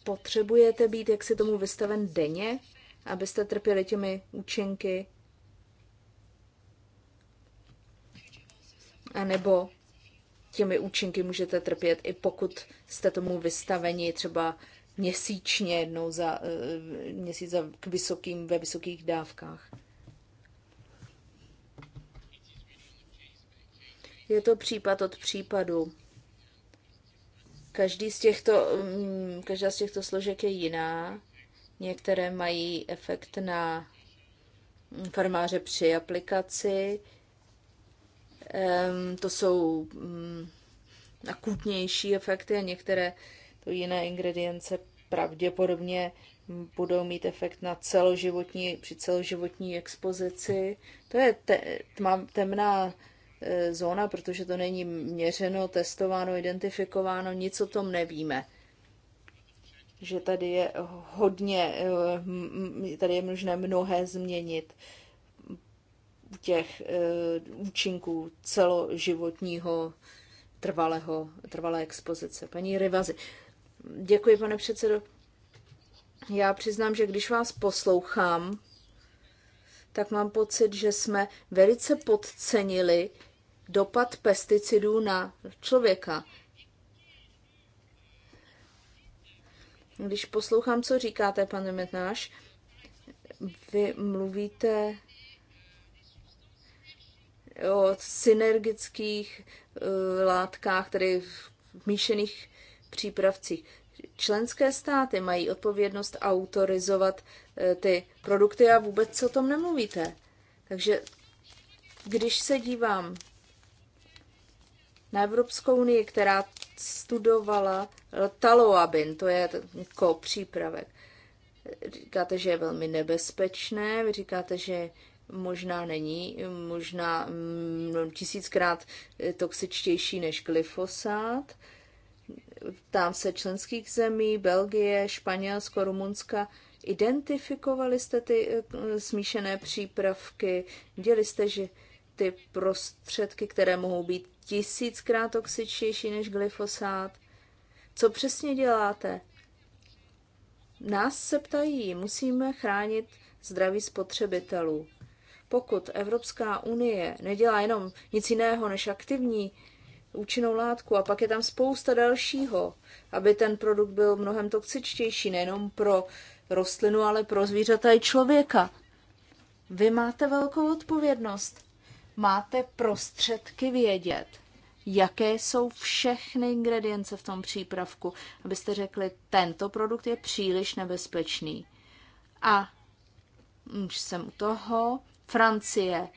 potřebujete být, jak si tomu vystaven denně, abyste trpěli těmi účinky? A nebo těmi účinky můžete trpět, i pokud jste tomu vystaveni třeba měsíčně jednou za eh, měsíc za, k vysokým, ve vysokých dávkách. Je to případ od případu. Každý z těchto, mm, každá z těchto složek je jiná. Některé mají efekt na farmáře při aplikaci, to jsou mm, akutnější efekty a některé to jiné ingredience pravděpodobně budou mít efekt na celoživotní, při celoživotní expozici. To je te, tma, temná e, zóna, protože to není měřeno, testováno, identifikováno, nic o tom nevíme. Že tady je hodně, e, tady je možné mnohé změnit těch eh, účinků celoživotního trvalého, trvalé expozice. Paní Rivazi, děkuji, pane předsedo. Já přiznám, že když vás poslouchám, tak mám pocit, že jsme velice podcenili dopad pesticidů na člověka. Když poslouchám, co říkáte, pane Metnáš, vy mluvíte o synergických e, látkách, tedy v míšených přípravcích. Členské státy mají odpovědnost autorizovat e, ty produkty a vůbec o tom nemluvíte. Takže když se dívám na Evropskou unii, která studovala taloabin, to je ko jako přípravek, říkáte, že je velmi nebezpečné, vy říkáte, že možná není, možná mm, no, tisíckrát eh, toxičtější než glyfosát. Tam se členských zemí, Belgie, Španělsko, Rumunska. Identifikovali jste ty eh, smíšené přípravky, viděli jste, že ty prostředky, které mohou být tisíckrát toxičtější než glyfosát. Co přesně děláte? Nás se ptají, musíme chránit zdraví spotřebitelů. Pokud Evropská unie nedělá jenom nic jiného než aktivní účinnou látku a pak je tam spousta dalšího, aby ten produkt byl mnohem toxičtější, nejenom pro rostlinu, ale pro zvířata i člověka. Vy máte velkou odpovědnost. Máte prostředky vědět, jaké jsou všechny ingredience v tom přípravku, abyste řekli, tento produkt je příliš nebezpečný. A už jsem u toho, Francie.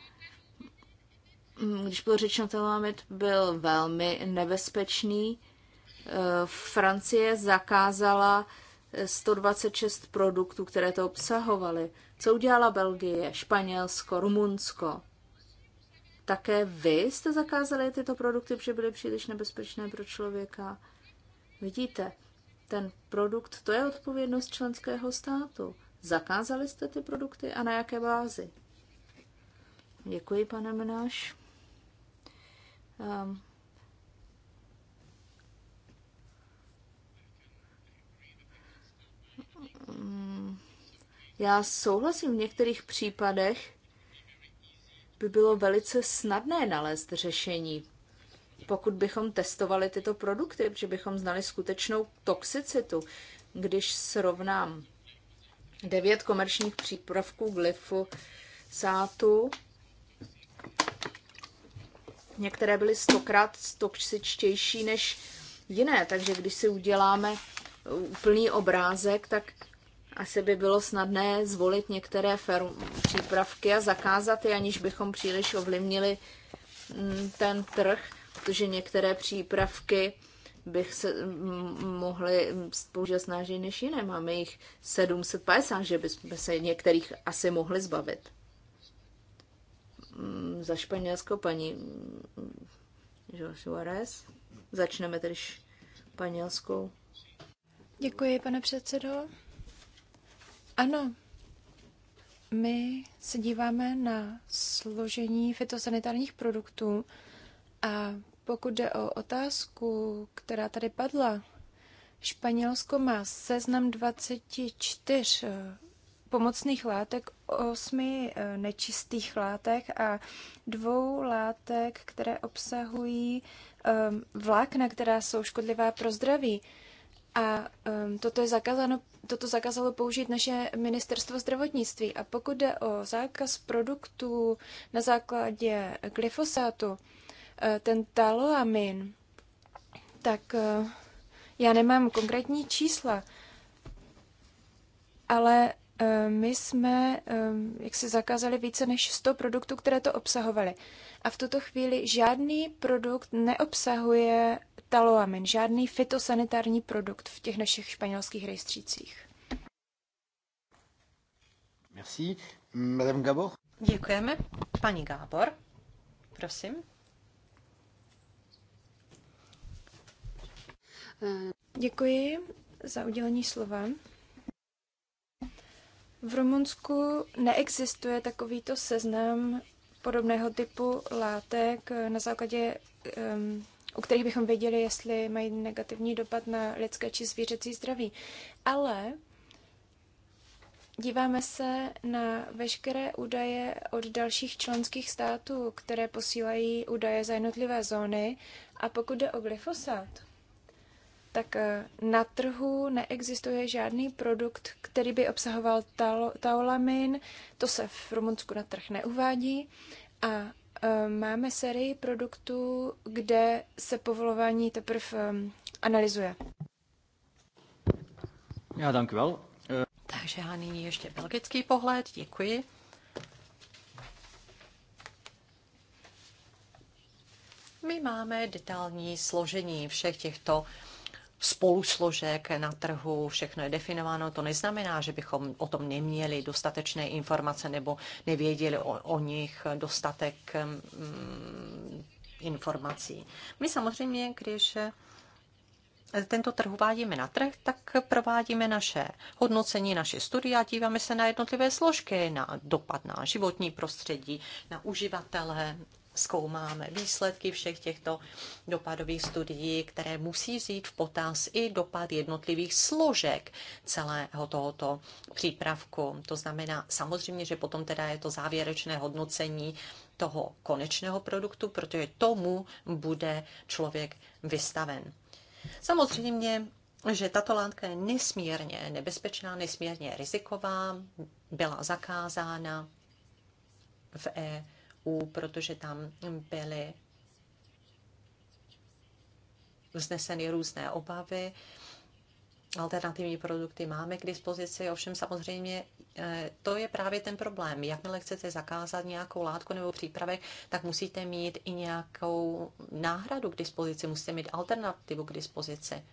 Mm, když bylo řečeno, telomet byl velmi nebezpečný. E, Francie zakázala 126 produktů, které to obsahovaly. Co udělala Belgie, Španělsko, Rumunsko? Také vy jste zakázali tyto produkty, protože byly příliš nebezpečné pro člověka. Vidíte, ten produkt, to je odpovědnost členského státu. Zakázali jste ty produkty a na jaké bázi? Děkuji, pane Mnáš. Um, ehm. já souhlasím, v některých případech by bylo velice snadné nalézt řešení, pokud bychom testovali tyto produkty, protože bychom znali skutečnou toxicitu. Když srovnám devět komerčních přípravků glyfosátu Některé byly stokrát toxičtější než jiné, takže když si uděláme úplný obrázek, tak asi by bylo snadné zvolit některé přípravky a zakázat je, aniž bychom příliš ovlivnili mm, ten trh, protože některé přípravky bych se mm, mohli použít snažit než jiné. Máme jich 750, že bychom se některých asi mohli zbavit. Mm, za Španělsko paní mm, Suarez. Začneme tedy španělskou. Děkuji, pane předsedo. Ano, my se díváme na složení fitosanitárních produktů a pokud jde o otázku, která tady padla, Španělsko má seznam 24 pomocných látek, osmi eh, nečistých látek a dvou látek, které obsahují ehm, vlákna, která jsou škodlivá pro zdraví. A um, toto, je zakazano, toto zakázalo použít naše ministerstvo zdravotnictví. A pokud jde o zákaz produktů na základě glyfosátu, eh, ten taloamin, tak eh, já nemám konkrétní čísla, ale Eh, my jsme eh, jak si zakázali více než 100 produktů, které to obsahovaly. A v tuto chvíli žádný produkt neobsahuje taloamin, žádný fitosanitární produkt v těch našich španělských rejstřících. Merci. Madame Gabor? Děkujeme. pani Gábor, prosím. Eh. Děkuji za udělení slova. V Rumunsku neexistuje takovýto seznam podobného typu látek, na základě, um, u kterých bychom věděli, jestli mají negativní dopad na lidské či zvířecí zdraví. Ale díváme se na veškeré údaje od dalších členských států, které posílají údaje za jednotlivé zóny. A pokud jde o glyfosát, tak eh, na trhu neexistuje žádný produkt, který by obsahoval taolamin. To se v Rumunsku na trh neuvádí. A eh, máme sérii produktů, kde se povolování teprve eh, analyzuje. Já dank wel. Takže já nyní ještě belgický pohled, děkuji. My máme detailní složení všech těchto spolusložek na trhu, všechno je definováno. To neznamená, že bychom o tom neměli dostatečné informace nebo nevěděli o, o nich dostatek mm, informací. My samozřejmě, když tento trh uvádíme na trh, tak provádíme naše hodnocení, naše studia, díváme se na jednotlivé složky, na dopad na životní prostředí, na uživatele zkoumáme výsledky všech těchto dopadových studií, které musí vzít v potaz i dopad jednotlivých složek celého tohoto přípravku. To znamená samozřejmě, že potom teda je to závěrečné hodnocení toho konečného produktu, protože tomu bude člověk vystaven. Samozřejmě že tato látka je nesmírně nebezpečná, nesmírně riziková, byla zakázána v e EU, protože tam byly vzneseny různé obavy. Alternativní produkty máme k dispozici, ovšem samozřejmě eh, to je právě ten problém. Jakmile chcete zakázat nějakou látku nebo přípravek, tak musíte mít i nějakou náhradu k dispozici, musíte mít alternativu k dispozici.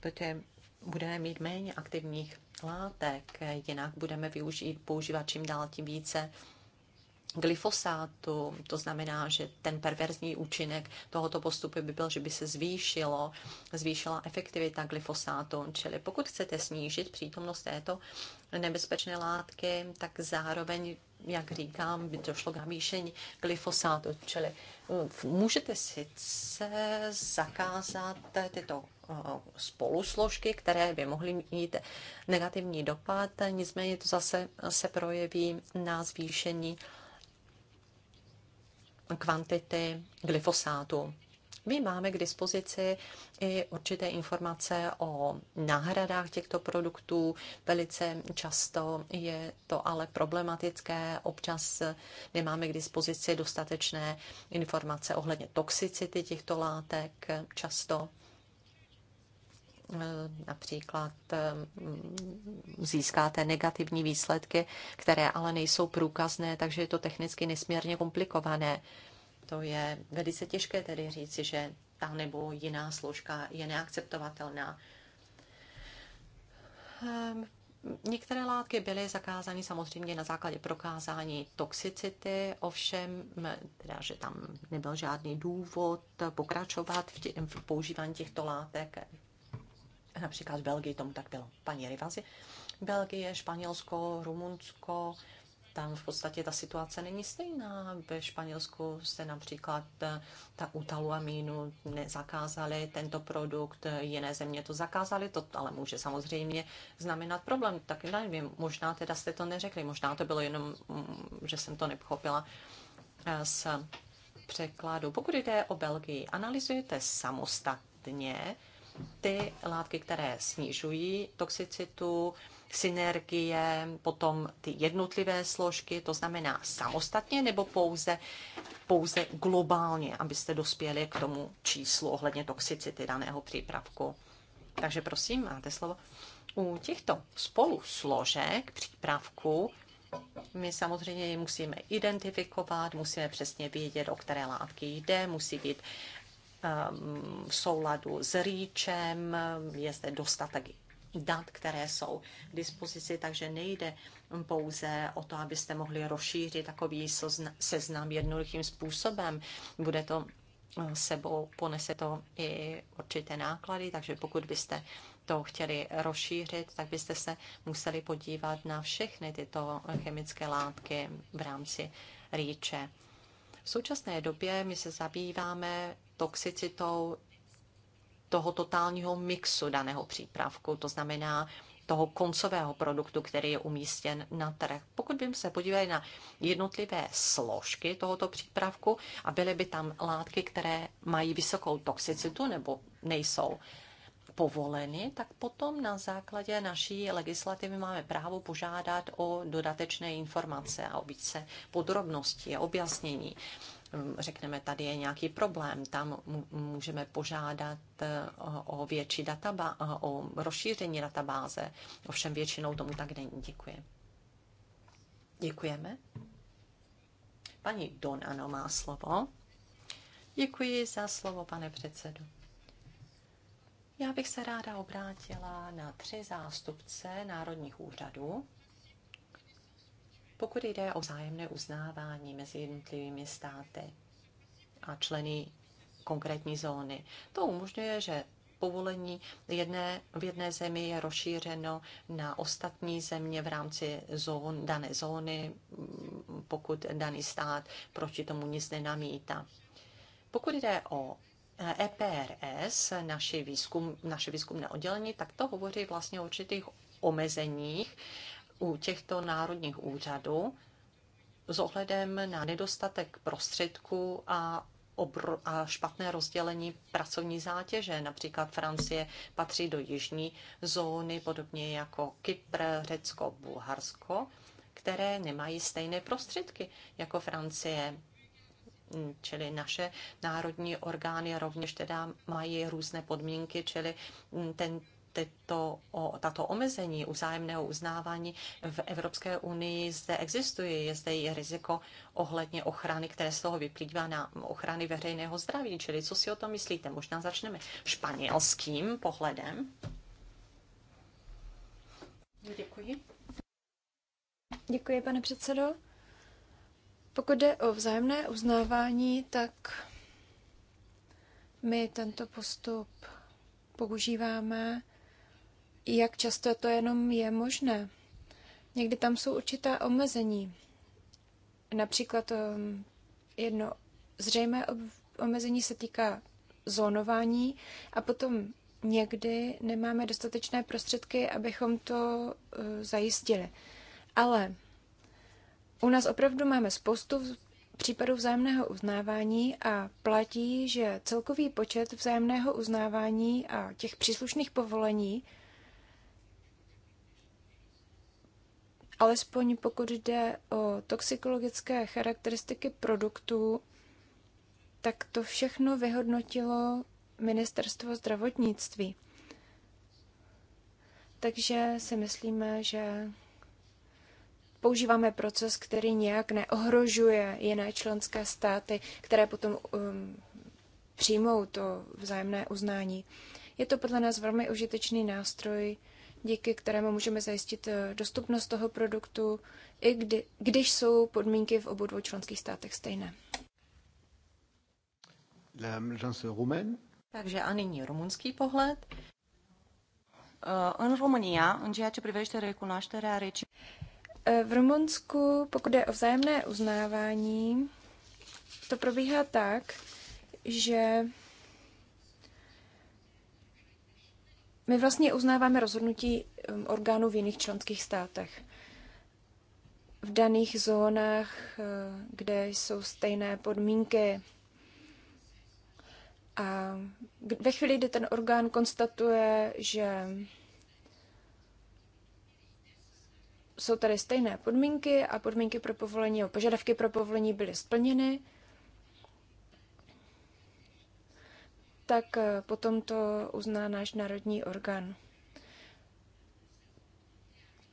Protože budeme mít méně aktivních látek, jinak budeme využít, používat čím dál tím více glyfosátu, to znamená, že ten perverzní účinek tohoto postupu by byl, že by se zvýšilo, zvýšila efektivita glyfosátu. Čili pokud chcete snížit přítomnost této nebezpečné látky, tak zároveň, jak říkám, by došlo k navýšení glyfosátu. Čili eh, můžete sice zakázat tyto eh, spolusložky, které by mohly mít negativní dopad, nicméně to zase se projeví na zvýšení kvantity glyfosátu. My máme k dispozici i určité informace o náhradách těchto produktů. Velice často je to ale problematické. Občas nemáme k dispozici dostatečné informace ohledně toxicity těchto látek. Často Eh, například eh, získáte negativní výsledky, které ale nejsou průkazné, takže je to technicky nesmírně komplikované. To je velice těžké tedy říci, že ta nebo jiná složka je neakceptovatelná. Ehm, některé látky byly zakázány samozřejmě na základě prokázání toxicity, ovšem, teda, že tam nebyl žádný důvod pokračovat v, tě, v používání těchto látek Například v Belgii tomu tak bylo. Paní Rivazi, Belgie, Španělsko, Rumunsko, tam v podstatě ta situace není stejná. Ve Španělsku se například eh, ta utaluamínu nezakázali tento produkt, eh, jiné země to zakázali, to ale může samozřejmě znamenat problém. Tak nevím, možná teda jste to neřekli, možná to bylo jenom, mm, že jsem to nepochopila eh, z překladu. Pokud jde o Belgii, analyzujete samostatně ty látky, které snižují toxicitu, synergie, potom ty jednotlivé složky, to znamená samostatně nebo pouze, pouze globálně, abyste dospěli k tomu číslu ohledně toxicity daného přípravku. Takže prosím, máte slovo. U těchto spolu složek přípravku my samozřejmě musíme identifikovat, musíme přesně vědět, o které látky jde, musí být v souladu s rýčem, je zde dostatek dat, které jsou k dispozici, takže nejde pouze o to, abyste mohli rozšířit takový seznam jednoduchým způsobem. Bude to eh, sebou, ponese to i určité náklady, takže pokud byste to chtěli rozšířit, tak byste se museli podívat na všechny tyto chemické látky v rámci rýče. V současné době my se zabýváme toxicitou toho totálního mixu daného přípravku, to znamená toho koncového produktu, který je umístěn na trh. Pokud bychom se podívali na jednotlivé složky tohoto přípravku a byly by tam látky, které mají vysokou toxicitu nebo nejsou povoleny, tak potom na základě naší legislativy máme právo požádat o dodatečné informace a o více podrobnosti, a objasnění. Mm, řekneme, tady je nějaký problém, tam můžeme požádat eh, o větší databá, eh, o rozšíření databáze. Ovšem většinou tomu tak není. Děkuji. Děkujeme. Paní Don, ano, má slovo. Děkuji za slovo, pane předsedo. Já bych se ráda obrátila na tři zástupce národních úřadů, pokud jde o vzájemné uznávání mezi jednotlivými státy a členy konkrétní zóny. To umožňuje, že povolení jedné, v jedné zemi je rozšířeno na ostatní země v rámci zón, dané zóny, pokud daný stát proti tomu nic nenamítá. Pokud jde o EPRS, naše výzkum, naše výzkumné oddělení, tak to hovoří vlastně o určitých omezeních u těchto národních úřadů s ohledem na nedostatek prostředků a obr- a špatné rozdělení pracovní zátěže. Například Francie patří do jižní zóny, podobně jako Kypr, Řecko, Bulharsko, které nemají stejné prostředky jako Francie čili naše národní orgány rovněž teda mají různé podmínky, čili ten tyto, o, tato omezení uzájemného uznávání v Evropské unii zde existuje. Je zde i riziko ohledně ochrany, které z toho vyplývá na ochrany veřejného zdraví. Čili co si o tom myslíte? Možná začneme španělským pohledem. Děkuji. Děkuji, pane předsedo. Pokud jde o vzájemné uznávání, tak my tento postup používáme, jak často to jenom je možné. Někdy tam jsou určitá omezení. Například um, jedno zřejmé omezení se týká zónování a potom někdy nemáme dostatečné prostředky, abychom to uh, zajistili. Ale u nás opravdu máme spoustu případů vzájemného uznávání a platí, že celkový počet vzájemného uznávání a těch příslušných povolení, alespoň pokud jde o toxikologické charakteristiky produktů, tak to všechno vyhodnotilo Ministerstvo zdravotnictví. Takže si myslíme, že používáme proces, který nějak neohrožuje jiné členské státy, které potom um, přijmou to vzájemné uznání. Je to podle nás velmi užitečný nástroj, díky kterému můžeme zajistit eh, dostupnost toho produktu, i kdy, když jsou podmínky v obou dvou členských státech stejné. Takže a nyní rumunský pohled. În România, în ceea ce privește recunoașterea reciprocă. E, v Rumunsku, pokud je o vzájemné uznávání, to probíhá tak, že my vlastně uznáváme rozhodnutí um, orgánů v jiných členských státech. V daných zónách, e, kde jsou stejné podmínky. A ve chvíli, kdy ten orgán konstatuje, že jsou tady stejné podmínky a podmínky pro povolení, nebo požadavky pro povolení byly splněny, tak eh, potom to uzná náš národní orgán.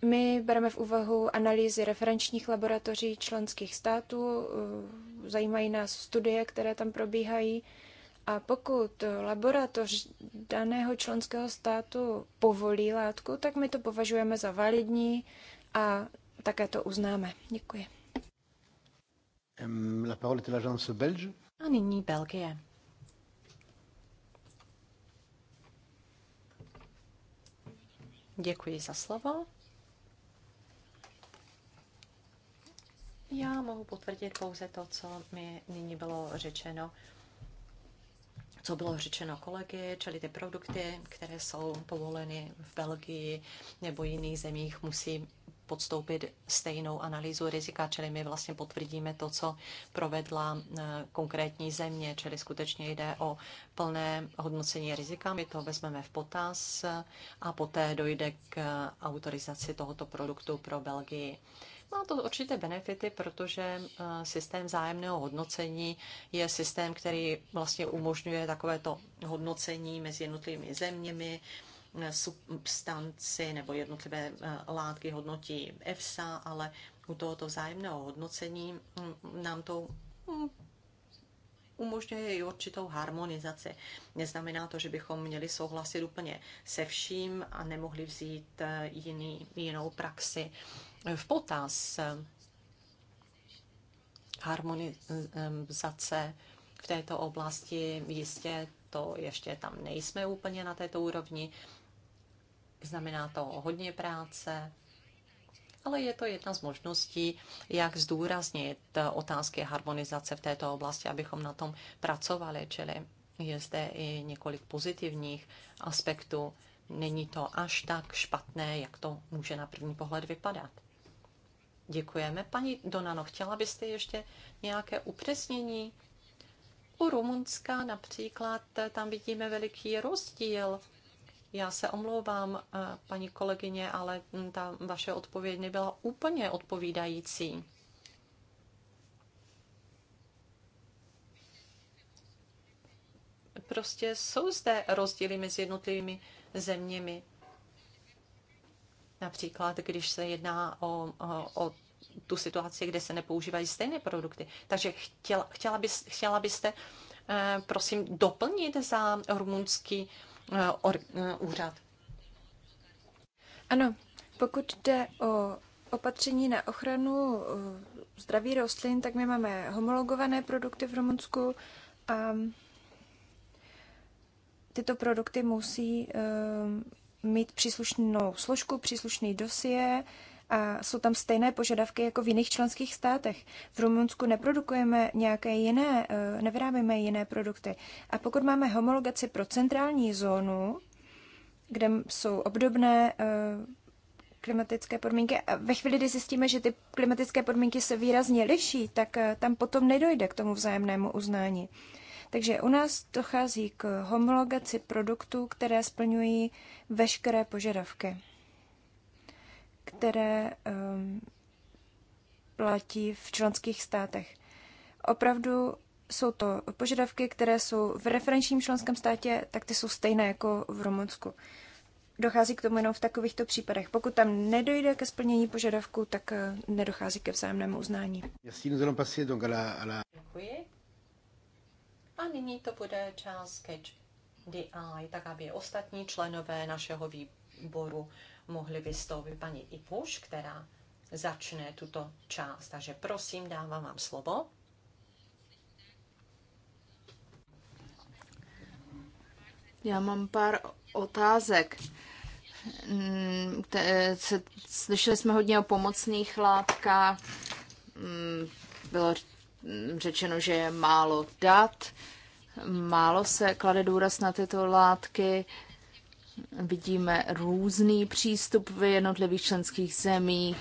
My bereme v úvahu analýzy referenčních laboratoří členských států, eh, zajímají nás studie, které tam probíhají. A pokud laboratoř daného členského státu povolí látku, tak my to považujeme za validní a také to uznáme. Děkuji. La parole est à l'agence belge. A nyní Belgie. Děkuji za slovo. Já mohu potvrdit pouze to, co mi nyní bylo řečeno, co bylo řečeno kolegy, čili ty produkty, které jsou povoleny v Belgii nebo jiných zemích, musí podstoupit stejnou analýzu rizika, čili my vlastně potvrdíme to, co provedla eh, konkrétní země, čili skutečně jde o plné hodnocení rizika. My to vezmeme v potaz eh, a poté dojde k eh, autorizaci tohoto produktu pro Belgii. Má to určité benefity, protože systém zájemného hodnocení je systém, který vlastně umožňuje takovéto hodnocení mezi jednotlivými zeměmi, Eh, substanci nebo jednotlivé eh, látky hodnotí EFSA, ale u tohoto vzájemného hodnocení mm, nám to mm, umožňuje i určitou harmonizaci. Neznamená to, že bychom měli souhlasit úplně se vším a nemohli vzít eh, jiný, jinou praxi v potaz. Harmonizace v této oblasti jistě to ještě tam nejsme úplně na této úrovni, Znamená to hodně práce, ale je to jedna z možností, jak zdůraznit otázky harmonizace v této oblasti, abychom na tom pracovali, čili je zde i několik pozitivních aspektů. Není to až tak špatné, jak to může na první pohled vypadat. Děkujeme. Paní Donano, chtěla byste ještě nějaké upřesnění? U Rumunska například tam vidíme veliký rozdíl já se omlouvám, eh, paní kolegyně, ale hm, ta vaše odpověď nebyla úplně odpovídající. Prostě jsou zde rozdíly mezi jednotlivými zeměmi. Například, když se jedná o, o, o tu situaci, kde se nepoužívají stejné produkty. Takže chtěla, chtěla, bys, chtěla byste, eh, prosím, doplnit za rumunský Eh, or, eh, úřad. Ano, pokud jde o opatření na ochranu eh, zdraví rostlin, tak my máme homologované produkty v Rumunsku a tyto produkty musí mít příslušnou složku, příslušný dosie, a jsou tam stejné požadavky jako v jiných členských státech. V Rumunsku neprodukujeme nějaké jiné, eh, nevyrábíme jiné produkty. A pokud máme homologaci pro centrální zónu, kde jsou obdobné eh, klimatické podmínky a ve chvíli, kdy zjistíme, že ty klimatické podmínky se výrazně liší, tak eh, tam potom nedojde k tomu vzájemnému uznání. Takže u nás dochází k homologaci produktů, které splňují veškeré požadavky které ehm, platí v členských státech. Opravdu jsou to požadavky, které jsou v referenčním členském státě, tak ty jsou stejné jako v Rumunsku. Dochází k tomu jenom v takovýchto případech. Pokud tam nedojde ke splnění požadavku, tak eh, nedochází ke vzájemnému uznání. Děkuji. A nyní to bude část sketch DI, tak aby ostatní členové našeho výboru mohli vystoupit paní Ipuš, která začne tuto část. Takže prosím, dávám vám slovo. Já mám pár otázek. Mm, slyšeli jsme hodně o pomocných látkách. Mm, bylo mm, řečeno, že je málo dat, málo se klade důraz na tyto látky. Vidíme různý přístup v jednotlivých členských zemích.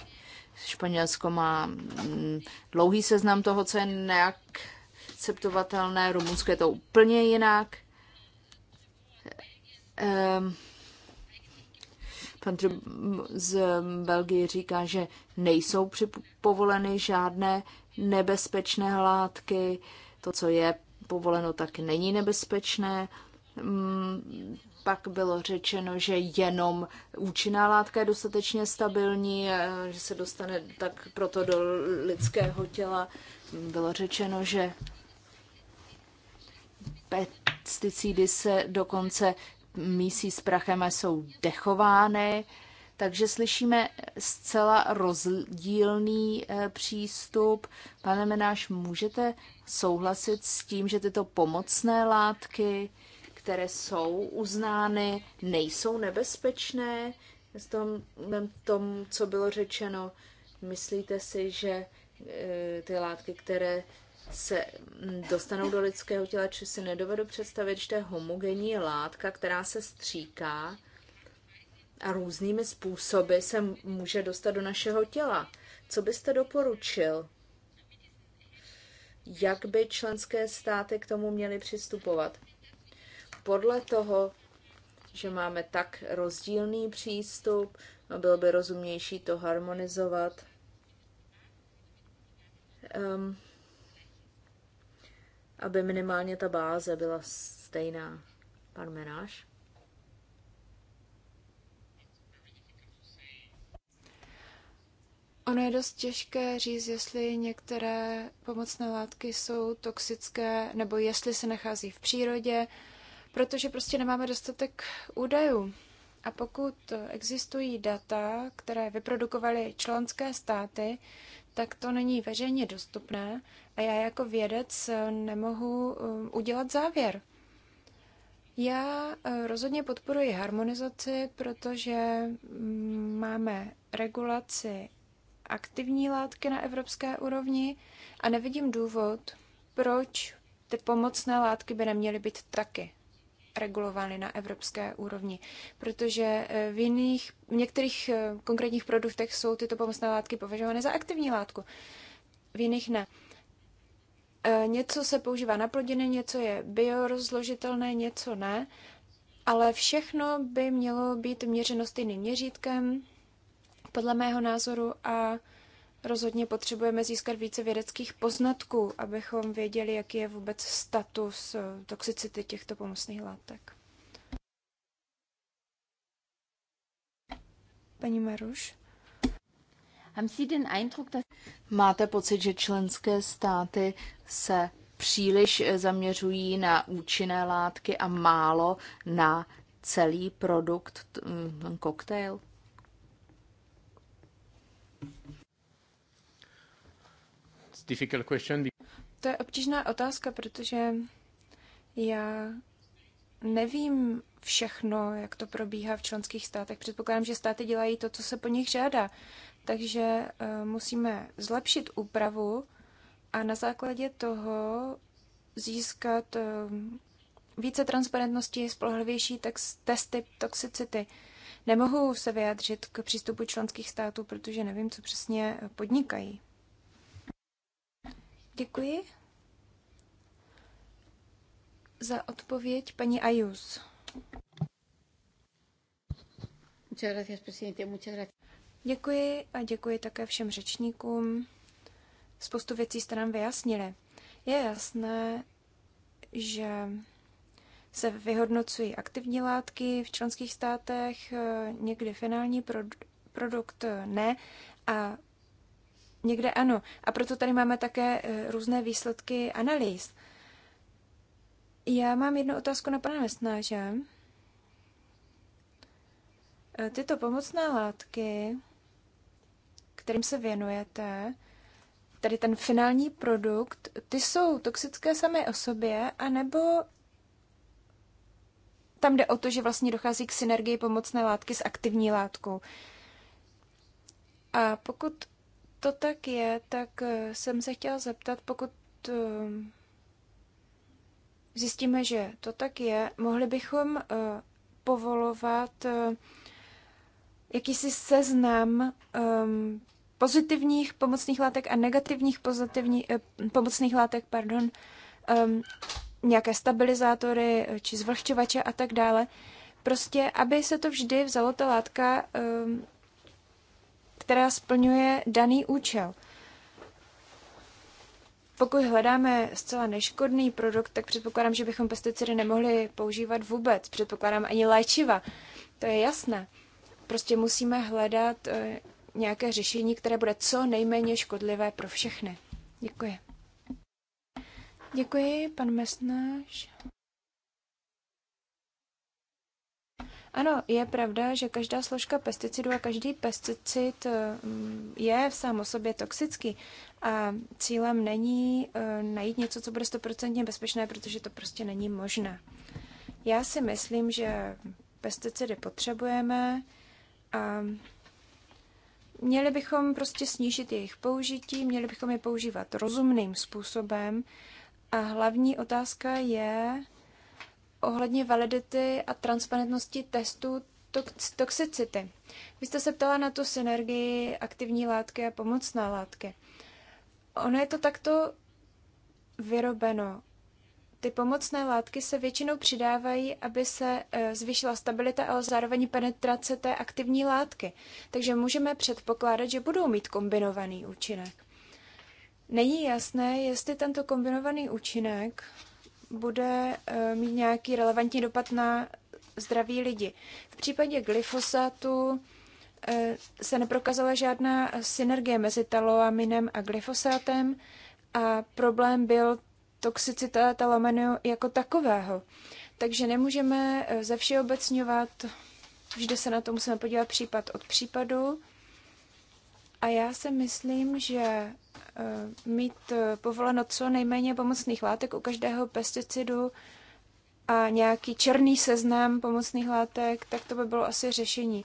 Španělsko má mm, dlouhý seznam toho, co je neakceptovatelné, Rumunsko je to úplně jinak. Um, pan z Belgie říká, že nejsou povoleny žádné nebezpečné látky. To, co je povoleno, tak není nebezpečné. Mm, pak bylo řečeno, že jenom účinná látka je dostatečně stabilní, eh, že se dostane tak proto do lidského těla. Bylo řečeno, že pesticidy se dokonce mísí s prachem a jsou dechovány. Takže slyšíme zcela rozdílný eh, přístup. Pane Menáš, můžete souhlasit s tím, že tyto pomocné látky které jsou uznány, nejsou nebezpečné. V tom, tom, co bylo řečeno, myslíte si, že e, ty látky, které se dostanou do lidského těla, či si nedovedu představit, že to je homogenní látka, která se stříká a různými způsoby se může dostat do našeho těla. Co byste doporučil? Jak by členské státy k tomu měly přistupovat? podle toho, že máme tak rozdílný přístup, a no, bylo by rozumnější to harmonizovat. Um, aby minimálně ta báze byla stejná. Pan Menáš? Ono je dost těžké říct, jestli některé pomocné látky jsou toxické, nebo jestli se nachází v přírodě, protože prostě nemáme dostatek údajů. A pokud existují data, které vyprodukovaly členské státy, tak to není veřejně dostupné a já jako vědec nemohu um, udělat závěr. Já uh, rozhodně podporuji harmonizaci, protože mm, máme regulaci aktivní látky na evropské úrovni a nevidím důvod, proč ty pomocné látky by neměly být taky regulovány na evropské úrovni, protože eh, v jiných, v některých eh, konkrétních produktech jsou tyto pomocné látky považovány za aktivní látku, v jiných ne. Eh, něco se používá na plodiny, něco je biorozložitelné, něco ne, ale všechno by mělo být měřeno stejným měřítkem, podle mého názoru, a Rozhodně potřebujeme získat více vědeckých poznatků, abychom věděli, jaký je vůbec status eh, toxicity těchto pomocných látek. Paní Maruš? Máte pocit, že členské státy se příliš eh, zaměřují na účinné látky a málo na celý produkt, mm, ten koktejl? To je obtížná otázka, protože já nevím všechno, jak to probíhá v členských státech. Předpokládám, že státy dělají to, co se po nich žádá. Takže eh, musíme zlepšit úpravu a na základě toho získat eh, více transparentnosti, spolehlivější testy toxicity. Nemohu se vyjádřit k přístupu členských států, protože nevím, co přesně podnikají. Děkuji za odpověď paní Ayus. Děkuji a děkuji také všem řečníkům. Spoustu věcí jste nám vyjasnili. Je jasné, že se vyhodnocují aktivní látky v členských státech, eh, někdy finální produkt ne a někde ano. A proto tady máme také eh, různé výsledky analýz. Já mám jednu otázku na pana Mesnáže. Eh, tyto pomocné látky, kterým se věnujete, tedy ten finální produkt, ty jsou toxické samé o sobě, anebo tam jde o to, že vlastně dochází k synergii pomocné látky s aktivní látkou. A pokud to tak je, tak eh, jsem se chtěla zeptat, pokud eh, zjistíme, že to tak je, mohli bychom eh, povolovat jakýsi seznam ehm, pozitivních pomocných látek a negativních pozitivní, pomocných látek, pardon, ehm, nějaké stabilizátory či zvlhčovače a tak dále. Prostě, aby se to vždy vzalo ta látka ehm, která splňuje daný účel. Pokud hledáme zcela neškodný produkt, tak předpokládám, že bychom pesticidy nemohli používat vůbec. Předpokládám ani léčiva. To je jasné. Prostě musíme hledat eh, nějaké řešení, které bude co nejméně škodlivé pro všechny. Děkuji. Děkuji, pan Mesnáš. Ano, je pravda, že každá složka pesticidu a každý pesticid eh, mm, je v sám o sobě toxický a cílem není eh, najít něco, co bude stoprocentně bezpečné, protože to prostě není možné. Já si myslím, že pesticidy potřebujeme a měli bychom prostě snížit jejich použití, měli bychom je používat rozumným způsobem a hlavní otázka je, ohledně validity a transparentnosti testů toxicity. Vy jste se ptala na tu synergii aktivní látky a pomocné látky. Ono je to takto vyrobeno. Ty pomocné látky se většinou přidávají, aby se e, zvýšila stabilita, ale zároveň penetrace té aktivní látky. Takže můžeme předpokládat, že budou mít kombinovaný účinek. Není jasné, jestli tento kombinovaný účinek bude eh, mít nějaký relevantní dopad na zdraví lidi. V případě glyfosátu eh, se neprokazala žádná synergie mezi taloaminem a glyfosátem a problém byl toxicita talomenu jako takového. Takže nemůžeme eh, zevšeobecňovat, vždy se na to musíme podívat případ od případu. A já si myslím, že eh, mít eh, povoleno co nejméně pomocných látek u každého pesticidu a nějaký černý seznam pomocných látek, tak to by bylo asi řešení,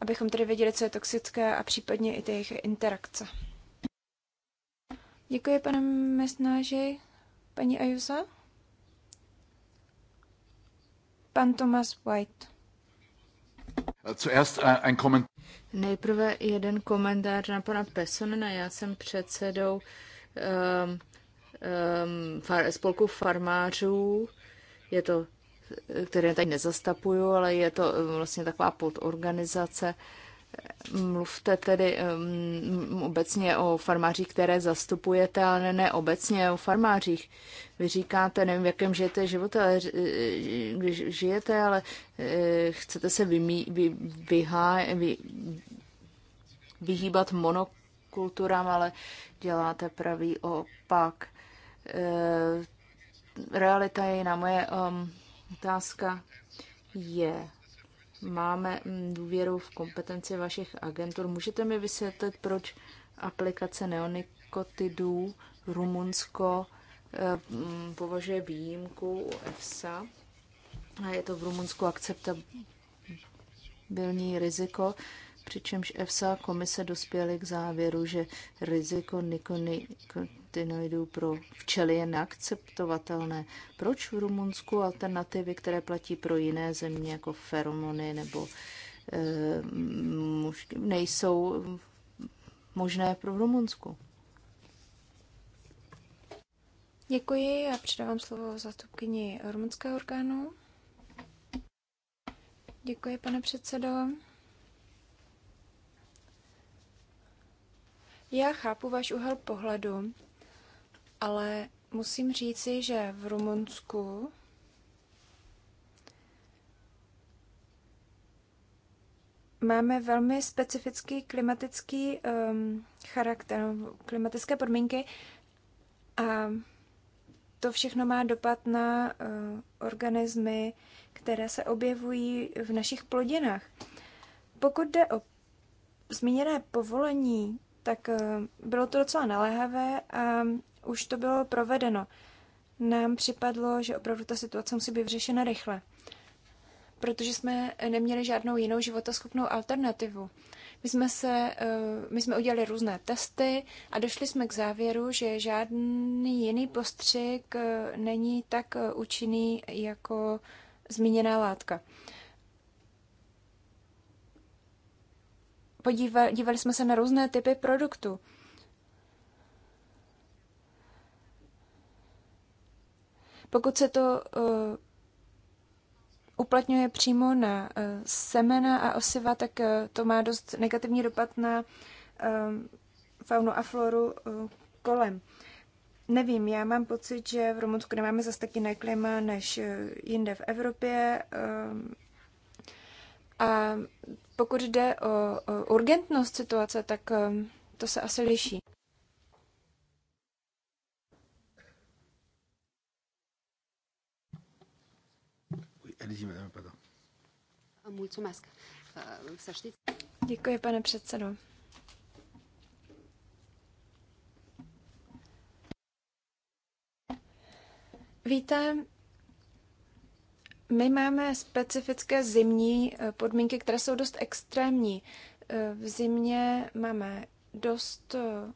abychom tedy věděli, co je toxické a případně i ty jejich interakce. Děkuji, pane Mesnáži. Paní Ayusa, Pan Thomas White. Zuerst äh, ein Nejprve jeden komentář na pana Pessonena. Já jsem předsedou um, um, far, spolku farmářů. Je to, e, které tady nezastapuju, ale je to e, vlastně taková podorganizace uh, Mluvte tedy um, obecně o farmářích, které zastupujete, ale ne obecně o farmářích. Vy říkáte, nevím, v jakém žijete životě, ale e, když žijete, ale uh, chcete se vymí, vy, vyhá, vy, vyhýbat monokulturám, ale děláte pravý opak. Uh, realita je jiná. Moje um, otázka je, máme mm, důvěru v kompetenci vašich agentur. Můžete mi vysvětlit, proč aplikace neonikotidů Rumunsko eh, mm, považuje výjimku u EFSA a je to v Rumunsku akceptabilní riziko, přičemž EFSA a komise dospěly k závěru, že riziko nikony neonikotinoidů pro včely je neakceptovatelné. Proč v Rumunsku alternativy, které platí pro jiné země, jako feromony nebo e, eh, mužky, nejsou možné pro Rumunsku? Děkuji a předávám slovo zástupkyni rumunského orgánu. Děkuji, pane předsedo. Já chápu váš úhel pohledu ale musím říci, že v Rumunsku máme velmi specifický klimatický um, charakter, klimatické podmínky a to všechno má dopad na uh, organismy, které se objevují v našich plodinách. Pokud jde o zmíněné povolení, tak uh, bylo to docela naléhavé a už to bylo provedeno. Nám připadlo, že opravdu ta situace musí být vyřešena rychle, protože jsme neměli žádnou jinou životaschopnou alternativu. My jsme, se, eh, my jsme udělali různé testy a došli jsme k závěru, že žádný jiný postřik eh, není tak eh, účinný jako zmíněná látka. Podívali, jsme se na různé typy produktů Pokud se to eh, uplatňuje přímo na eh, semena a osiva, tak eh, to má dost negativní dopad na faunu a floru kolem. Nevím, já mám pocit, že v Rumunsku nemáme zase tak jiné klima než jinde v Evropě. A pokud jde o urgentnost situace, tak to se asi liší. Allez-y, madame Pada. Děkuji, pane předsedo. Víte, my máme specifické zimní eh, podmínky, které jsou dost extrémní. Eh, v zimě máme dost eh,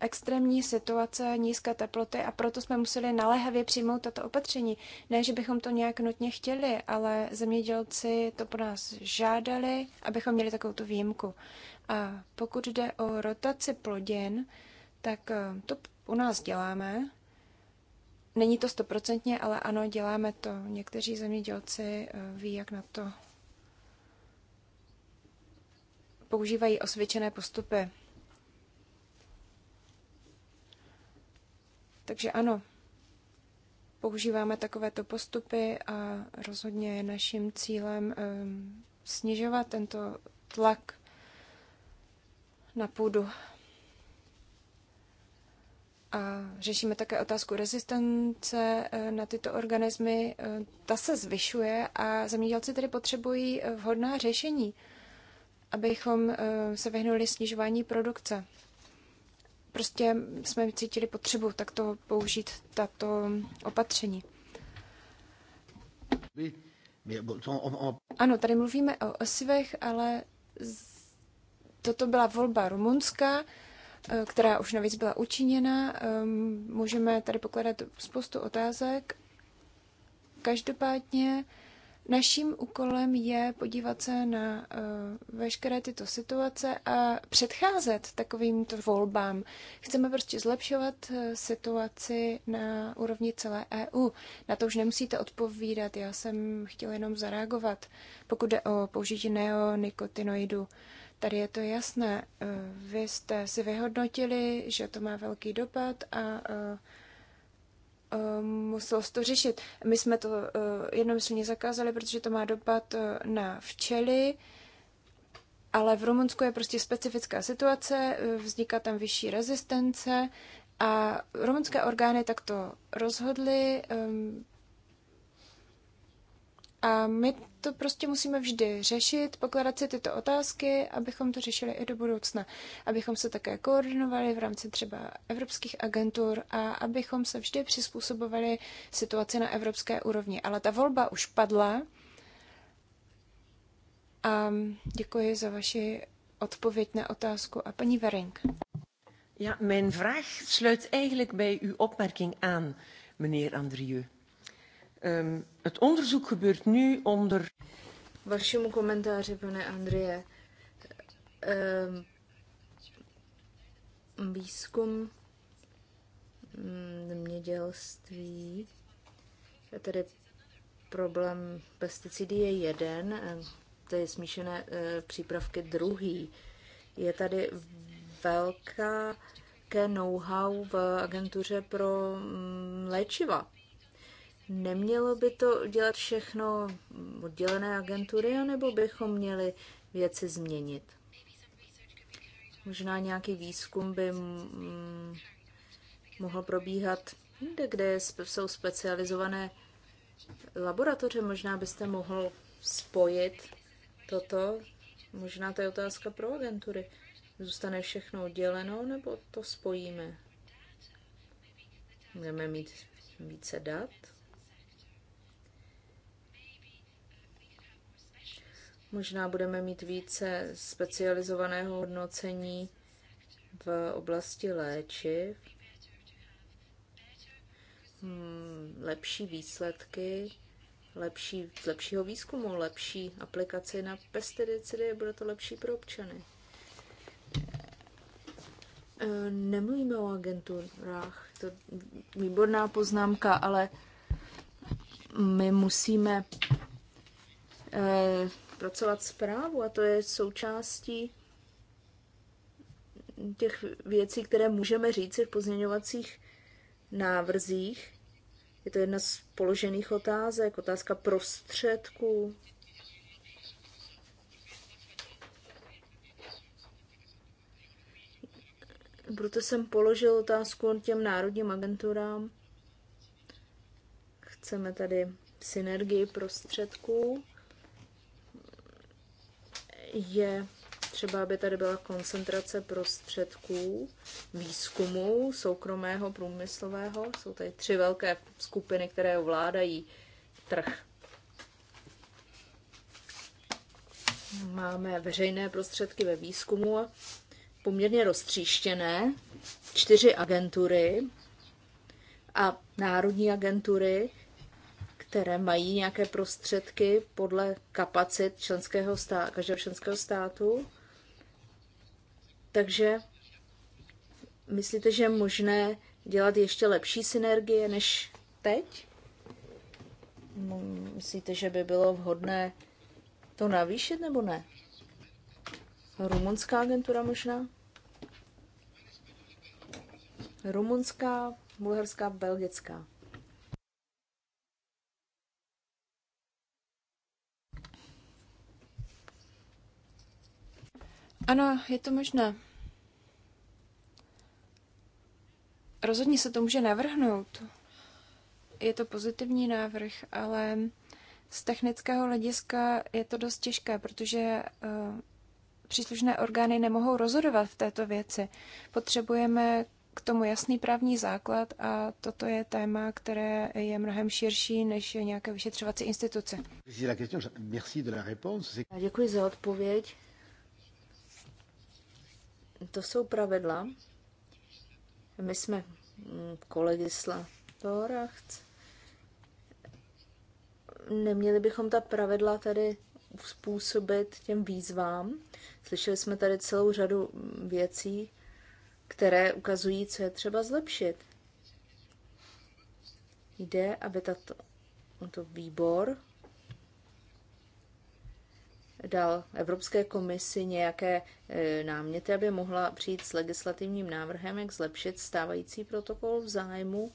extrémní situace, nízké teploty a proto jsme museli naléhavě přijmout toto opatření. Ne, že bychom to nějak nutně chtěli, ale zemědělci to po nás žádali, abychom měli takovou tu výjimku. A pokud jde o rotaci plodin, tak eh, to u nás děláme. Není to stoprocentně, ale ano, děláme to. Někteří zemědělci eh, ví, jak na to používají osvědčené postupy. Takže ano, používáme takovéto postupy a rozhodně je naším cílem ehm, snižovat tento tlak na půdu. A řešíme také otázku rezistence eh, na tyto organismy. Eh, ta se zvyšuje a zemědělci tedy potřebují eh, vhodná řešení, abychom se vyhnuli snižování produkce. Prostě jsme cítili potřebu takto použít tato opatření. Ano, tady mluvíme o osivech, ale toto byla volba rumunská, e, která už navíc byla učiněna. E, můžeme tady pokládat spoustu otázek. Každopádně Naším úkolem je podívat se na uh, veškeré tyto situace a předcházet takovýmto volbám. Chceme prostě zlepšovat uh, situaci na úrovni celé EU. Na to už nemusíte odpovídat, já jsem chtěla jenom zareagovat. Pokud jde o použití neonikotinoidu, tady je to jasné. Uh, vy jste si vyhodnotili, že to má velký dopad a uh, Ehm, muselo se to řešit. My jsme to eh, jednomyslně zakázali, protože to má dopad eh, na včely, ale v Rumunsku je prostě specifická situace, eh, vzniká tam vyšší rezistence a rumunské orgány takto rozhodly, ehm, a my to prostě musíme vždy řešit, pokládat si tyto otázky, abychom to řešili i do budoucna. Abychom se také koordinovali v rámci třeba evropských agentur a abychom se vždy přizpůsobovali situaci na evropské úrovni. Ale ta volba už padla a děkuji za vaši odpověď na otázku. A paní Verink. Ja, mijn vraag sluit eigenlijk bij uw opmerking aan, meneer Andrieu. Um, het onderzoek gebeurt nu onder. Vašemu komentáři, pane Andrie. Um, výzkum mm, zemědělství, tedy problém pesticidy je jeden, ehm, je smíšené eh, přípravky druhý. Je tady velká know-how v agentuře pro mm, léčiva. Nemělo by to dělat všechno oddělené agentury, anebo bychom měli věci změnit? Možná nějaký výzkum by mm, mohl probíhat jinde, kde jsou specializované laboratoře. Možná byste mohl spojit toto. Možná to je otázka pro agentury. Zůstane všechno odděleno, nebo to spojíme? Můžeme mít více dat? Možná budeme mít více specializovaného hodnocení v oblasti léčiv, hmm, lepší výsledky, lepší, lepšího výzkumu, lepší aplikaci na pesticidy, bude to lepší pro občany. Eh, nemluvíme o agenturách, to je výborná poznámka, ale my musíme eh, pracovat zprávu a to je součástí těch věcí, které můžeme říct v pozměňovacích návrzích. Je to jedna z položených otázek, otázka prostředků. Proto jsem položil otázku těm národním agenturám. Chceme tady synergii prostředků je třeba, aby tady byla koncentrace prostředků výzkumu soukromého, průmyslového. Jsou tady tři velké skupiny, které ovládají trh. Máme veřejné prostředky ve výzkumu poměrně roztříštěné, čtyři agentury a národní agentury, které mají nějaké prostředky podle kapacit členského státu, každého členského státu. Takže myslíte, že je možné dělat ještě lepší synergie než teď? No, myslíte, že by bylo vhodné to navýšit nebo ne? Rumunská agentura možná? Rumunská, bulharská, belgická. Ano, je to možné. Rozhodně se to může navrhnout. Je to pozitivní návrh, ale z technického hlediska je to dost těžké, protože eh, příslušné orgány nemohou rozhodovat v této věci. Potřebujeme k tomu jasný právní základ a toto je téma, které je mnohem širší než nějaké vyšetřovací instituce. Děkuji za odpověď to jsou pravidla. My jsme mm, kolegislator Torachc. neměli bychom ta pravidla tady způsobit těm výzvám. Slyšeli jsme tady celou řadu mm, věcí, které ukazují, co je třeba zlepšit. Jde, aby tato, to výbor dal Evropské komisi nějaké e, náměty, aby mohla přijít s legislativním návrhem, jak zlepšit stávající protokol v zájmu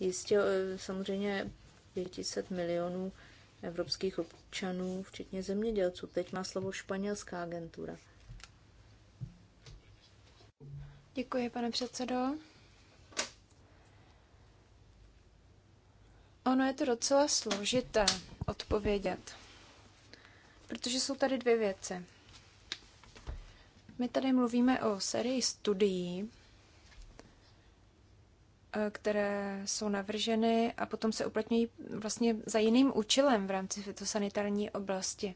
jistě e, samozřejmě 500 milionů evropských občanů, včetně zemědělců. Teď má slovo španělská agentura. Děkuji, pane předsedo. Ono je to docela složité odpovědět protože jsou tady dvě věci. My tady mluvíme o sérii studií, eh, které jsou navrženy a potom se uplatňují vlastně za jiným účelem v rámci fitosanitární oblasti.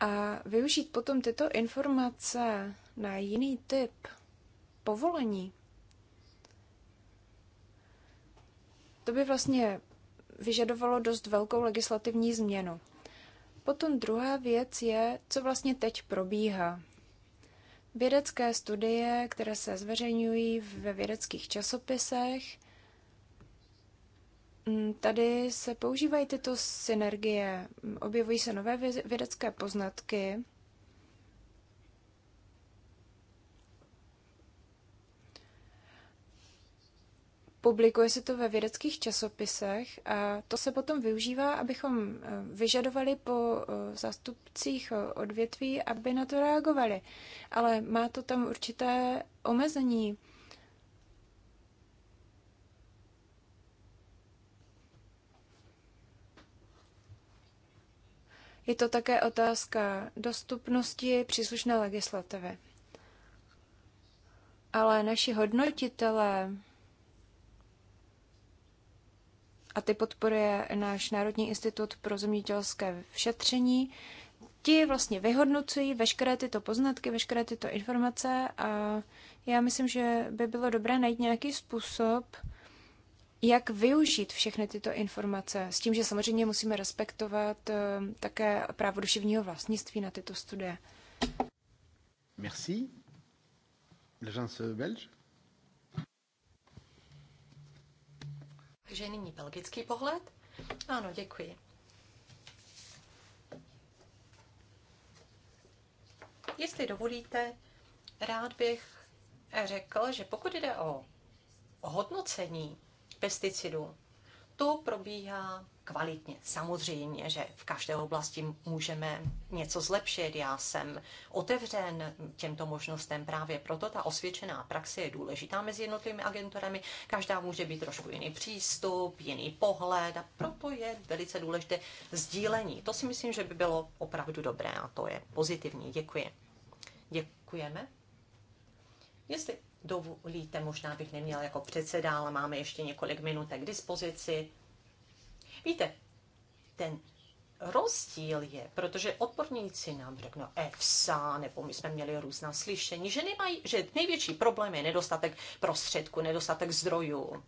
A využít potom tyto informace na jiný typ povolení, to by vlastně vyžadovalo dost velkou legislativní změnu. Potom druhá věc je, co vlastně teď probíhá. Vědecké studie, které se zveřejňují ve vědeckých časopisech, mm, tady se používají tyto synergie, objevují se nové vědecké poznatky, publikuje se to ve vědeckých časopisech a to se potom využívá, abychom e, vyžadovali po e, zástupcích e, odvětví, aby na to reagovali. Ale má to tam určité omezení. Je to také otázka dostupnosti příslušné legislativy. Ale naši hodnotitelé a ty podporuje náš Národní institut pro zemědělské všetření. Ti vlastně vyhodnocují veškeré tyto poznatky, veškeré tyto informace a já myslím, že by bylo dobré najít nějaký způsob, jak využít všechny tyto informace, s tím, že samozřejmě musíme respektovat eh, také právo duševního vlastnictví na tyto studie. Merci. L'agence belge? Takže nyní belgický pohled. Ano, děkuji. Jestli dovolíte, rád bych řekl, že pokud jde o hodnocení pesticidů, to probíhá kvalitně. Samozřejmě, že v každé oblasti můžeme něco zlepšit. Já jsem otevřen těmto možnostem právě proto. Ta osvědčená praxe je důležitá mezi jednotlivými agenturami. Každá může být trošku jiný přístup, jiný pohled a proto je velice důležité sdílení. To si myslím, že by bylo opravdu dobré a to je pozitivní. Děkuji. Děkujeme. Jestli dovolíte, možná bych neměl jako předseda, ale máme ještě několik minut k dispozici. Víte, ten rozdíl je, protože odborníci nám řeknou EFSA, nebo my jsme měli různá slyšení, že, nemají, že největší problém je nedostatek prostředku, nedostatek zdrojů.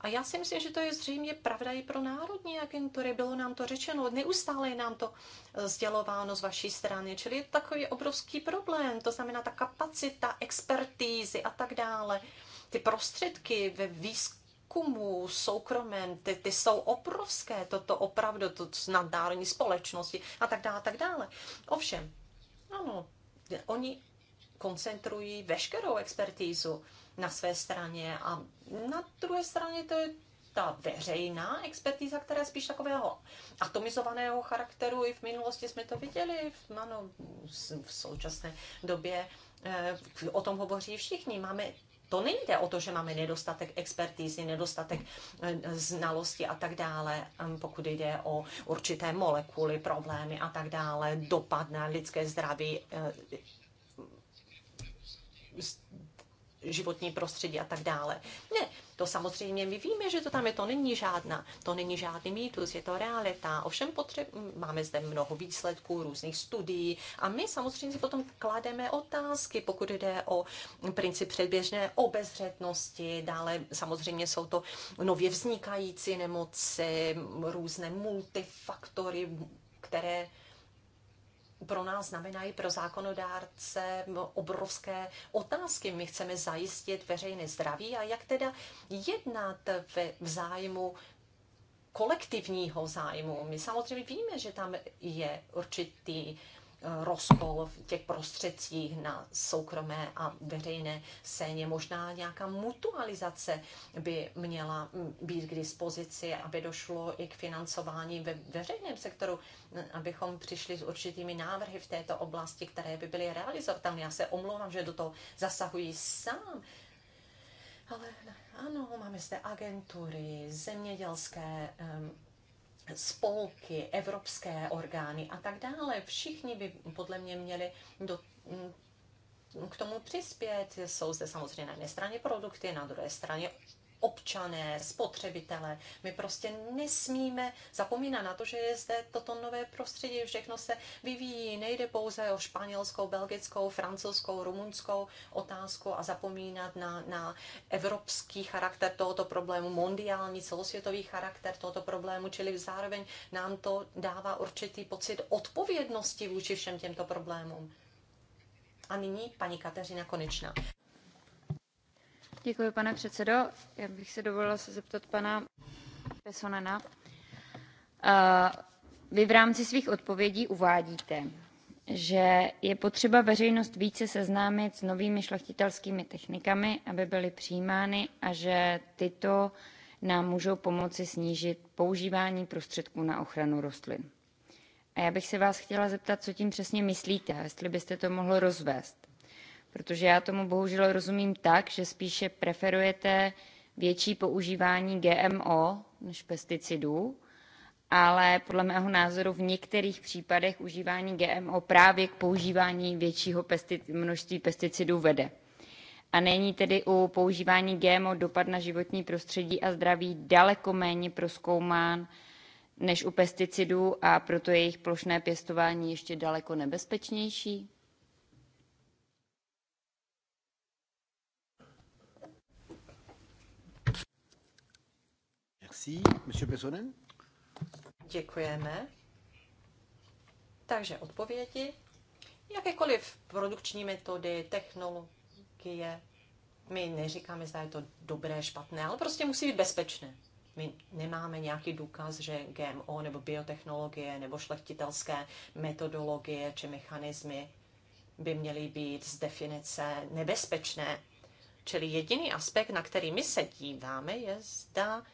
A já si myslím, že to je zřejmě pravda i pro národní agentury. Bylo nám to řečeno, neustále je nám to eh, sdělováno z vaší strany, čili je takový obrovský problém. To znamená ta kapacita, expertízy a tak dále. Ty prostředky ve výzkumu výzkumu soukromen, ty, ty jsou obrovské, toto opravdu, to nadnárodní společnosti a tak dále, a tak dále. Ovšem, ano, oni koncentrují veškerou expertízu na své straně a na druhé straně to je ta veřejná expertíza, která je spíš takového atomizovaného charakteru. I v minulosti jsme to viděli, ano, v současné době eh, o tom hovoří všichni. Máme to nejde o to, že máme nedostatek expertízy, nedostatek eh, znalosti a tak dále, eh, pokud jde o určité molekuly, problémy a tak dále, dopad na lidské zdraví, eh, životní prostředí a tak dále. Ne, to samozřejmě my víme, že to tam je, to není žádná, to není žádný mýtus, je to realita. Ovšem potřeb, máme zde mnoho výsledků, různých studií a my samozřejmě si potom klademe otázky, pokud jde o princip předběžné obezřetnosti, dále samozřejmě jsou to nově vznikající nemoci, různé multifaktory, které pro nás znamenají pro zákonodárce obrovské otázky. My chceme zajistit veřejné zdraví a jak teda jednat v zájmu kolektivního zájmu. My samozřejmě víme, že tam je určitý rozkol v těch prostředcích na soukromé a veřejné scéně. Možná nějaká mutualizace by měla mm, být k dispozici, aby došlo i k financování ve veřejném sektoru, abychom přišli s určitými návrhy v této oblasti, které by byly realizovatelné. Já se omlouvám, že do toho zasahuji sám, ale ano, máme zde agentury, zemědělské um, spolky, evropské orgány a tak dále. Všichni by podle mě měli do, k tomu přispět. Jsou zde samozřejmě na jedné straně produkty, na druhé straně občané, spotřebitelé. My prostě nesmíme zapomínat na to, že je zde toto nové prostředí, všechno se vyvíjí, nejde pouze o španělskou, belgickou, francouzskou, rumunskou otázku a zapomínat na, na evropský charakter tohoto problému, mondiální, celosvětový charakter tohoto problému, čili zároveň nám to dává určitý pocit odpovědnosti vůči všem těmto problémům. A nyní paní Kateřina Konečná pane předsedo. Já bych se dovolila se zeptat pana Pesonena. Eh, vy v rámci svých odpovědí uvádíte, že je potřeba veřejnost více seznámit s novými šlechtitelskými technikami, aby byly přijímány a že tyto nám můžou pomoci snížit používání prostředků na ochranu rostlin. A já bych se vás chtěla zeptat, co tím přesně myslíte, jestli byste to mohl rozvést Protože já tomu bohužel rozumím tak, že spíše preferujete větší používání GMO než pesticidů, ale podle mého názoru v některých případech užívání GMO právě k používání většího pestic, množství pesticidů vede. A není tedy u používání GMO dopad na životní prostředí a zdraví daleko méně proskoumán než u pesticidů a proto je jejich plošné pěstování ještě daleko nebezpečnější? Merci, monsieur Děkujeme. Takže odpovědi. Jakékoliv produkční metody, technologie, my neříkáme, zda je to dobré, špatné, ale prostě musí být bezpečné. My nemáme nějaký důkaz, že GMO nebo biotechnologie nebo šlechtitelské metodologie či mechanismy by měly být z definice nebezpečné. Čili jediný aspekt, na který my se díváme, je, zda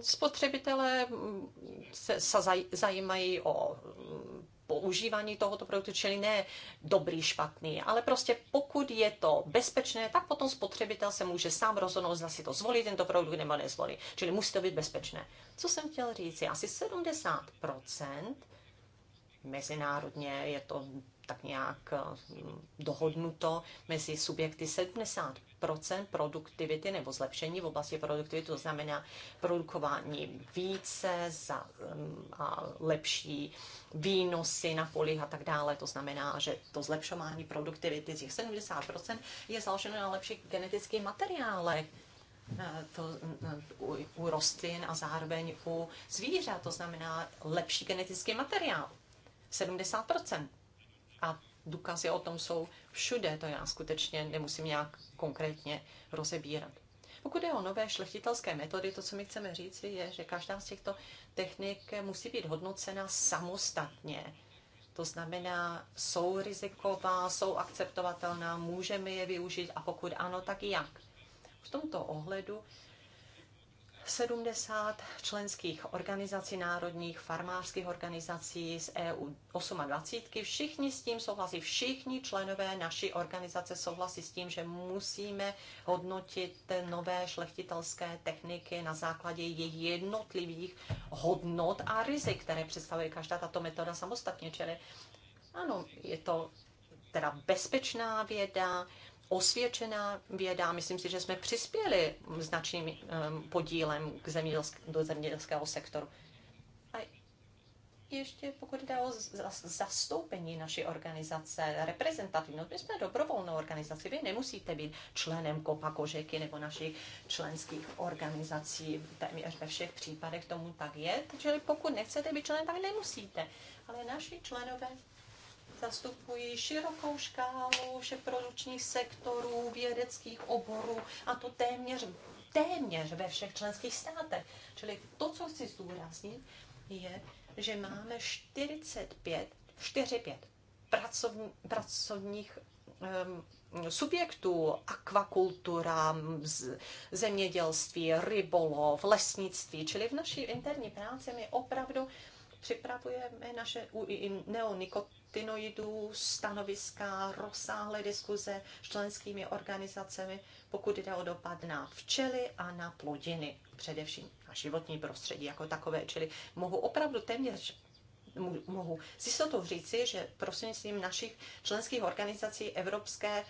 spotřebitelé mm, se, se zaj, zajímají o mm, používání tohoto produktu, čili ne dobrý, špatný, ale prostě pokud je to bezpečné, tak potom spotřebitel se může sám rozhodnout, zda si to zvolí tento produkt nebo nezvolí. Čili musí to být bezpečné. Co jsem chtěl říct, je asi 70% mezinárodně je to tak nějak mm, dohodnuto mezi subjekty 70 procent produktivity nebo zlepšení v oblasti produktivity, to znamená produkování více za mm, a lepší výnosy na polích a tak dále. To znamená, že to zlepšování produktivity těch 70% je založeno na lepších genetických materiálech e, to, e, u, u rostlin a zároveň u zvířat, to znamená lepší genetický materiál. 70%. A důkazy o tom jsou všude, to já skutečně nemusím nějak konkrétně rozebírat. Pokud je o nové šlechtitelské metody, to, co my chceme říct, je, že každá z těchto technik musí být hodnocena samostatně. To znamená, jsou riziková, jsou akceptovatelná, můžeme je využít a pokud ano, tak jak. V tomto ohledu 70 členských organizací, národních farmářských organizací z EU 28. Všichni s tím souhlasí, všichni členové naší organizace souhlasí s tím, že musíme hodnotit nové šlechtitelské techniky na základě jejich jednotlivých hodnot a rizik, které představuje každá tato metoda samostatně. Čili ano, je to teda bezpečná věda, osvědčená věda. Myslím si, že jsme přispěli značným eh, podílem k zemědělsk- do zemědělského sektoru. A ještě pokud jde o zastoupení naší organizace, reprezentativnost, no, my jsme dobrovolnou organizaci, vy nemusíte být členem Kopa Kožeky nebo našich členských organizací, téměř ve všech případech tomu tak je, takže pokud nechcete být členem, tak nemusíte. Ale naši členové zastupují širokou škálu všech produkčních sektorů, vědeckých oborů a to téměř, téměř ve všech členských státech. Čili to, co chci zdůraznit, je, že máme 45, 45 pracovní, pracovních um, subjektů, akvakultura, zemědělství, rybolov, lesnictví, čili v naší interní práci my opravdu připravujeme naše neonikotinoidů stanoviska, rozsáhlé diskuze s členskými organizacemi, pokud jde o dopad na včely a na plodiny, především na životní prostředí jako takové. Čili mohu opravdu téměř mohu s jistotou říci, že prostřednictvím našich členských organizací Evropské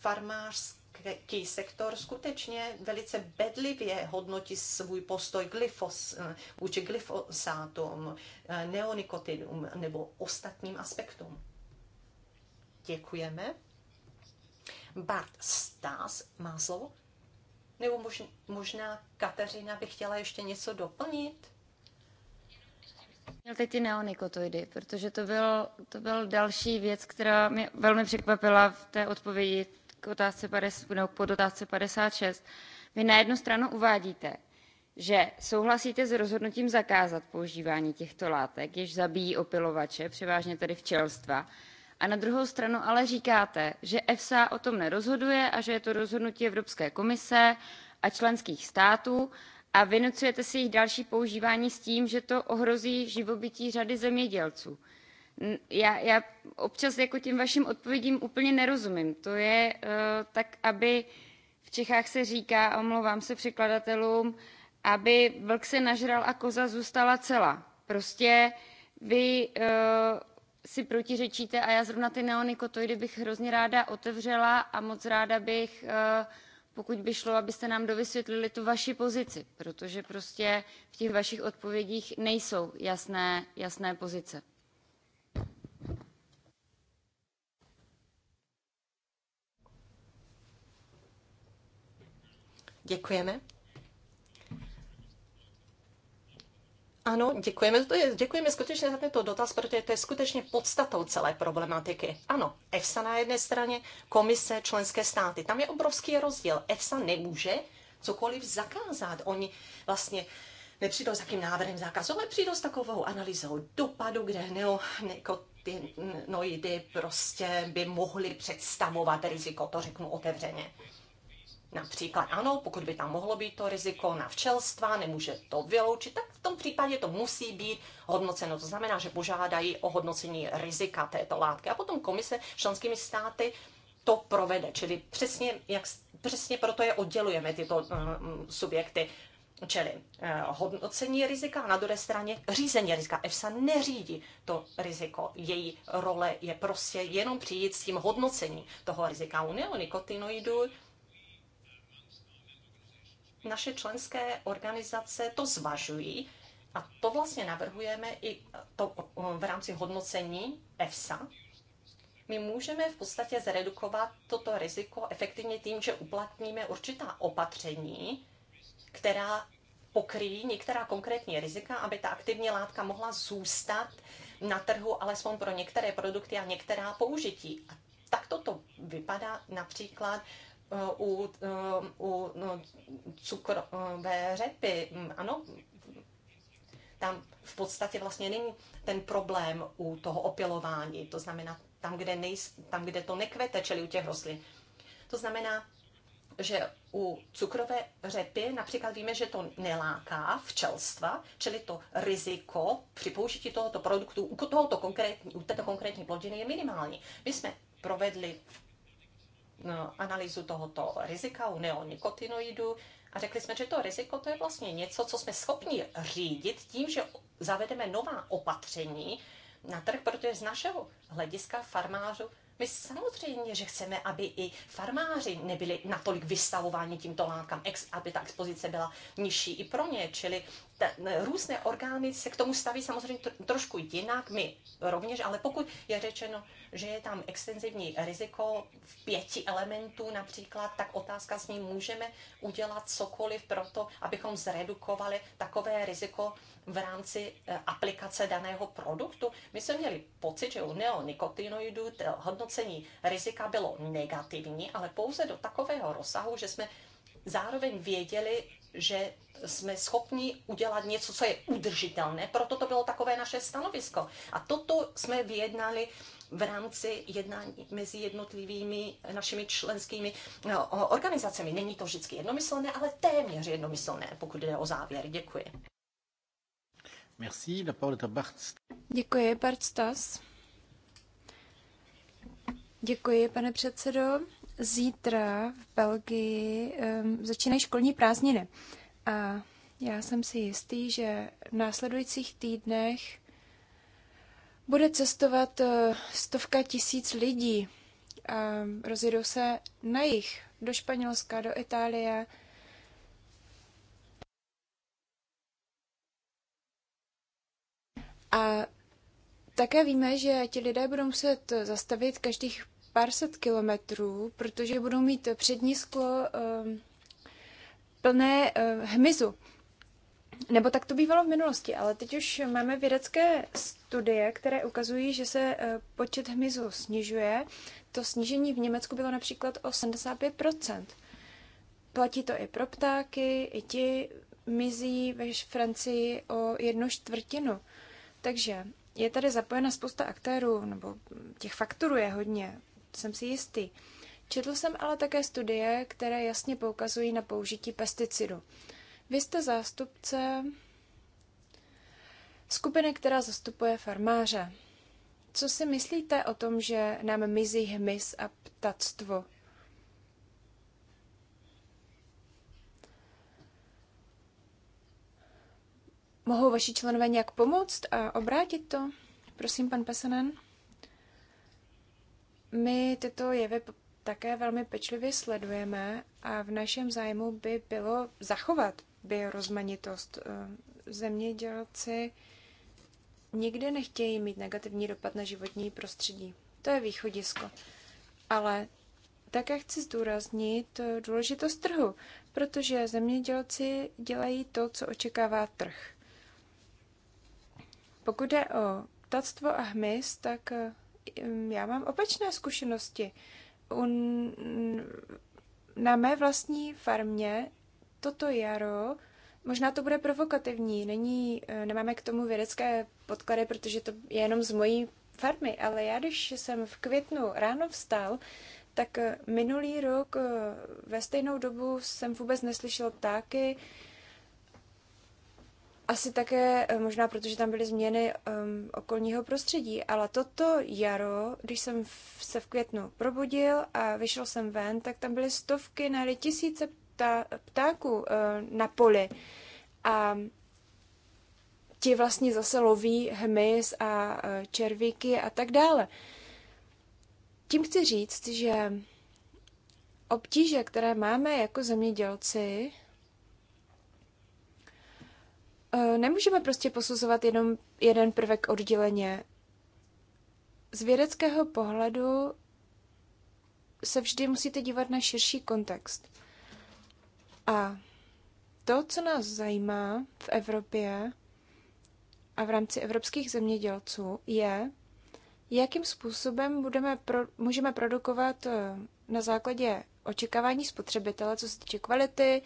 farmářské Ký sektor skutečně velice bedlivě hodnotí svůj postoj glyfos, eh, vůči glyfosátům, eh, neonikotidům nebo ostatním aspektům. Děkujeme. Bart Stas má slovo. Nebo možná Kateřina by chtěla ještě něco doplnit? Měl teď ty neonikotoidy, protože to, byl, to byl další věc, která mě velmi překvapila v té odpovědi k otázce, nebo k podotázce 56. Vy na jednu stranu uvádíte, že souhlasíte s rozhodnutím zakázat používání těchto látek, jež zabíjí opilovače, převážně tedy včelstva, a na druhou stranu ale říkáte, že EFSA o tom nerozhoduje a že je to rozhodnutí Evropské komise a členských států a vynucujete si jejich další používání s tím, že to ohrozí živobytí řady zemědělců já, já občas jako těm vašim odpovědím úplně nerozumím. To je uh, tak, aby v Čechách se říká, omlouvám se překladatelům, aby vlk se nažral a koza zůstala celá. Prostě vy uh, si protiřečíte a já zrovna ty neonikotoidy bych hrozně ráda otevřela a moc ráda bych, eh, pokud by šlo, abyste nám dovysvětlili tu vaši pozici, protože prostě v těch vašich odpovědích nejsou jasné, jasné pozice. Děkujeme. Ano, děkujeme. To je, děkujeme skutečně za tento dotaz, protože to je skutečně podstatou celé problematiky. Ano, EFSA na jedné straně, komise, členské státy. Tam je obrovský rozdíl. EFSA nemůže cokoliv zakázat. Oni vlastně nepřijdou s takým návrhem zákazu, ale přijdou s takovou analýzou dopadu, kde neo, nikotinoidy prostě by mohly představovat riziko, to řeknu otevřeně. Například ano, pokud by tam mohlo být to riziko na včelstva, nemůže to vyloučit, tak v tom případě to musí být hodnoceno. To znamená, že požádají o hodnocení rizika této látky a potom komise členskými státy to provede. Čili přesně, jak, přesně proto je oddělujeme tyto um, subjekty. Čili uh, hodnocení rizika a na druhé straně řízení rizika. EFSA neřídí to riziko. Její role je prostě jenom přijít s tím hodnocením toho rizika. U neonikotinoidů naše členské organizace to zvažují a to vlastně navrhujeme i to v rámci hodnocení EFSA. My můžeme v podstatě zredukovat toto riziko efektivně tím, že uplatníme určitá opatření, která pokryjí některá konkrétní rizika, aby ta aktivní látka mohla zůstat na trhu alespoň pro některé produkty a některá použití. A tak toto vypadá například u, um, u no, cukrové uh, řepy, mm, ano, tam v podstatě vlastně není ten problém u toho opilování, to znamená tam, kde, nejs, tam, kde to nekvete, čili u těch rostlin. To znamená, že u cukrové řepy například víme, že to neláká včelstva, čili to riziko při použití tohoto produktu u, tohoto konkrétní, u této konkrétní plodiny je minimální. My jsme provedli No, analýzu tohoto rizika u neonikotinoidů a řekli jsme, že to riziko to je vlastně něco, co jsme schopni řídit tím, že zavedeme nová opatření na trh, protože z našeho hlediska farmářů my samozřejmě, že chceme, aby i farmáři nebyli natolik vystavováni tímto látkám, ex, aby ta expozice byla nižší i pro ně. Čili ten, různé orgány se k tomu staví samozřejmě tro- trošku jinak, my rovněž, ale pokud je řečeno, že je tam extenzivní riziko v pěti elementů například, tak otázka s ním můžeme udělat cokoliv pro to, abychom zredukovali takové riziko v rámci e, aplikace daného produktu. My jsme měli pocit, že u neonikotinoidů hodnocení rizika bylo negativní, ale pouze do takového rozsahu, že jsme zároveň věděli, že jsme schopni udělat něco, co je udržitelné, proto to bylo takové naše stanovisko. A toto jsme vyjednali v rámci jednání mezi jednotlivými našimi členskými no, organizacemi. Není to vždycky jednomyslné, ale téměř jednomyslné, pokud jde o závěr. Děkuji. Merci, la parole est à Bart. Děkuji, Bart Stas. Děkuji, pane předsedo. Zítra v Belgii um, začínají školní prázdniny a já jsem si jistý, že v následujících týdnech bude cestovat eh, stovka tisíc lidí a rozjedou se na jich, do Španělska, do Itálie. A také víme, že ti lidé budou muset zastavit každých pár set kilometrů, protože budou mít přední sklo eh, plné eh, hmyzu. Nebo tak to bývalo v minulosti, ale teď už máme vědecké studie, které ukazují, že se eh, počet hmyzu snižuje. To snížení v Německu bylo například o 75%. Platí to i pro ptáky, i ti mizí ve Francii o jednu čtvrtinu. Takže je tady zapojena spousta aktérů, nebo těch fakturů je hodně, jsem si jistý. Četl jsem ale také studie, které jasně poukazují na použití pesticidu. Vy jste zástupce skupiny, která zastupuje farmáře. Co si myslíte o tom, že nám mizí hmyz a ptactvo? Mohou vaši členové nějak pomoct a obrátit to? Prosím, pan Pesanen. My tyto jevy také velmi pečlivě sledujeme a v našem zájmu by bylo zachovat biorozmanitost. Eh, zemědělci nikdy nechtějí mít negativní dopad na životní prostředí. To je východisko. Ale také chci zdůraznit eh, důležitost trhu, protože zemědělci dělají to, co očekává trh. Pokud jde o ptactvo a hmyz, tak eh, já mám opačné zkušenosti. na mé vlastní farmě toto jaro, možná to bude provokativní, není, eh, nemáme k tomu vědecké podklady, protože to je jenom z mojí farmy, ale já když jsem v květnu ráno vstal, tak eh, minulý rok eh, ve stejnou dobu jsem vůbec neslyšel ptáky, asi také možná, protože tam byly změny um, okolního prostředí, ale toto jaro, když jsem v, se v květnu probudil a vyšel jsem ven, tak tam byly stovky, ne tisíce pta, ptáků eh, na poli. A ti vlastně zase loví hmyz a eh, červíky a tak dále. Tím chci říct, že obtíže, které máme jako zemědělci, eh, nemůžeme prostě posuzovat jenom jeden prvek odděleně. Z vědeckého pohledu se vždy musíte dívat na širší kontext. A to, co nás zajímá v Evropě a v rámci evropských zemědělců, je, jakým způsobem budeme pro, můžeme produkovat eh, na základě očekávání spotřebitele, co se týče kvality,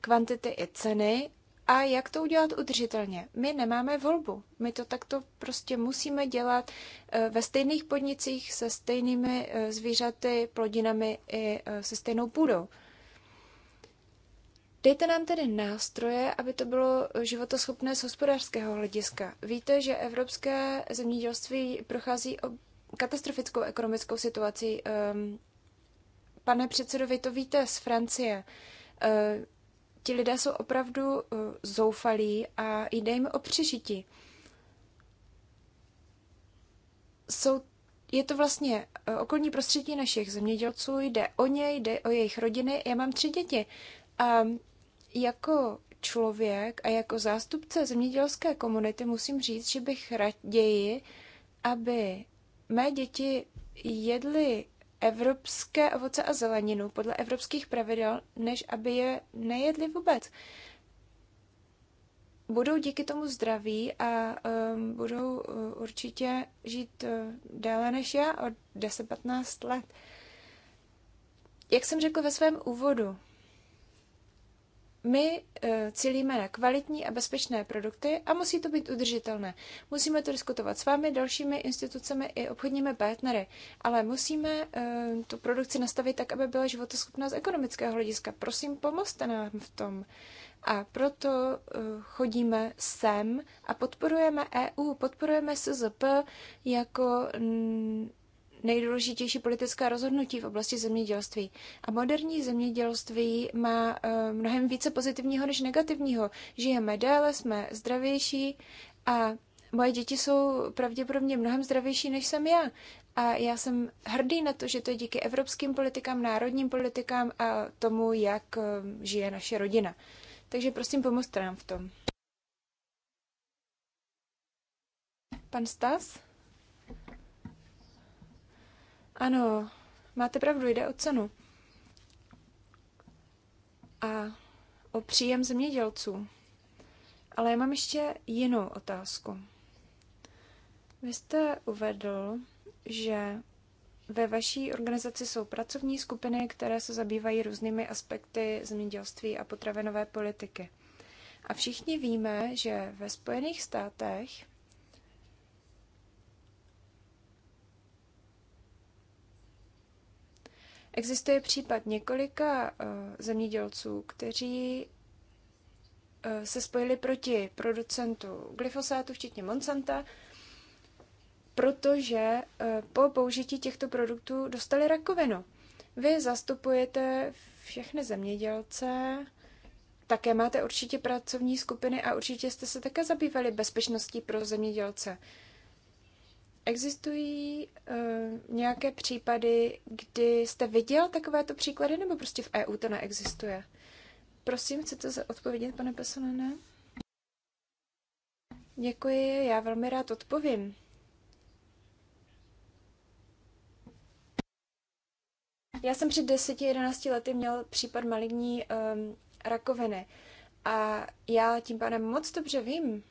kvantity i ceny a jak to udělat udržitelně. My nemáme volbu. My to takto prostě musíme dělat eh, ve stejných podnicích se stejnými eh, zvířaty, plodinami i se stejnou půdou. Dejte nám tedy nástroje, aby to bylo životoschopné z hospodářského hlediska. Víte, že evropské zemědělství prochází o katastrofickou ekonomickou situací. Ehm, pane vy to víte z Francie. Ehm, ti lidé jsou opravdu eh, zoufalí a jde jim o přežití. Jsou je to vlastně eh, okolní prostředí našich zemědělců, jde o ně, jde o jejich rodiny. Já mám tři děti. A jako člověk a jako zástupce zemědělské komunity musím říct, že bych raději, aby mé děti jedly evropské ovoce a zeleninu podle evropských pravidel, než aby je nejedli vůbec. Budou díky tomu zdraví a um, budou uh, určitě žít uh, déle než já, o 10-15 let. Jak jsem řekl ve svém úvodu, my eh, cílíme na kvalitní a bezpečné produkty a musí to být udržitelné. Musíme to diskutovat s vámi, dalšími institucemi i obchodními partnery, ale musíme eh, tu produkci nastavit tak, aby byla životoschopná z ekonomického hlediska. Prosím, pomozte nám v tom. A proto eh, chodíme sem a podporujeme EU, podporujeme SZP jako nejdůležitější politická rozhodnutí v oblasti zemědělství. A moderní zemědělství má eh, mnohem více pozitivního než negativního. Žijeme déle, jsme zdravější a moje děti jsou pravděpodobně mnohem zdravější, než jsem já. A já jsem hrdý na to, že to je díky evropským politikám, národním politikám a tomu, jak eh, žije naše rodina. Takže prosím, pomozte nám v tom. Pan Stas? Ano, máte pravdu, jde o cenu. A o příjem zemědělců. Ale já mám ještě jinou otázku. Vy jste uvedl, že ve vaší organizaci jsou pracovní skupiny, které se zabývají různými aspekty zemědělství a potravinové politiky. A všichni víme, že ve Spojených státech Existuje případ několika eh, zemědělců, kteří eh, se spojili proti producentu glyfosátu, včetně Monsanta, protože eh, po použití těchto produktů dostali rakovinu. Vy zastupujete všechny zemědělce, také máte určitě pracovní skupiny a určitě jste se také zabývali bezpečností pro zemědělce. Existují uh, nějaké případy, kdy jste viděl takovéto příklady, nebo prostě v EU to neexistuje? Prosím, chcete se odpovědět, pane Pesonené? Děkuji, já velmi rád odpovím. Já jsem před 10-11 lety měl případ maligní um, rakoviny a já tím pádem moc dobře vím,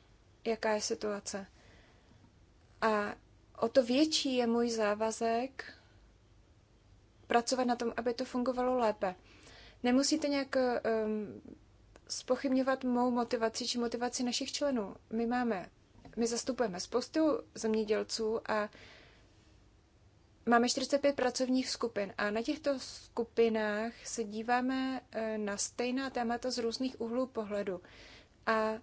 jaká je situace. A o to větší je můj závazek pracovat na tom, aby to fungovalo lépe. Nemusíte nějak um, spochybňovat mou motivaci či motivaci našich členů. My máme, my zastupujeme spoustu zemědělců a máme 45 pracovních skupin a na těchto skupinách se díváme eh, na stejná témata z různých úhlů pohledu. A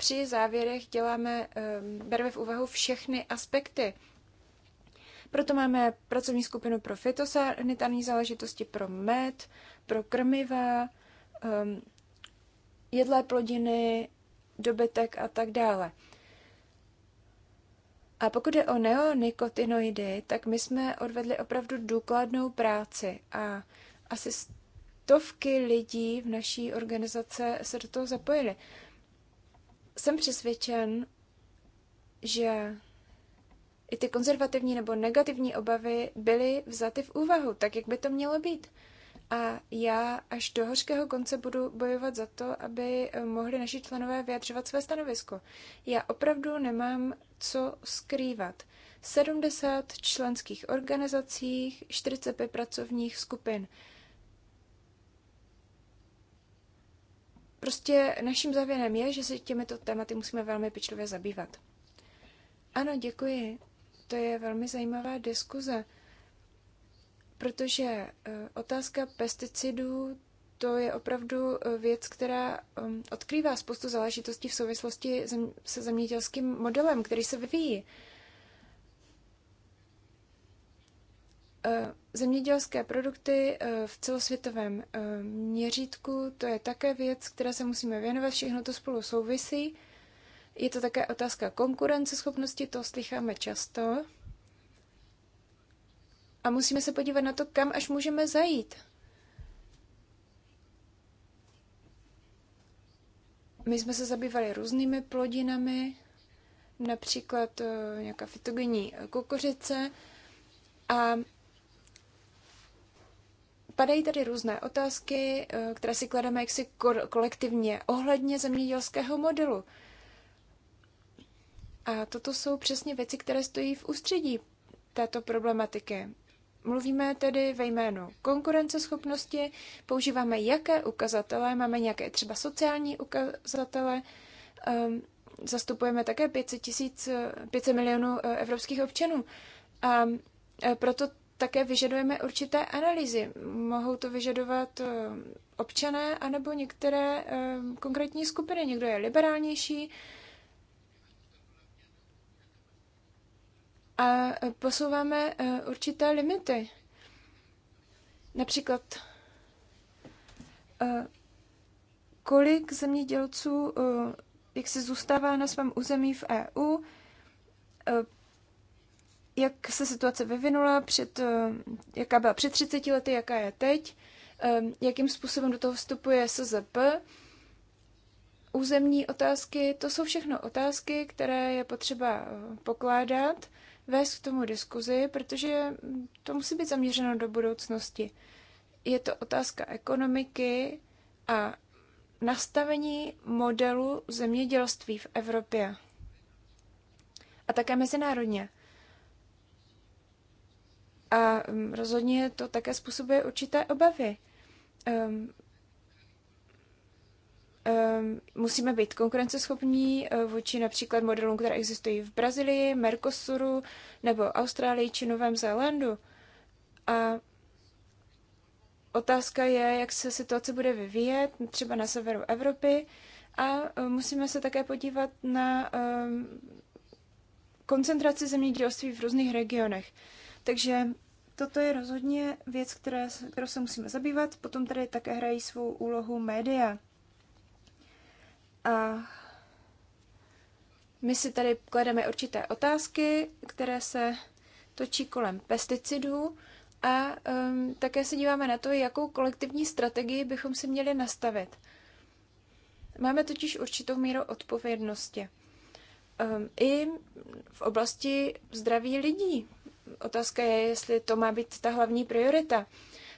při závěrech děláme, ehm, bereme v úvahu všechny aspekty. Proto máme pracovní skupinu pro fitosanitární záležitosti, pro med, pro krmiva, ehm, jedlé plodiny, dobytek a tak dále. A pokud je o neonikotinoidy, tak my jsme odvedli opravdu důkladnou práci a asi stovky lidí v naší organizace se do toho zapojili jsem přesvědčen, že i ty konzervativní nebo negativní obavy byly vzaty v úvahu, tak jak by to mělo být. A já až do hořkého konce budu bojovat za to, aby eh, mohli naši členové vyjadřovat své stanovisko. Já opravdu nemám co skrývat. 70 členských organizacích, 45 pracovních skupin. Prostě naším závěrem je, že se těmito tématy musíme velmi pečlivě zabývat. Ano, děkuji. To je velmi zajímavá diskuze, protože eh, otázka pesticidů to je opravdu eh, věc, která um, odkrývá spoustu záležitostí v souvislosti se zemědělským modelem, který se vyvíjí. Eh, zemědělské produkty eh, v celosvětovém eh, měřítku, to je také věc, které se musíme věnovat, všechno to spolu souvisí. Je to také otázka konkurenceschopnosti, to slycháme často. A musíme se podívat na to, kam až můžeme zajít. My jsme se zabývali různými plodinami, například nějaká fitogenní kukuřice, a Padají tady různé otázky, eh, které si klademe jaksi kolektivně ohledně zemědělského modelu. A toto jsou přesně věci, které stojí v ústředí této problematiky. Mluvíme tedy ve jménu konkurenceschopnosti, používáme jaké ukazatele, máme nějaké třeba sociální ukazatele, ehm, zastupujeme také 500, tisíc, 500 milionů eh, evropských občanů. A eh, proto také vyžadujeme určité analýzy. Mohou to vyžadovat eh, občané anebo některé eh, konkrétní skupiny. Někdo je liberálnější. A eh, posouváme určité limity. Například, kolik zemědělců jak se zůstává na svém území v EU, jak se situace vyvinula, před, eh, jaká byla před 30 lety, jaká je teď, eh, jakým způsobem do toho vstupuje SZP, územní otázky, to jsou všechno otázky, které je potřeba eh, pokládat, vést k tomu diskuzi, protože to musí být zaměřeno do budoucnosti. Je to otázka ekonomiky a nastavení modelu zemědělství v Evropě a také mezinárodně. A mm, rozhodně to také způsobuje určité obavy. Um, um, musíme být konkurenceschopní eh, vůči například modelům, které existují v Brazílii, Mercosuru nebo Austrálii či Novém Zélandu. A otázka je, jak se situace bude vyvíjet, třeba na severu Evropy. A eh, musíme se také podívat na um, koncentraci zemědělství v různých regionech. Takže toto je rozhodně věc, které, kterou se musíme zabývat. Potom tady také hrají svou úlohu média. A my si tady klademe určité otázky, které se točí kolem pesticidů a um, také se díváme na to, jakou kolektivní strategii bychom si měli nastavit. Máme totiž určitou míru odpovědnosti. Um, I v oblasti zdraví lidí, otázka je, jestli to má být ta hlavní priorita.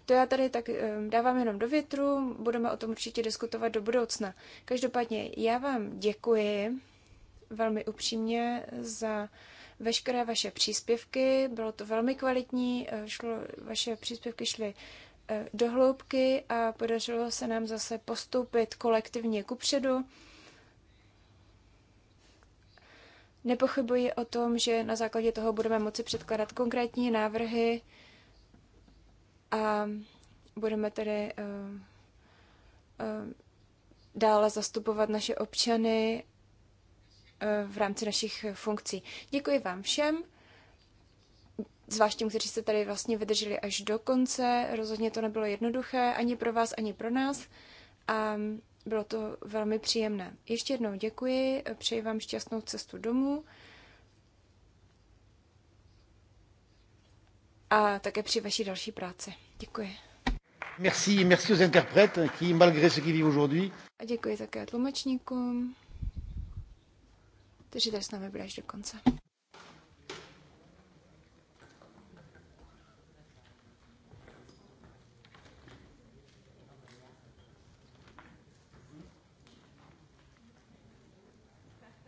To já tady tak dávám jenom do větru, budeme o tom určitě diskutovat do budoucna. Každopádně já vám děkuji velmi upřímně za veškeré vaše příspěvky, bylo to velmi kvalitní, eh, šlo, vaše příspěvky šly eh, do hloubky a podařilo se nám zase postoupit kolektivně kupředu. Nepochybuji o tom, že na základě toho budeme moci předkládat konkrétní návrhy a budeme tedy uh, uh, dále zastupovat naše občany uh, v rámci našich funkcí. Děkuji vám všem, zvláště kteří jste tady vlastně vydrželi až do konce. Rozhodně to nebylo jednoduché ani pro vás, ani pro nás. A bylo to velmi příjemné. Ještě jednou děkuji, přeji vám šťastnou cestu domů. A také při vaší další práci. Děkuji. Merci, merci aux interprètes qui, malgré ce qu'ils vivent aujourd'hui. A děkuji také tlumočníkům, kteří tady s námi byli až do konce.